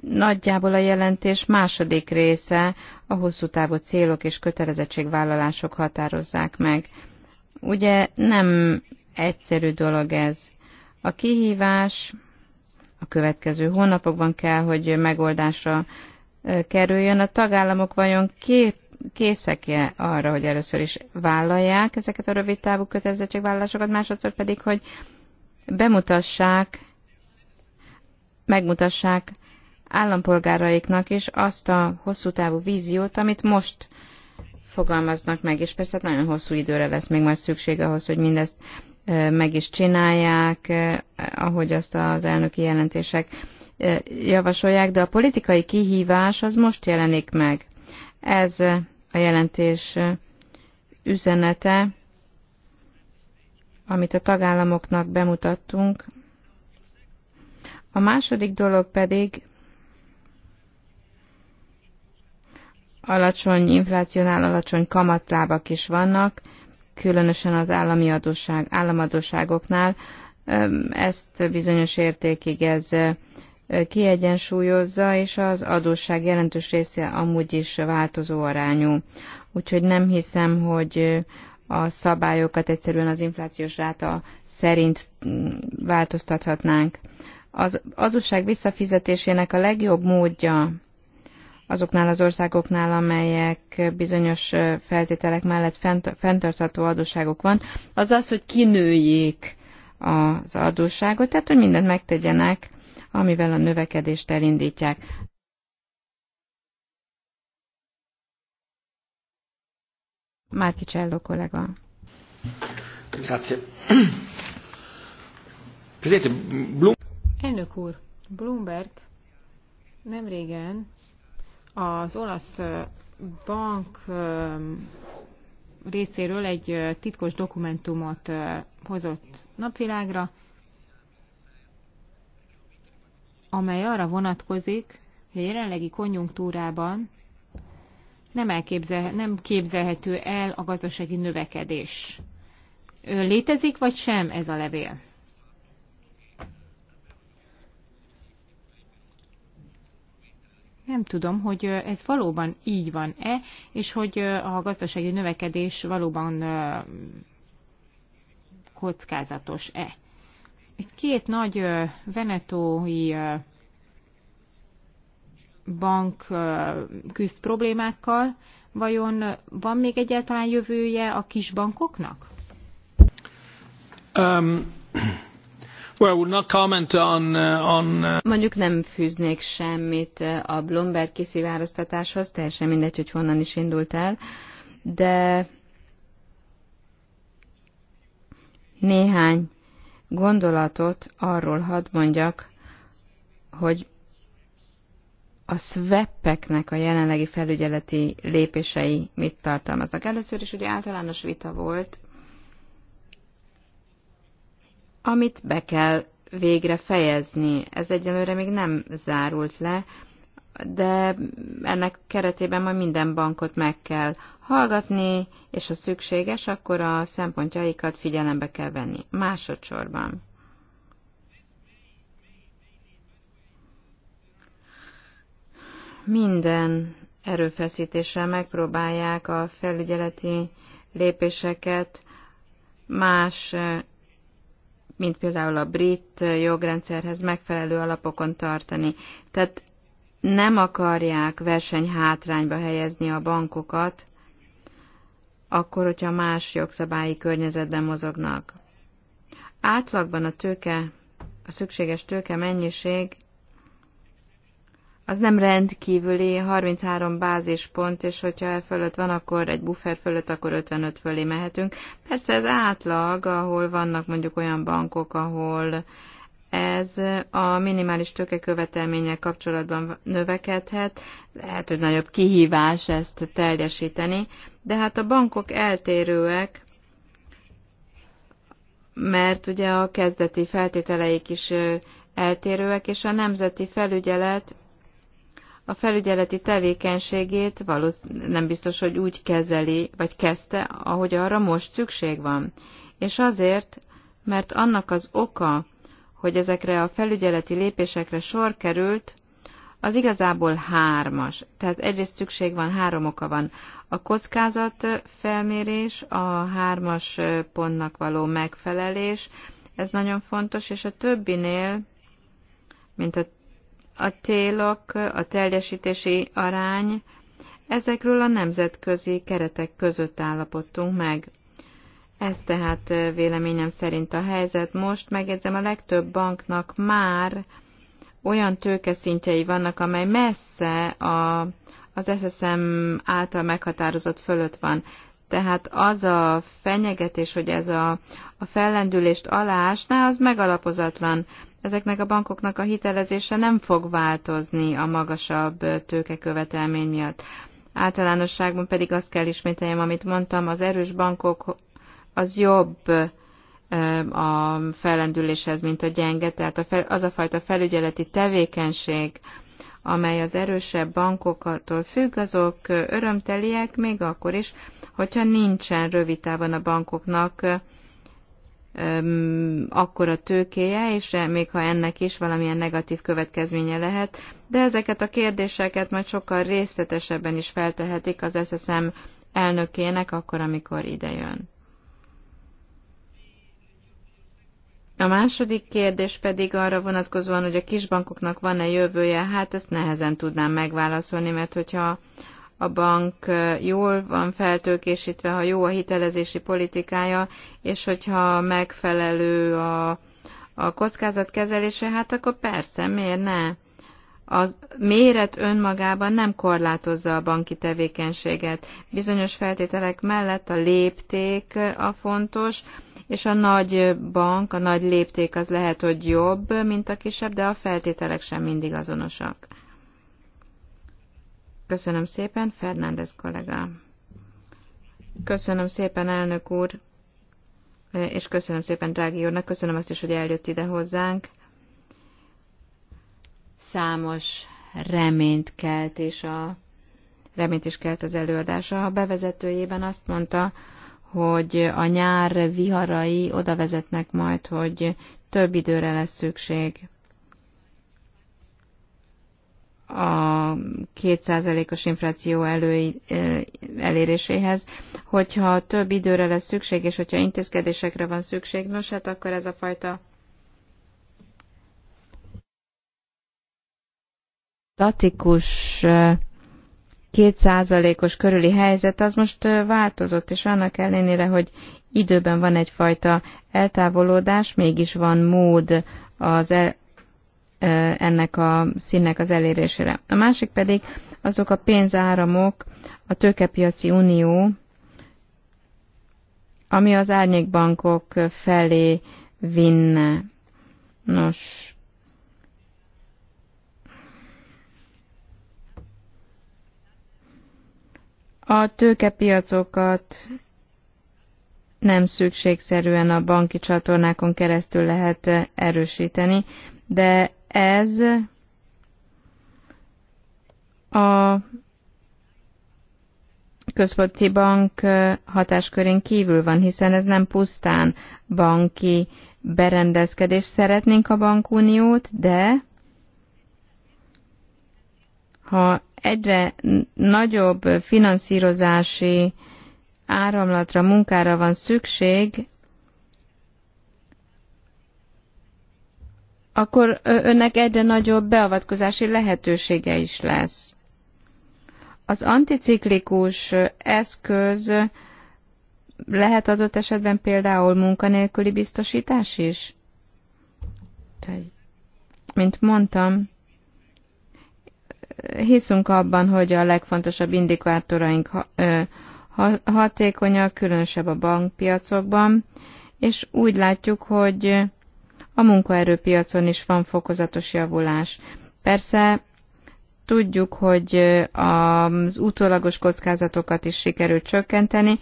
nagyjából a jelentés második része a hosszú távú célok és kötelezettségvállalások határozzák meg. Ugye nem egyszerű dolog ez. A kihívás a következő hónapokban kell, hogy megoldásra kerüljön. A tagállamok vajon kép készek-e arra, hogy először is vállalják ezeket a rövid távú kötelezettségvállalásokat, másodszor pedig, hogy bemutassák, megmutassák állampolgáraiknak is azt a hosszú távú víziót, amit most fogalmaznak meg, és persze nagyon hosszú időre lesz még majd szükség ahhoz, hogy mindezt meg is csinálják, ahogy azt az elnöki jelentések javasolják, de a politikai kihívás az most jelenik meg. Ez a jelentés üzenete, amit a tagállamoknak bemutattunk. A második dolog pedig alacsony inflációnál alacsony kamatlábak is vannak, különösen az állami adósság, államadóságoknál. Ezt bizonyos értékig ez kiegyensúlyozza, és az adósság jelentős része amúgy is változó arányú. Úgyhogy nem hiszem, hogy a szabályokat egyszerűen az inflációs ráta szerint változtathatnánk. Az adósság visszafizetésének a legjobb módja azoknál az országoknál, amelyek bizonyos feltételek mellett fent, fenntartható adóságok van, az az, hogy kinőjék az adósságot, tehát hogy mindent megtegyenek, amivel a növekedést elindítják. Márki Cselló kollega. Grazie. Presidente, Blum... Elnök úr, Bloomberg nem régen az olasz bank részéről egy titkos dokumentumot hozott napvilágra, amely arra vonatkozik, hogy a jelenlegi konjunktúrában nem, elképzel, nem képzelhető el a gazdasági növekedés. Létezik vagy sem ez a levél? Nem tudom, hogy ez valóban így van-e, és hogy a gazdasági növekedés valóban kockázatos-e. Itt két nagy venetói bank küzd problémákkal. Vajon van még egyáltalán jövője a kis bankoknak? Um, Uh, uh, Mondjuk nem fűznék semmit uh, a Bloomberg kiszivárosztatáshoz, teljesen mindegy, hogy honnan is indult el, de néhány gondolatot arról hadd mondjak, hogy a swep a jelenlegi felügyeleti lépései mit tartalmaznak. Először is ugye általános vita volt amit be kell végre fejezni. Ez egyelőre még nem zárult le, de ennek keretében majd minden bankot meg kell hallgatni, és ha szükséges, akkor a szempontjaikat figyelembe kell venni. Másodszorban. Minden erőfeszítéssel megpróbálják a felügyeleti lépéseket más mint például a brit jogrendszerhez megfelelő alapokon tartani. Tehát nem akarják versenyhátrányba helyezni a bankokat, akkor, hogyha más jogszabályi környezetben mozognak. Átlagban a tőke, a szükséges tőke mennyiség az nem rendkívüli 33 bázispont, és hogyha e fölött van, akkor egy buffer fölött, akkor 55 fölé mehetünk. Persze ez átlag, ahol vannak mondjuk olyan bankok, ahol ez a minimális tőkekövetelménnyel kapcsolatban növekedhet, lehet, hogy nagyobb kihívás ezt teljesíteni, de hát a bankok eltérőek, mert ugye a kezdeti feltételeik is eltérőek, és a nemzeti felügyelet a felügyeleti tevékenységét valószínűleg nem biztos, hogy úgy kezeli, vagy kezdte, ahogy arra most szükség van. És azért, mert annak az oka, hogy ezekre a felügyeleti lépésekre sor került, az igazából hármas. Tehát egyrészt szükség van, három oka van. A kockázat felmérés, a hármas pontnak való megfelelés, ez nagyon fontos, és a többinél, mint a a célok, a teljesítési arány, ezekről a nemzetközi keretek között állapodtunk meg. Ez tehát véleményem szerint a helyzet. Most megjegyzem, a legtöbb banknak már olyan tőkeszintjei vannak, amely messze a, az SSM által meghatározott fölött van. Tehát az a fenyegetés, hogy ez a, a fellendülést alásná, az megalapozatlan ezeknek a bankoknak a hitelezése nem fog változni a magasabb tőkekövetelmény miatt. Általánosságban pedig azt kell ismételjem, amit mondtam, az erős bankok az jobb a fellendüléshez, mint a gyenge, tehát az a fajta felügyeleti tevékenység, amely az erősebb bankoktól függ, azok örömteliek még akkor is, hogyha nincsen rövid távon a bankoknak akkora tőkéje, és még ha ennek is valamilyen negatív következménye lehet, de ezeket a kérdéseket majd sokkal részletesebben is feltehetik az SSM elnökének akkor, amikor idejön. A második kérdés pedig arra vonatkozóan, hogy a kisbankoknak van-e jövője, hát ezt nehezen tudnám megválaszolni, mert hogyha a bank jól van feltőkésítve, ha jó a hitelezési politikája, és hogyha megfelelő a, a kockázat kezelése, hát akkor persze, miért ne? A méret önmagában nem korlátozza a banki tevékenységet. Bizonyos feltételek mellett a lépték a fontos, és a nagy bank, a nagy lépték az lehet, hogy jobb, mint a kisebb, de a feltételek sem mindig azonosak. Köszönöm szépen, Fernández kollega. Köszönöm szépen, elnök úr, és köszönöm szépen, drági úrnak, köszönöm azt is, hogy eljött ide hozzánk. Számos reményt kelt, és a reményt is kelt az előadása. A bevezetőjében azt mondta, hogy a nyár viharai oda vezetnek majd, hogy több időre lesz szükség a kétszázalékos infláció elő, eléréséhez, hogyha több időre lesz szükség, és hogyha intézkedésekre van szükség, nos hát akkor ez a fajta statikus kétszázalékos körüli helyzet az most változott, és annak ellenére, hogy időben van egyfajta eltávolodás, mégis van mód az, el, ennek a színnek az elérésére. A másik pedig azok a pénzáramok, a tőkepiaci unió, ami az árnyékbankok felé vinne. Nos, a tőkepiacokat nem szükségszerűen a banki csatornákon keresztül lehet erősíteni, de ez a központi bank hatáskörén kívül van, hiszen ez nem pusztán banki berendezkedés. Szeretnénk a bankuniót, de ha egyre nagyobb finanszírozási áramlatra, munkára van szükség, akkor önnek egyre nagyobb beavatkozási lehetősége is lesz. Az anticiklikus eszköz lehet adott esetben például munkanélküli biztosítás is? Mint mondtam, hiszünk abban, hogy a legfontosabb indikátoraink hatékonyak, különösebb a bankpiacokban, és úgy látjuk, hogy a munkaerőpiacon is van fokozatos javulás. Persze tudjuk, hogy az utólagos kockázatokat is sikerült csökkenteni,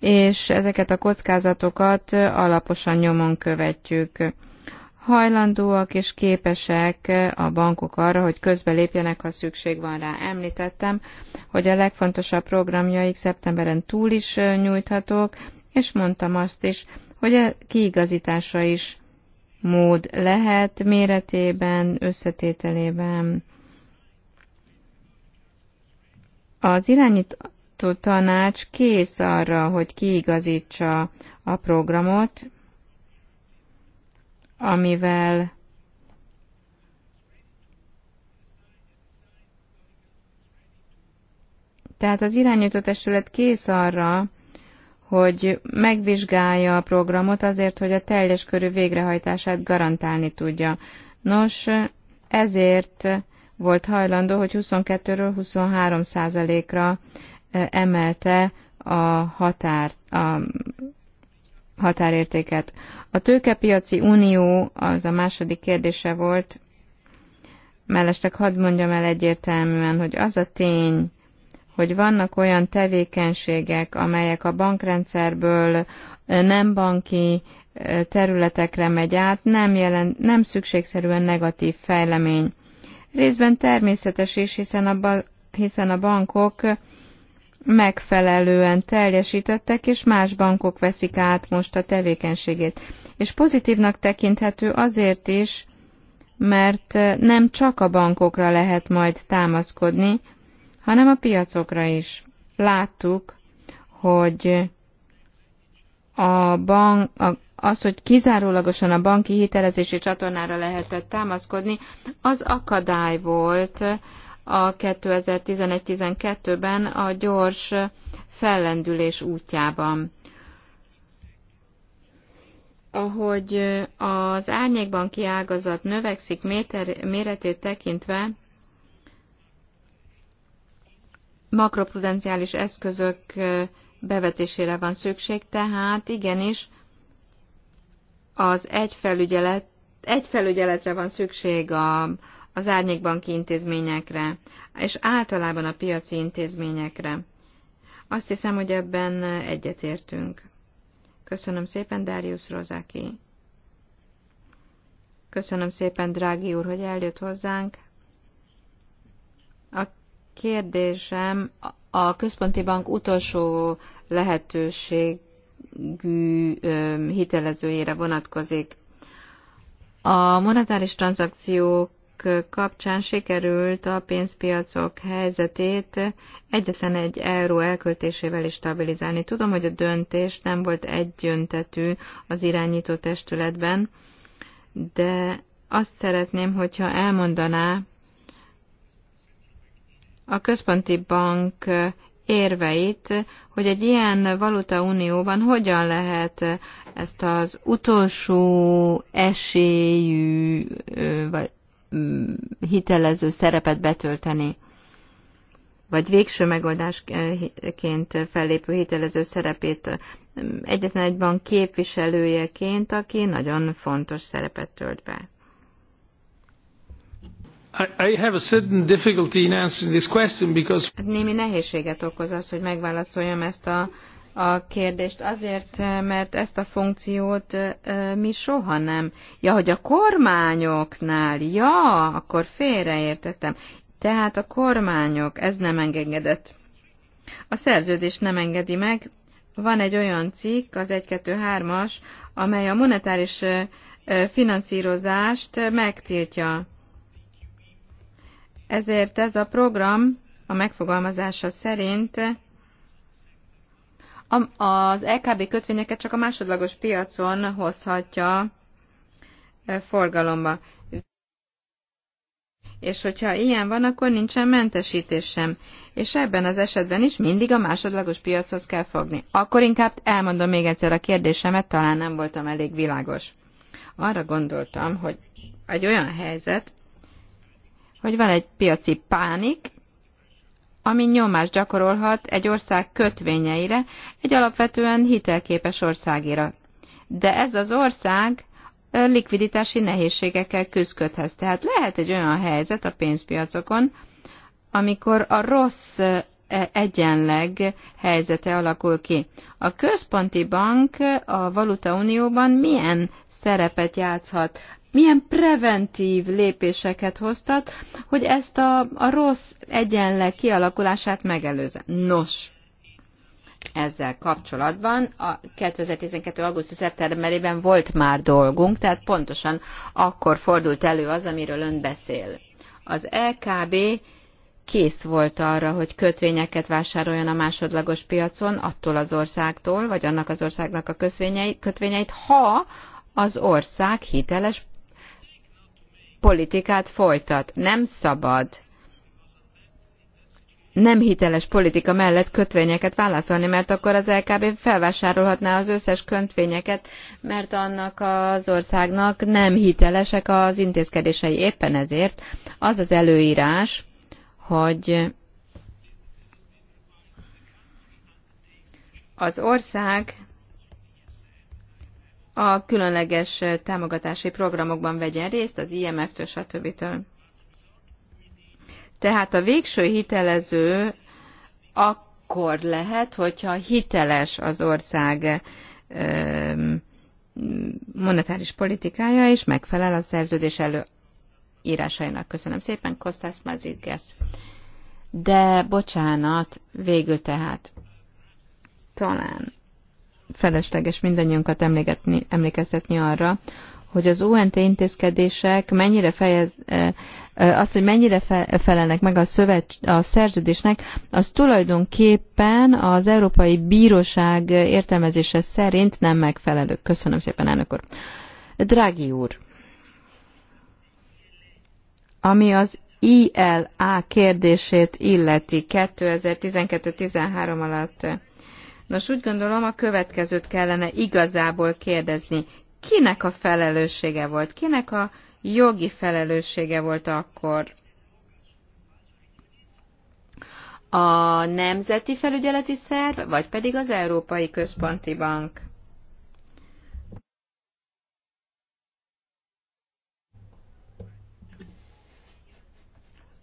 és ezeket a kockázatokat alaposan nyomon követjük. Hajlandóak és képesek a bankok arra, hogy közbelépjenek, ha szükség van rá. Említettem, hogy a legfontosabb programjaik szeptemberen túl is nyújthatók, és mondtam azt is, hogy a kiigazításra is mód lehet méretében, összetételében. Az irányító tanács kész arra, hogy kiigazítsa a programot, amivel Tehát az irányító testület kész arra, hogy megvizsgálja a programot azért, hogy a teljes körű végrehajtását garantálni tudja. Nos, ezért volt hajlandó, hogy 22-ről 23 százalékra eh, emelte a, határ, a határértéket. A tőkepiaci unió az a második kérdése volt, mellesleg hadd mondjam el egyértelműen, hogy az a tény, hogy vannak olyan tevékenységek, amelyek a bankrendszerből nem banki területekre megy át, nem, jelent, nem szükségszerűen negatív fejlemény. Részben természetes is, hiszen a, ba, hiszen a bankok megfelelően teljesítettek, és más bankok veszik át most a tevékenységét. És pozitívnak tekinthető azért is, mert nem csak a bankokra lehet majd támaszkodni, hanem a piacokra is. Láttuk, hogy a bank, a, az, hogy kizárólagosan a banki hitelezési csatornára lehetett támaszkodni, az akadály volt a 2011-12-ben a gyors fellendülés útjában. Ahogy az árnyékbanki ágazat növekszik méter, méretét tekintve, makroprudenciális eszközök bevetésére van szükség, tehát igenis az egyfelügyelet, egyfelügyeletre van szükség a, az árnyékbanki intézményekre, és általában a piaci intézményekre. Azt hiszem, hogy ebben egyetértünk. Köszönöm szépen, Darius Rozaki. Köszönöm szépen, drági úr, hogy eljött hozzánk kérdésem a központi bank utolsó lehetőségű hitelezőjére vonatkozik. A monetáris tranzakciók kapcsán sikerült a pénzpiacok helyzetét egyetlen egy euró elköltésével is stabilizálni. Tudom, hogy a döntés nem volt egyöntetű az irányító testületben, de azt szeretném, hogyha elmondaná, a központi bank érveit, hogy egy ilyen valutaunióban hogyan lehet ezt az utolsó esélyű vagy mm, hitelező szerepet betölteni, vagy végső megoldásként fellépő hitelező szerepét mm, egyetlen egy bank képviselőjeként, aki nagyon fontos szerepet tölt be. I have a certain difficulty in answering this question because... Hát némi nehézséget okoz az, hogy megválaszoljam ezt a, a kérdést. Azért, eh, mert ezt a funkciót eh, eh, mi soha nem... Ja, hogy a kormányoknál, ja, akkor félreértettem. Tehát a kormányok, ez nem engedett. A szerződés nem engedi meg. Van egy olyan cikk, az 1-2-3-as, amely a monetáris finanszírozást megtiltja ezért ez a program a megfogalmazása szerint az LKB kötvényeket csak a másodlagos piacon hozhatja forgalomba. És hogyha ilyen van, akkor nincsen mentesítés sem. És ebben az esetben is mindig a másodlagos piachoz kell fogni. Akkor inkább elmondom még egyszer a kérdésemet, talán nem voltam elég világos. Arra gondoltam, hogy egy olyan helyzet, hogy van egy piaci pánik, ami nyomást gyakorolhat egy ország kötvényeire, egy alapvetően hitelképes országira. De ez az ország likviditási nehézségekkel küzdködhet. Tehát lehet egy olyan helyzet a pénzpiacokon, amikor a rossz egyenleg helyzete alakul ki. A központi bank a valutaunióban milyen szerepet játszhat? milyen preventív lépéseket hoztat, hogy ezt a, a rossz egyenleg kialakulását megelőzze. Nos, ezzel kapcsolatban a 2012. augusztus szeptemberében volt már dolgunk, tehát pontosan akkor fordult elő az, amiről ön beszél. Az LKB kész volt arra, hogy kötvényeket vásároljon a másodlagos piacon attól az országtól, vagy annak az országnak a kötvényeit, ha az ország hiteles politikát folytat. Nem szabad nem hiteles politika mellett kötvényeket válaszolni, mert akkor az LKB felvásárolhatná az összes kötvényeket, mert annak az országnak nem hitelesek az intézkedései. Éppen ezért az az előírás, hogy az ország a különleges támogatási programokban vegyen részt, az IMF-től, stb. Tehát a végső hitelező akkor lehet, hogyha hiteles az ország monetáris politikája, és megfelel a szerződés előírásainak. Köszönöm szépen, Kostas Madridges. De bocsánat, végül tehát talán felesleges mindannyiunkat emlékezni, emlékeztetni arra, hogy az UNT intézkedések mennyire fejez, az, hogy mennyire felelnek meg a, szövet, a szerződésnek, az tulajdonképpen az Európai Bíróság értelmezése szerint nem megfelelő. Köszönöm szépen, elnök úr. Drági úr, ami az ILA kérdését illeti 2012-13 alatt Nos, úgy gondolom, a következőt kellene igazából kérdezni. Kinek a felelőssége volt? Kinek a jogi felelőssége volt akkor? A Nemzeti Felügyeleti Szerv, vagy pedig az Európai Központi Bank?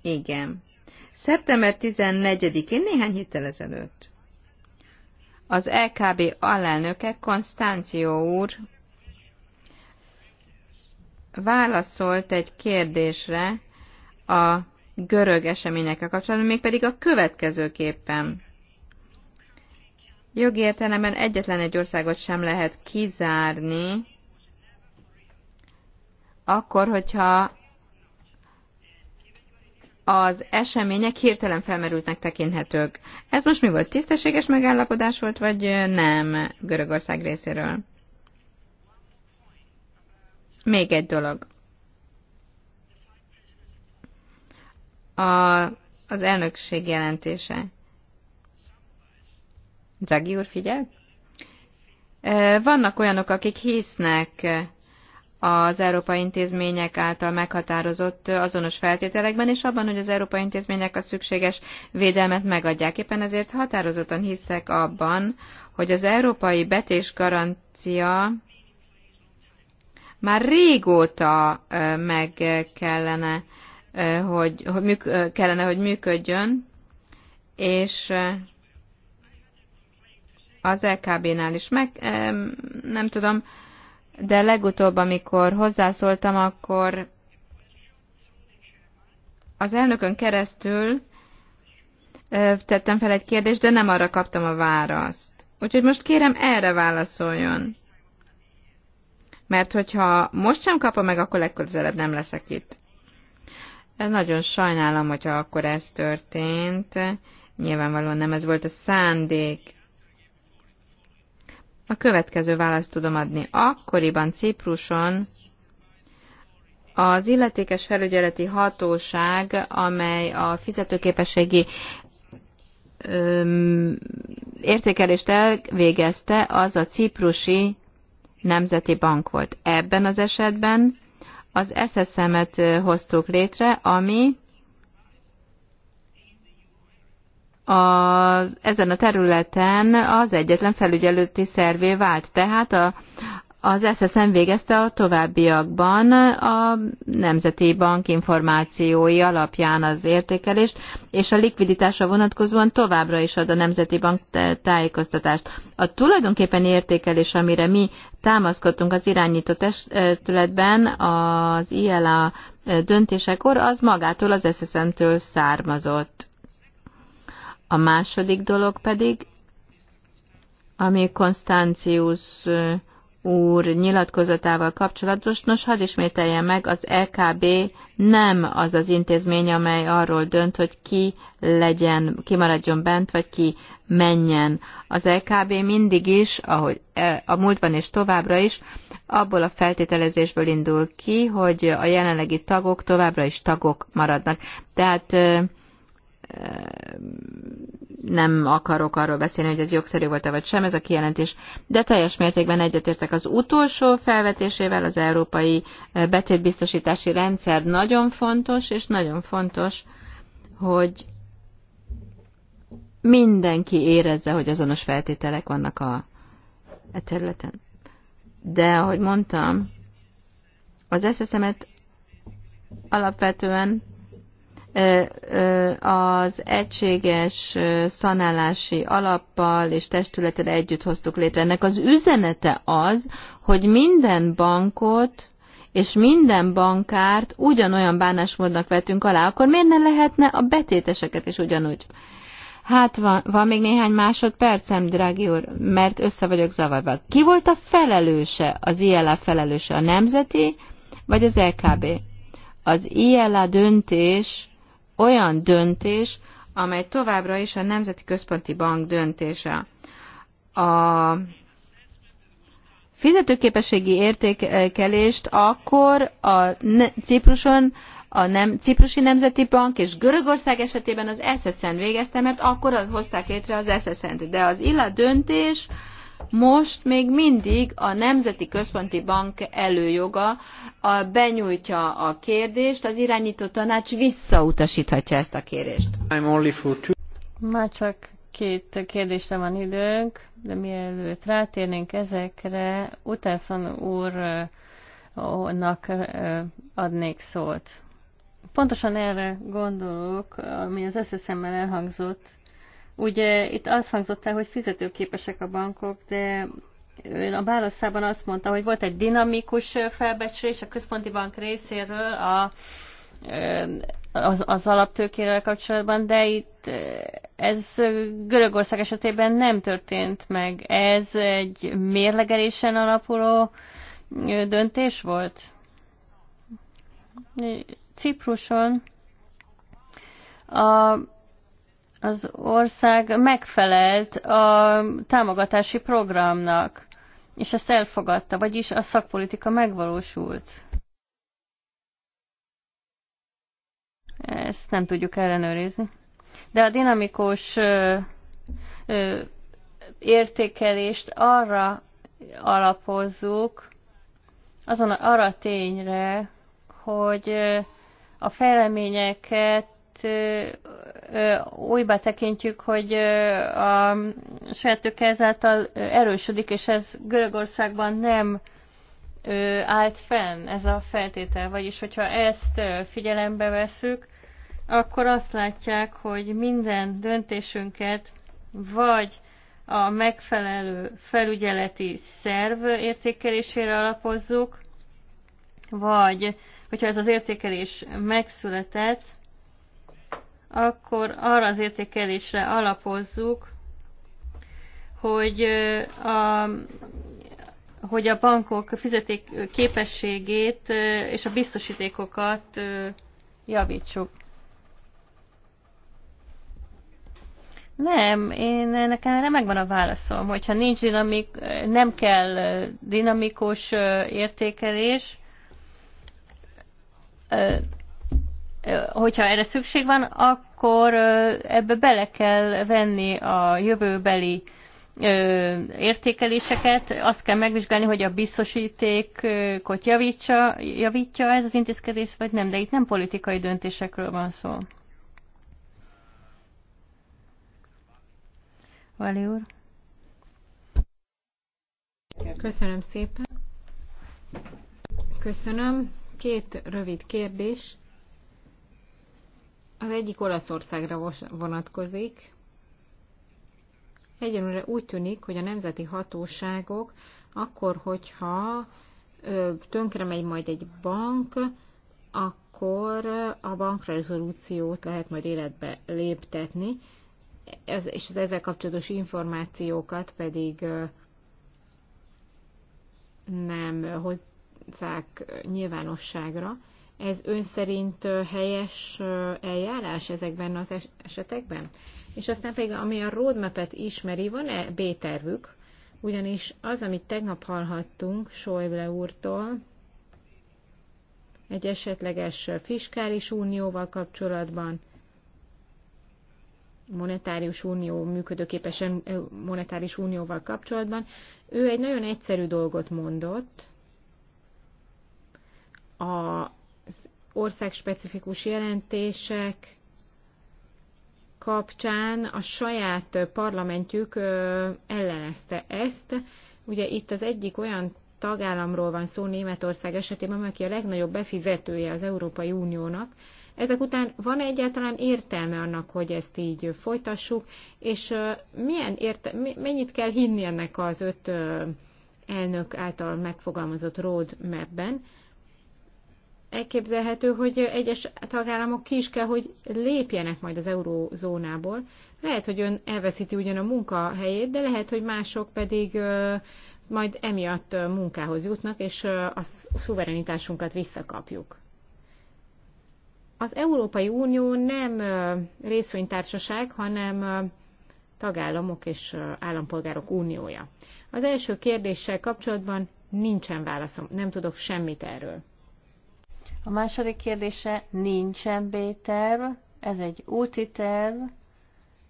Igen. Szeptember 14-én, néhány héttel ezelőtt. Az LKB alelnöke Konstáncio úr válaszolt egy kérdésre a görög eseményekkel kapcsolatban, mégpedig a következőképpen. Jogi értelemben egyetlen egy országot sem lehet kizárni, akkor, hogyha az események hirtelen felmerültnek tekinthetők. Ez most mi volt? Tisztességes megállapodás volt, vagy nem Görögország részéről? Még egy dolog. A, az elnökség jelentése. Dragi úr, figyel? Vannak olyanok, akik hisznek az európai intézmények által meghatározott azonos feltételekben, és abban, hogy az európai intézmények a szükséges védelmet megadják. Éppen ezért határozottan hiszek abban, hogy az európai betés garancia már régóta meg kellene, hogy, hogy műk, kellene, hogy működjön, és az LKB-nál is meg, nem tudom, de legutóbb, amikor hozzászóltam, akkor az elnökön keresztül tettem fel egy kérdést, de nem arra kaptam a választ. Úgyhogy most kérem, erre válaszoljon. Mert hogyha most sem kapom meg, akkor legközelebb nem leszek itt. Nagyon sajnálom, hogyha akkor ez történt. Nyilvánvalóan nem ez volt a szándék. A következő választ tudom adni. Akkoriban Cipruson az illetékes felügyeleti hatóság, amely a fizetőképességi öm, értékelést elvégezte, az a ciprusi nemzeti bank volt. Ebben az esetben az SSM-et hoztuk létre, ami az, ezen a területen az egyetlen felügyelőti szervé vált. Tehát a, az SSM végezte a továbbiakban a Nemzeti Bank információi alapján az értékelést, és a likviditásra vonatkozóan továbbra is ad a Nemzeti Bank tájékoztatást. A tulajdonképpen értékelés, amire mi támaszkodtunk az irányító testületben az ILA döntésekor, az magától az SSM-től származott. A második dolog pedig, ami Konstantius úr nyilatkozatával kapcsolatos, nos, hadd ismételje meg, az LKB e nem az az intézmény, amely arról dönt, hogy ki legyen, ki maradjon bent, vagy ki menjen. Az LKB e mindig is, ahogy e, a múltban és továbbra is, abból a feltételezésből indul ki, hogy a jelenlegi tagok továbbra is tagok maradnak. Tehát nem akarok arról beszélni, hogy ez jogszerű volt-e vagy sem, ez a kijelentés, de teljes mértékben egyetértek az utolsó felvetésével, az európai eh, betétbiztosítási rendszer nagyon fontos, és nagyon fontos, hogy mindenki érezze, hogy azonos feltételek vannak a, a e területen. De, ahogy mondtam, az SSM-et alapvetően az egységes szanálási alappal és testületre együtt hoztuk létre. Ennek az üzenete az, hogy minden bankot és minden bankárt ugyanolyan bánásmódnak vetünk alá, akkor miért ne lehetne a betéteseket is ugyanúgy? Hát van, van még néhány másodpercem, drági úr, mert össze vagyok zavarva. Ki volt a felelőse, az ILA felelőse, a nemzeti, vagy az LKB? Az ILA döntés olyan döntés, amely továbbra is a Nemzeti Központi Bank döntése. A fizetőképességi értékelést akkor a Cipruson a nem, Ciprusi Nemzeti Bank és Görögország esetében az SSN végezte, mert akkor hozták létre az SSN-t. De az illa döntés most még mindig a Nemzeti Központi Bank előjoga a, benyújtja a kérdést, az irányító tanács visszautasíthatja ezt a kérést. Már csak két kérdésre van időnk, de mielőtt rátérnénk ezekre, Utászon úrnak adnék szót. Pontosan erre gondolok, ami az SSM-mel elhangzott, Ugye itt azt hangzott el, hogy fizetőképesek a bankok, de ön a válaszában azt mondta, hogy volt egy dinamikus felbecsülés a központi bank részéről a, az, az alaptőkével kapcsolatban, de itt ez Görögország esetében nem történt meg. Ez egy mérlegelésen alapuló döntés volt? Cipruson a az ország megfelelt a támogatási programnak, és ezt elfogadta, vagyis a szakpolitika megvalósult. Ezt nem tudjuk ellenőrizni. De a dinamikus ö, ö, értékelést arra alapozzuk, azon arra tényre, hogy a fejleményeket újba tekintjük, hogy a saját ezáltal erősödik, és ez Görögországban nem állt fenn ez a feltétel. Vagyis, hogyha ezt figyelembe veszük, akkor azt látják, hogy minden döntésünket vagy a megfelelő felügyeleti szerv értékelésére alapozzuk, vagy hogyha ez az értékelés megszületett, akkor arra az értékelésre alapozzuk, hogy a, hogy a bankok fizeték képességét és a biztosítékokat javítsuk. Nem, én nekem erre megvan a válaszom, hogyha nincs dinamik, nem kell dinamikus értékelés, hogyha erre szükség van, akkor ebbe bele kell venni a jövőbeli értékeléseket. Azt kell megvizsgálni, hogy a biztosítékot javítsa, javítja ez az intézkedés, vagy nem, de itt nem politikai döntésekről van szó. Vali úr. Köszönöm szépen. Köszönöm. Két rövid kérdés. Az egyik Olaszországra vonatkozik. Egyelőre úgy tűnik, hogy a nemzeti hatóságok akkor, hogyha tönkre megy majd egy bank, akkor a bankrezolúciót lehet majd életbe léptetni, és az ezzel kapcsolatos információkat pedig nem hozzák nyilvánosságra, ez ön szerint helyes eljárás ezekben az esetekben? És aztán pedig, ami a roadmap-et ismeri, van-e B-tervük? Ugyanis az, amit tegnap hallhattunk Sojble úrtól, egy esetleges fiskális unióval kapcsolatban, monetárius unió, működőképesen monetáris unióval kapcsolatban, ő egy nagyon egyszerű dolgot mondott. A országspecifikus jelentések kapcsán a saját parlamentjük ellenezte ezt. Ugye itt az egyik olyan tagállamról van szó Németország esetében, aki a legnagyobb befizetője az Európai Uniónak. Ezek után van -e egyáltalán értelme annak, hogy ezt így folytassuk, és milyen érte, mennyit kell hinni ennek az öt elnök által megfogalmazott map-ben? elképzelhető, hogy egyes tagállamok ki is kell, hogy lépjenek majd az eurózónából. Lehet, hogy ön elveszíti ugyan a munkahelyét, de lehet, hogy mások pedig majd emiatt munkához jutnak, és a szuverenitásunkat visszakapjuk. Az Európai Unió nem részvénytársaság, hanem tagállamok és állampolgárok uniója. Az első kérdéssel kapcsolatban nincsen válaszom, nem tudok semmit erről. A második kérdése, nincsen B-terv, ez egy úti terv,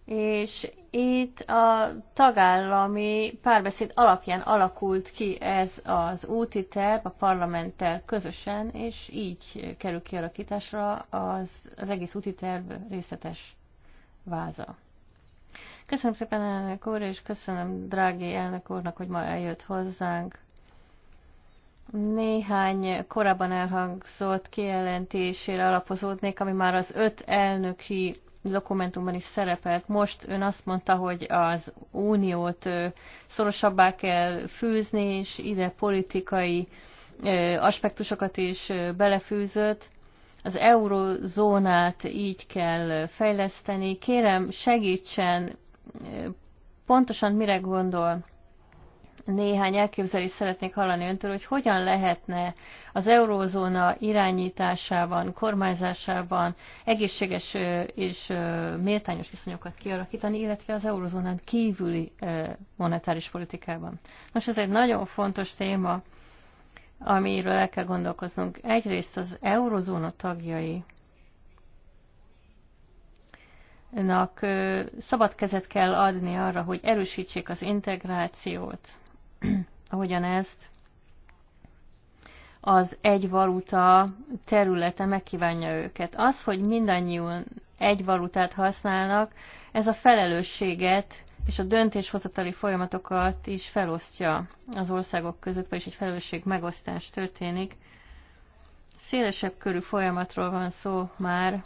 és itt a tagállami párbeszéd alapján alakult ki ez az úti terv a parlamenttel közösen, és így kerül kialakításra az, az egész úti terv részletes váza. Köszönöm szépen elnök úr, és köszönöm drági elnök úrnak, hogy ma eljött hozzánk néhány korábban elhangzott kijelentésére alapozódnék, ami már az öt elnöki dokumentumban is szerepelt. Most ön azt mondta, hogy az uniót szorosabbá kell fűzni, és ide politikai aspektusokat is belefűzött. Az eurozónát így kell fejleszteni. Kérem, segítsen, pontosan mire gondol? néhány elképzelést szeretnék hallani öntől, hogy hogyan lehetne az eurózóna irányításában, kormányzásában egészséges és méltányos viszonyokat kialakítani, illetve az eurózónán kívüli monetáris politikában. Nos, ez egy nagyon fontos téma, amiről el kell gondolkoznunk. Egyrészt az eurozóna tagjai nak szabad kezet kell adni arra, hogy erősítsék az integrációt, ahogyan ezt az egy valuta területe megkívánja őket. Az, hogy mindannyian egy valutát használnak, ez a felelősséget és a döntéshozatali folyamatokat is felosztja az országok között, vagyis egy felelősség megosztás történik. Szélesebb körű folyamatról van szó már,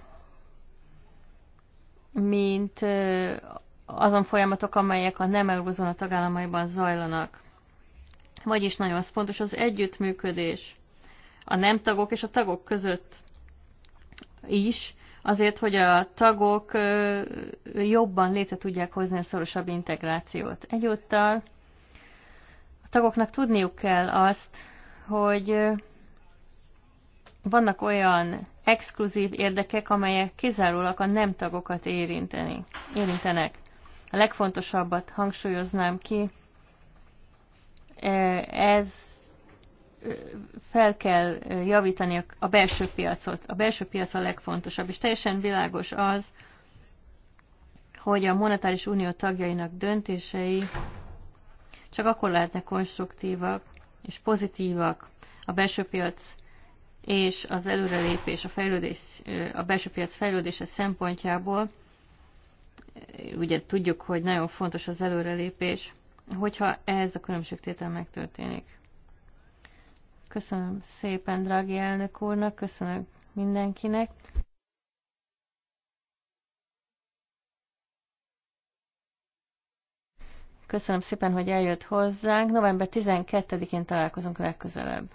mint azon folyamatok, amelyek a nem eurózóna tagállamaiban zajlanak. Vagyis nagyon fontos az együttműködés a nem tagok és a tagok között is, azért, hogy a tagok jobban létre tudják hozni a szorosabb integrációt. Egyúttal a tagoknak tudniuk kell azt, hogy vannak olyan exkluzív érdekek, amelyek kizárólag a nem tagokat érinteni, érintenek. A legfontosabbat hangsúlyoznám ki, ez fel kell javítani a belső piacot. A belső piac a legfontosabb, és teljesen világos az, hogy a monetáris unió tagjainak döntései csak akkor lehetnek konstruktívak és pozitívak a belső piac és az előrelépés, a, fejlődés, a belső piac fejlődése szempontjából. Ugye tudjuk, hogy nagyon fontos az előrelépés, hogyha ez a különbségtétel megtörténik. Köszönöm szépen, drági elnök úrnak, köszönöm mindenkinek. Köszönöm szépen, hogy eljött hozzánk. November 12-én találkozunk legközelebb.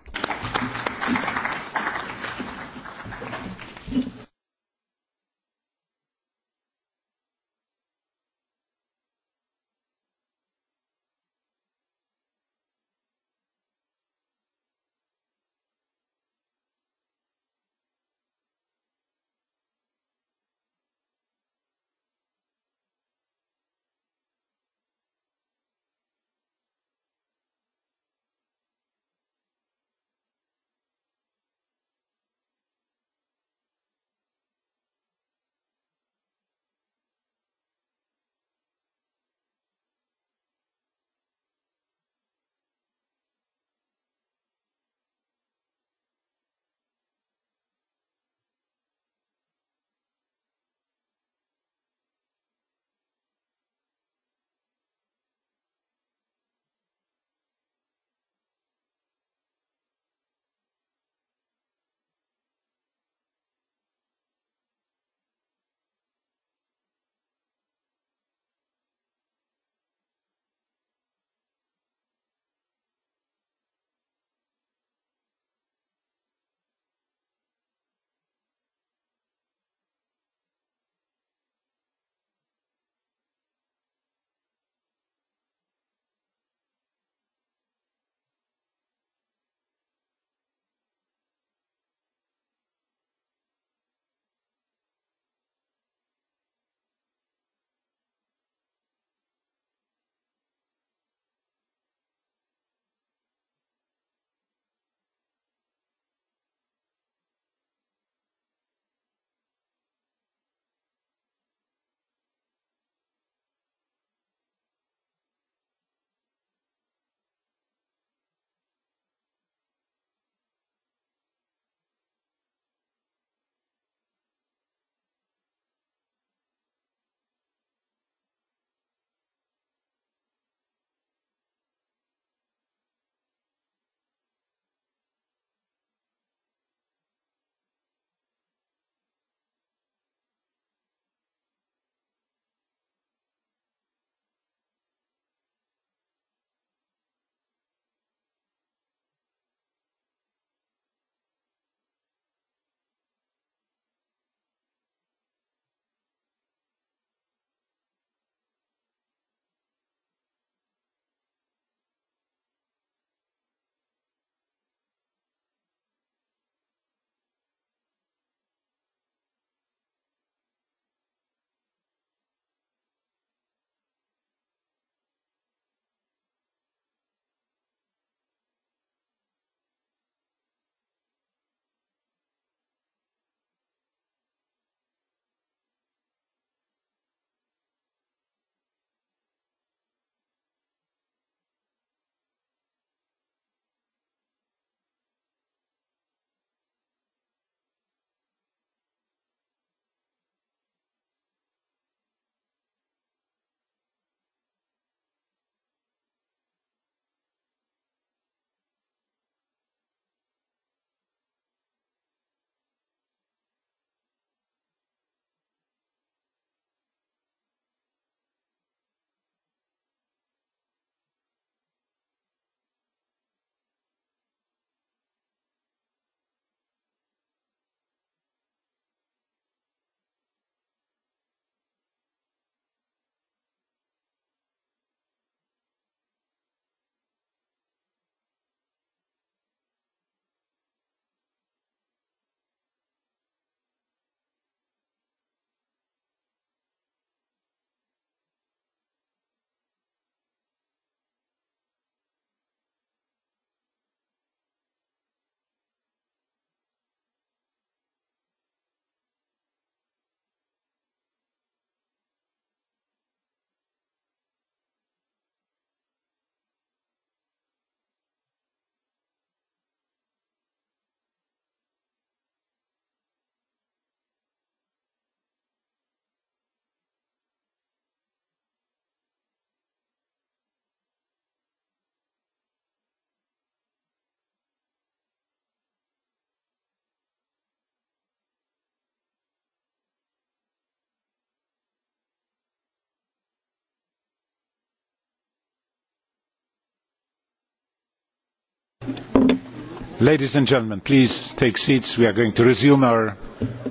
ladies and gentlemen please take seats we are going to resume our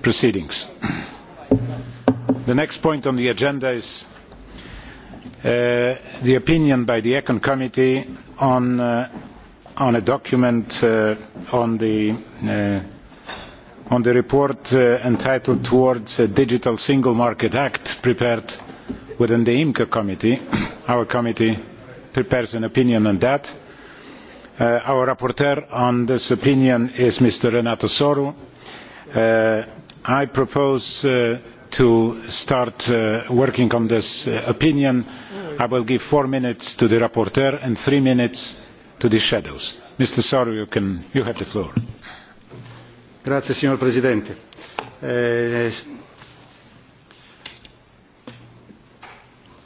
proceedings. the next point on the agenda is uh, the opinion by the econ committee on, uh, on a document uh, on, the, uh, on the report uh, entitled towards a digital single market act' prepared within the imco committee. our committee prepares an opinion on that Uh, our rapporteur on this opinion is mr renato soru. Uh, i propose uh, to start uh, working on this uh, opinion. Mm. i will give four minutes to the rapporteur and three minutes to the shadows. mr soru you, can, you have the floor. Grazie, signor presidente eh,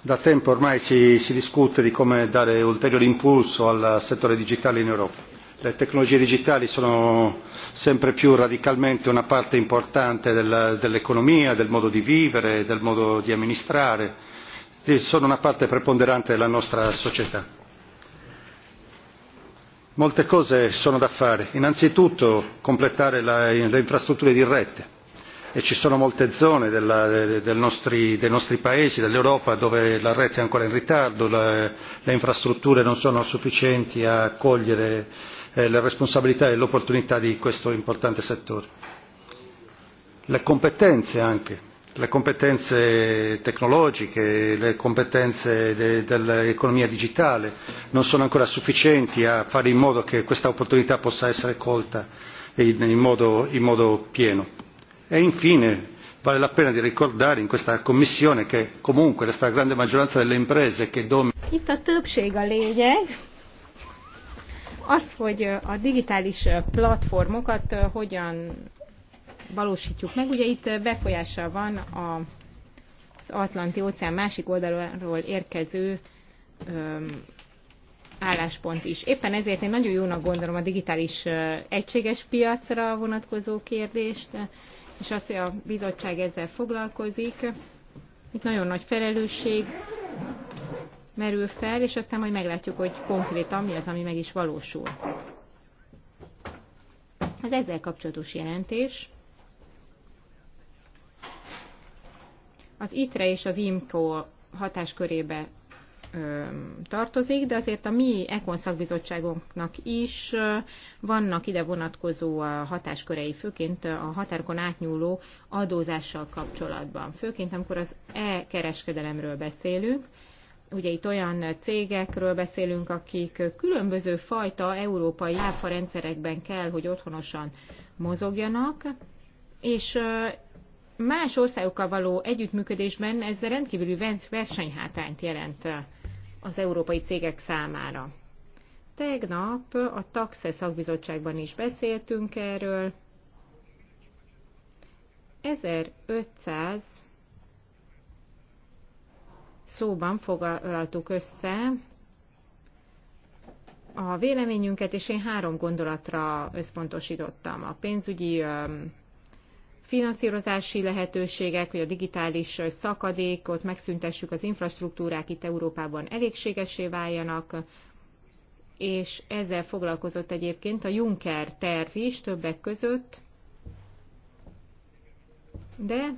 da tempo ormai si, si discute di come dare ulteriore impulso al settore digitale in Europa. Le tecnologie digitali sono sempre più radicalmente una parte importante del, dell'economia, del modo di vivere, del modo di amministrare, e sono una parte preponderante della nostra società. Molte cose sono da fare, innanzitutto completare la, le infrastrutture di rete e ci sono molte zone dei nostri paesi, dell'Europa, dove la rete è ancora in ritardo, le, infrastrutture non sono sufficienti a cogliere eh, le responsabilità e le opportunità di questo importante settore. Le competenze anche, le competenze tecnologiche, le competenze dell'economia digitale non sono ancora sufficienti a fare in modo che questa opportunità possa essere colta in modo pieno E infine vale la pena di ricordare in questa commissione che comunque la stragrande maggioranza delle imprese che dominano. Itt a többség a lényeg, az, hogy a digitális platformokat eh, hogyan valósítjuk meg. Ugye itt befolyása van az Atlanti óceán másik oldalról érkező öm, álláspont is. Éppen ezért én nagyon jónak gondolom a digitális eh, egységes piacra vonatkozó kérdést, és azt, hogy a bizottság ezzel foglalkozik. Itt nagyon nagy felelősség merül fel, és aztán majd meglátjuk, hogy konkrétan mi az, ami meg is valósul. Az ezzel kapcsolatos jelentés az ITRE és az IMCO hatáskörébe tartozik, de azért a mi EKON szakbizottságunknak is vannak ide vonatkozó hatáskörei, főként a határkon átnyúló adózással kapcsolatban. Főként, amikor az e-kereskedelemről beszélünk, ugye itt olyan cégekről beszélünk, akik különböző fajta európai áfa rendszerekben kell, hogy otthonosan mozogjanak, és más országokkal való együttműködésben ez rendkívüli versenyhátányt jelent az európai cégek számára. Tegnap a TAXE szakbizottságban is beszéltünk erről. 1500 szóban foglaltuk össze a véleményünket, és én három gondolatra összpontosítottam. A pénzügyi finanszírozási lehetőségek, hogy a digitális szakadékot megszüntessük, az infrastruktúrák itt Európában elégségesé váljanak, és ezzel foglalkozott egyébként a Juncker terv is többek között, de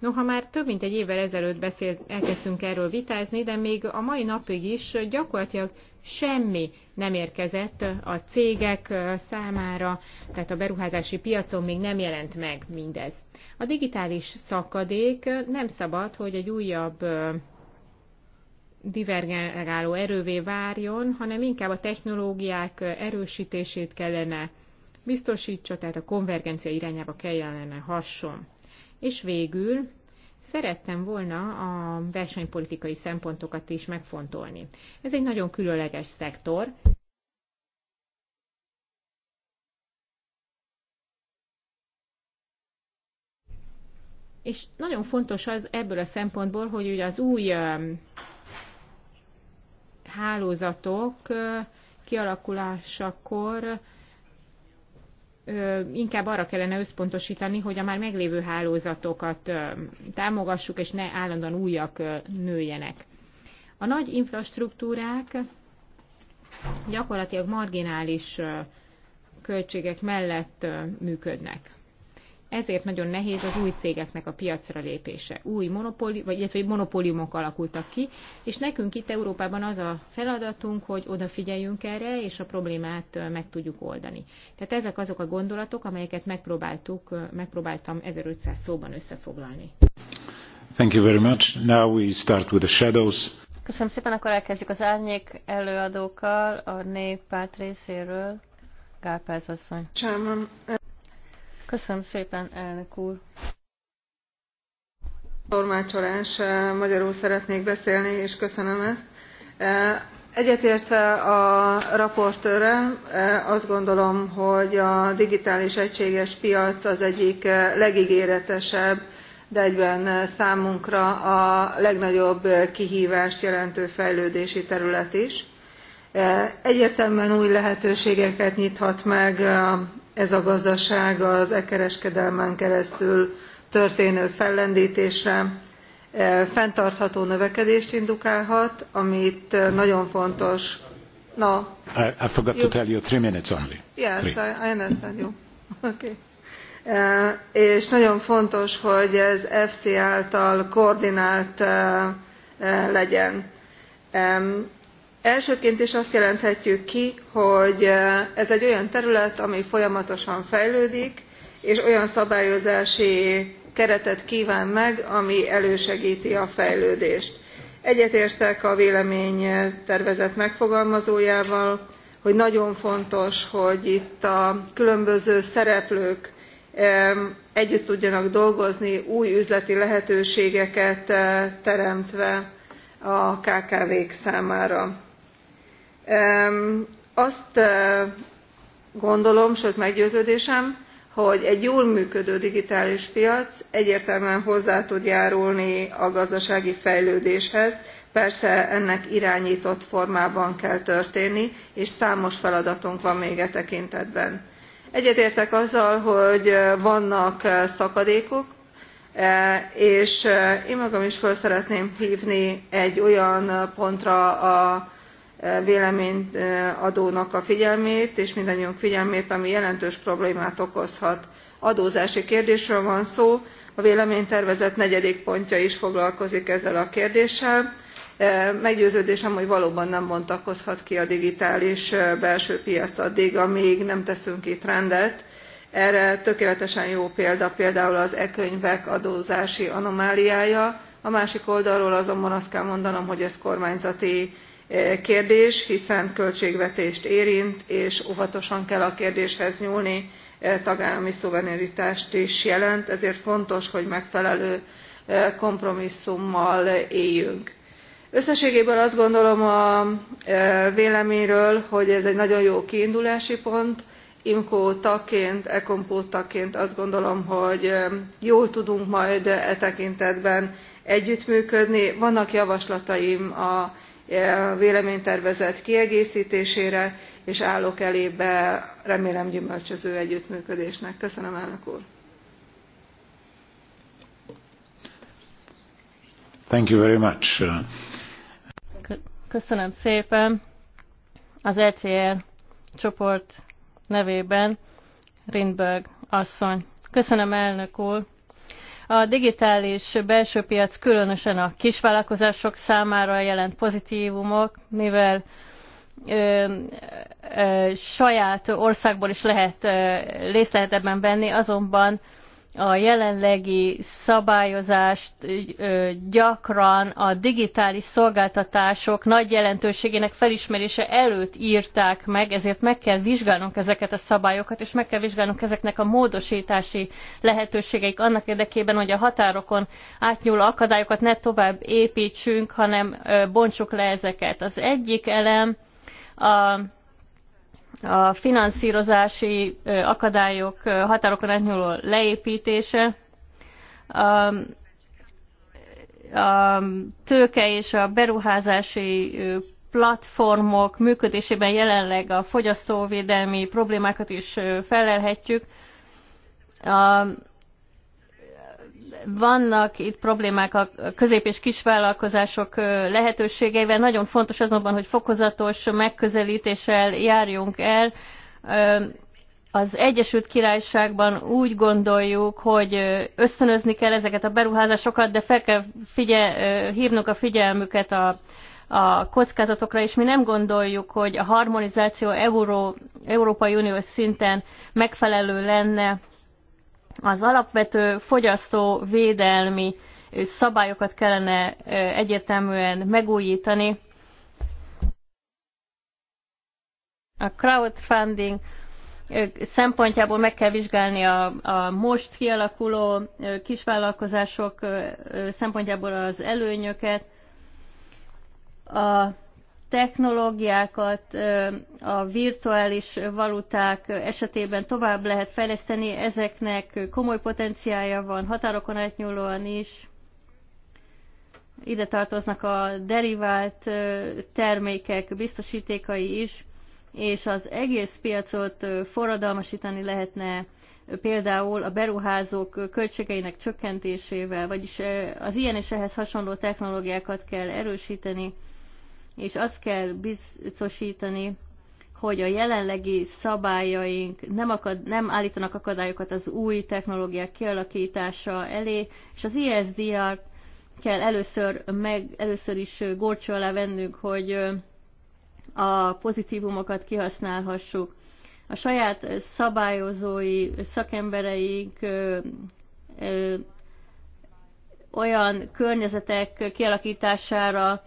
Noha már több mint egy évvel ezelőtt beszélt, elkezdtünk erről vitázni, de még a mai napig is gyakorlatilag semmi nem érkezett a cégek számára, tehát a beruházási piacon még nem jelent meg mindez. A digitális szakadék nem szabad, hogy egy újabb divergáló erővé várjon, hanem inkább a technológiák erősítését kellene biztosítsa, tehát a konvergencia irányába kellene hasson. És végül szerettem volna a versenypolitikai szempontokat is megfontolni. Ez egy nagyon különleges szektor. És nagyon fontos az ebből a szempontból, hogy ugye az új um, hálózatok uh, kialakulásakor inkább arra kellene összpontosítani, hogy a már meglévő hálózatokat támogassuk, és ne állandóan újak nőjenek. A nagy infrastruktúrák gyakorlatilag marginális költségek mellett működnek ezért nagyon nehéz az új cégeknek a piacra lépése. Új monopóli, vagy illetve monopóliumok alakultak ki, és nekünk itt Európában az a feladatunk, hogy odafigyeljünk erre, és a problémát meg tudjuk oldani. Tehát ezek azok a gondolatok, amelyeket megpróbáltuk, megpróbáltam 1500 szóban összefoglalni. Thank you very much. Now we start with the shadows. Köszönöm szépen, akkor elkezdjük az árnyék előadókkal, a néppárt részéről. Gálpáz asszony. Csámon. Köszönöm szépen, elnök úr. Tolmácsolás, eh, magyarul szeretnék beszélni, és köszönöm ezt. Eh, egyetértve a raportőrrel, eh, azt gondolom, hogy a digitális egységes piac az egyik legígéretesebb, de egyben számunkra a legnagyobb kihívást jelentő fejlődési terület is egyértelműen új lehetőségeket nyithat meg ez a gazdaság az e kereskedelmen keresztül történő fellendtésre fenntartható növekedést indukálhat amit nagyon fontos I, forgot to tell you three minutes only. és nagyon fontos, hogy ez EFSI által koordinált legyen elsőként is azt jelenthetjük ki hogy eh, ez egy olyan terület ami folyamatosan fejlődik és olyan szabályozási keretet kván meg ami elősegti a fejlődést. egyetértek a véleménytervezet megfogalmazójával hogy nagyon fontos hogy itt a különböző szereplők eh, együtt tudjanak dolgozni új üzleti lehetőségeket eh, teremtve a kkv k számára azt gondolom sőt meggyőződésem hogy egy jól működő digitális piac egyértelműen hozzá tud járulni a gazdasági fejlődéshez persze ennek iránytott formában kell történni és számos feladatunk van még e tekintetben. egyetértek azzal hogy vannak szakadékok és én magam is föl szeretném hvni egy olyan pontra a véleményt adónak a figyelmét és mindannyiunk figyelmét ami jelentős problémát okozhat. adózási kérdésről van szó a véleménytervezet negyedik pontja is foglalkozik ezzel a kérdéssel. meggyőződésem hogy valóban nem bontakozhat ki a digitális belső piac addig amg nem teszünk itt rendet. erre tökéletesen jó példa például az e könyvek adózási anomáliája a másik oldalról azonban azt kell mondanom hogy ez kormányzati kérdés hiszen költségvetést érint és óvatosan kell a kérdéshez nyúlni e, tagállami szuverenitást is jelent ezért fontos hogy megfelelő e, kompromisszummal éljünk. összességében azt gondolom a e, véleményről hogy ez egy nagyon jó kiindulási pont imco tagként ecompo tagként azt gondolom hogy jól tudunk majd e tekintetben együttműködni. vannak javaslataim a véleménytervezet kiegésztésére és állok elébe remélem gyümölcsöző együttműködésnek. köszönöm elnök úr! Thank you very much. Köszönöm szépen. Az ECR csoport nevében Rindberg asszony. Köszönöm elnök úr! A digitális belső piac különösen a kisvállalkozások számára jelent pozitívumok, mivel ö, ö, saját országból is lehet ö, részt lehet ebben venni, azonban a jelenlegi szabályozást gyakran a digitális szolgáltatások nagy jelentőségének felismerése előtt írták meg, ezért meg kell vizsgálnunk ezeket a szabályokat, és meg kell vizsgálnunk ezeknek a módosítási lehetőségeik annak érdekében, hogy a határokon átnyúló akadályokat ne tovább építsünk, hanem bontsuk le ezeket. Az egyik elem a a finanszírozási akadályok határokon átnyúló leépítése, a, a tőke és a beruházási platformok működésében jelenleg a fogyasztóvédelmi problémákat is felelhetjük. A, vannak itt problémák a közép- és kisvállalkozások lehetőségeivel. Nagyon fontos azonban, hogy fokozatos megközelítéssel járjunk el. Az Egyesült Királyságban úgy gondoljuk, hogy ösztönözni kell ezeket a beruházásokat, de fel kell figyel, hívnunk a figyelmüket a, a kockázatokra, és mi nem gondoljuk, hogy a harmonizáció Euró, Európai Uniós szinten megfelelő lenne az alapvető fogyasztóvédelmi szabályokat kellene egyértelműen megújítani. A crowdfunding szempontjából meg kell vizsgálni a, a most kialakuló kisvállalkozások szempontjából az előnyöket. A technológiákat a virtuális valuták esetében tovább lehet fejleszteni, ezeknek komoly potenciája van határokon átnyúlóan is. Ide tartoznak a derivált termékek biztosítékai is, és az egész piacot forradalmasítani lehetne például a beruházók költségeinek csökkentésével, vagyis az ilyen és ehhez hasonló technológiákat kell erősíteni és azt kell biztosítani, hogy a jelenlegi szabályaink nem, akad, nem állítanak akadályokat az új technológiák kialakítása elé, és az ISDR kell először, meg, először is górcső alá vennünk, hogy a pozitívumokat kihasználhassuk. A saját szabályozói szakembereink olyan környezetek kialakítására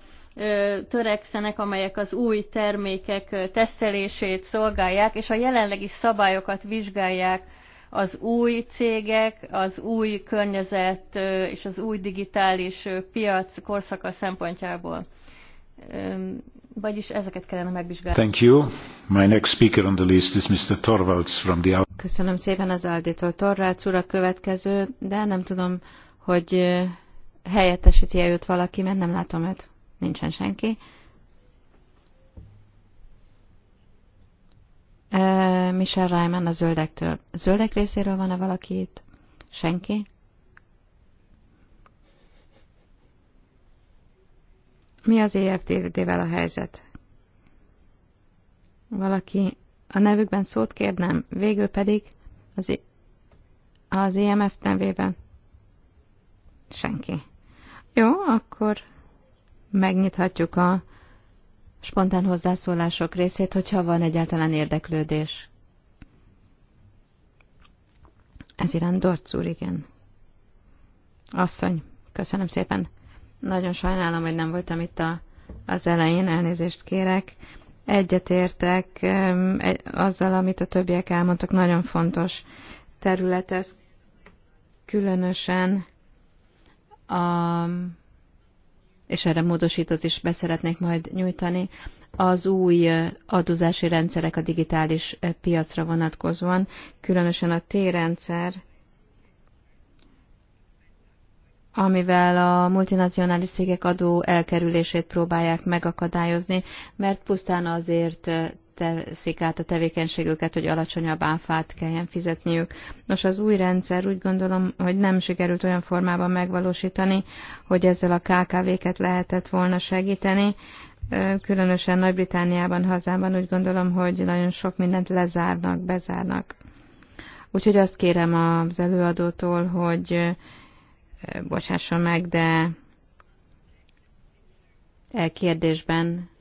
törekszenek, amelyek az új termékek tesztelését szolgálják, és a jelenlegi szabályokat vizsgálják az új cégek, az új környezet és az új digitális piac korszaka szempontjából. Vagyis ezeket kellene megvizsgálni. Thank you. My next speaker on the list is Mr. Torvalds from the Köszönöm szépen az Alditól. Torvalds úr a következő, de nem tudom, hogy helyettesíti-e őt valaki, mert nem látom őt. Nincsen senki. Michel Ryman a zöldektől. A zöldek részéről van-e valaki itt? Senki? Mi az EFTD-vel a helyzet? Valaki a nevükben szót kérnem, végül pedig az, az EMF nevében. Senki. Jó, akkor megnyithatjuk a spontán hozzászólások részét, hogyha van egyáltalán érdeklődés. Ez iránt Dorc úr, igen. Asszony, köszönöm szépen. Nagyon sajnálom, hogy nem voltam itt a, az elején, elnézést kérek. Egyetértek egy, e- azzal, amit a többiek elmondtak, nagyon fontos terület ez, különösen a és erre módosított is beszeretnék majd nyújtani, az új adózási rendszerek a digitális piacra vonatkozóan, különösen a T-rendszer, amivel a multinacionális cégek adó elkerülését próbálják megakadályozni, mert pusztán azért teszik át a tevékenységüket, hogy alacsonyabb áfát kelljen fizetniük. Nos, az új rendszer úgy gondolom, hogy nem sikerült olyan formában megvalósítani, hogy ezzel a KKV-ket lehetett volna segíteni. Különösen Nagy-Britániában, hazában úgy gondolom, hogy nagyon sok mindent lezárnak, bezárnak. Úgyhogy azt kérem az előadótól, hogy bocsásson meg, de elkérdésben. kérdésben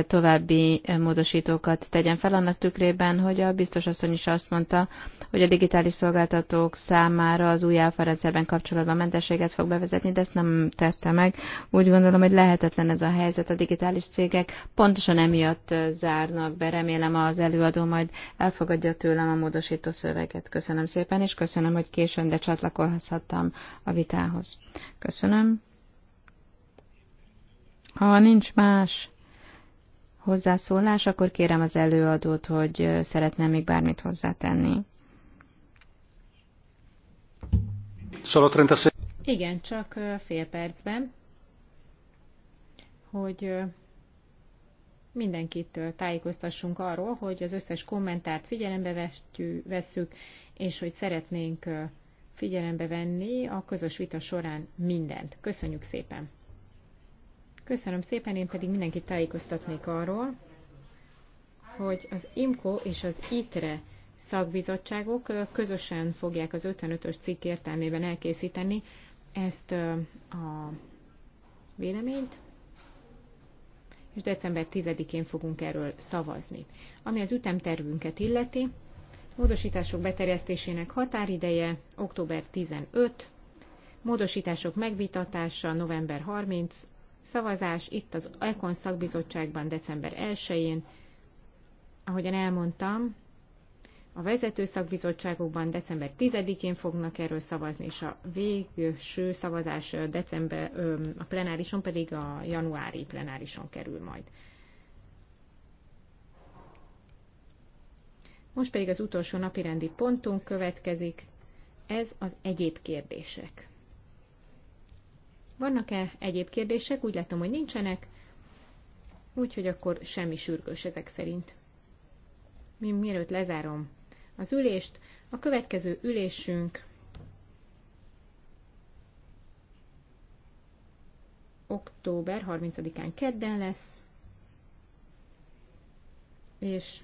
további eh, módosítókat tegyen fel annak tükrében, hogy a biztos asszony is azt mondta, hogy a digitális szolgáltatók számára az új rendszerben kapcsolatban mentességet fog bevezetni, de ezt nem tette meg. Úgy gondolom, hogy lehetetlen ez a helyzet. A digitális cégek pontosan emiatt eh, zárnak be. Remélem az előadó majd elfogadja tőlem a módosító szöveget. Köszönöm szépen, és köszönöm, hogy későn, de csatlakozhattam a vitához. Köszönöm. Ha nincs más hozzászólás, akkor kérem az előadót, hogy szeretne még bármit hozzátenni. Igen, csak fél percben, hogy mindenkit tájékoztassunk arról, hogy az összes kommentárt figyelembe vesszük, és hogy szeretnénk figyelembe venni a közös vita során mindent. Köszönjük szépen! Köszönöm szépen, én pedig mindenkit tájékoztatnék arról, hogy az IMCO és az ITRE szakbizottságok közösen fogják az 55-ös cikk értelmében elkészíteni ezt a véleményt, és december 10-én fogunk erről szavazni. Ami az ütemtervünket illeti, módosítások beterjesztésének határideje október 15, módosítások megvitatása november 30, szavazás itt az Econ szakbizottságban december 1-én. Ahogyan elmondtam, a vezető szakbizottságokban december 10-én fognak erről szavazni, és a végső szavazás december, a plenárison pedig a januári plenárison kerül majd. Most pedig az utolsó napirendi pontunk következik, ez az egyéb kérdések. Vannak-e egyéb kérdések? Úgy látom, hogy nincsenek. Úgyhogy akkor semmi sürgős ezek szerint. Mi, mielőtt lezárom az ülést, a következő ülésünk október 30-án kedden lesz, és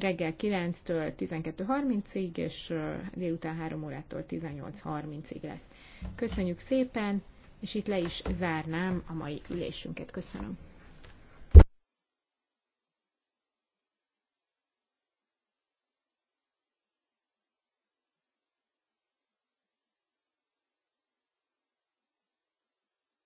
reggel 9-től 12.30-ig, és délután 3 órától 18.30-ig lesz. Köszönjük szépen, és itt le is zárnám a mai ülésünket. Köszönöm.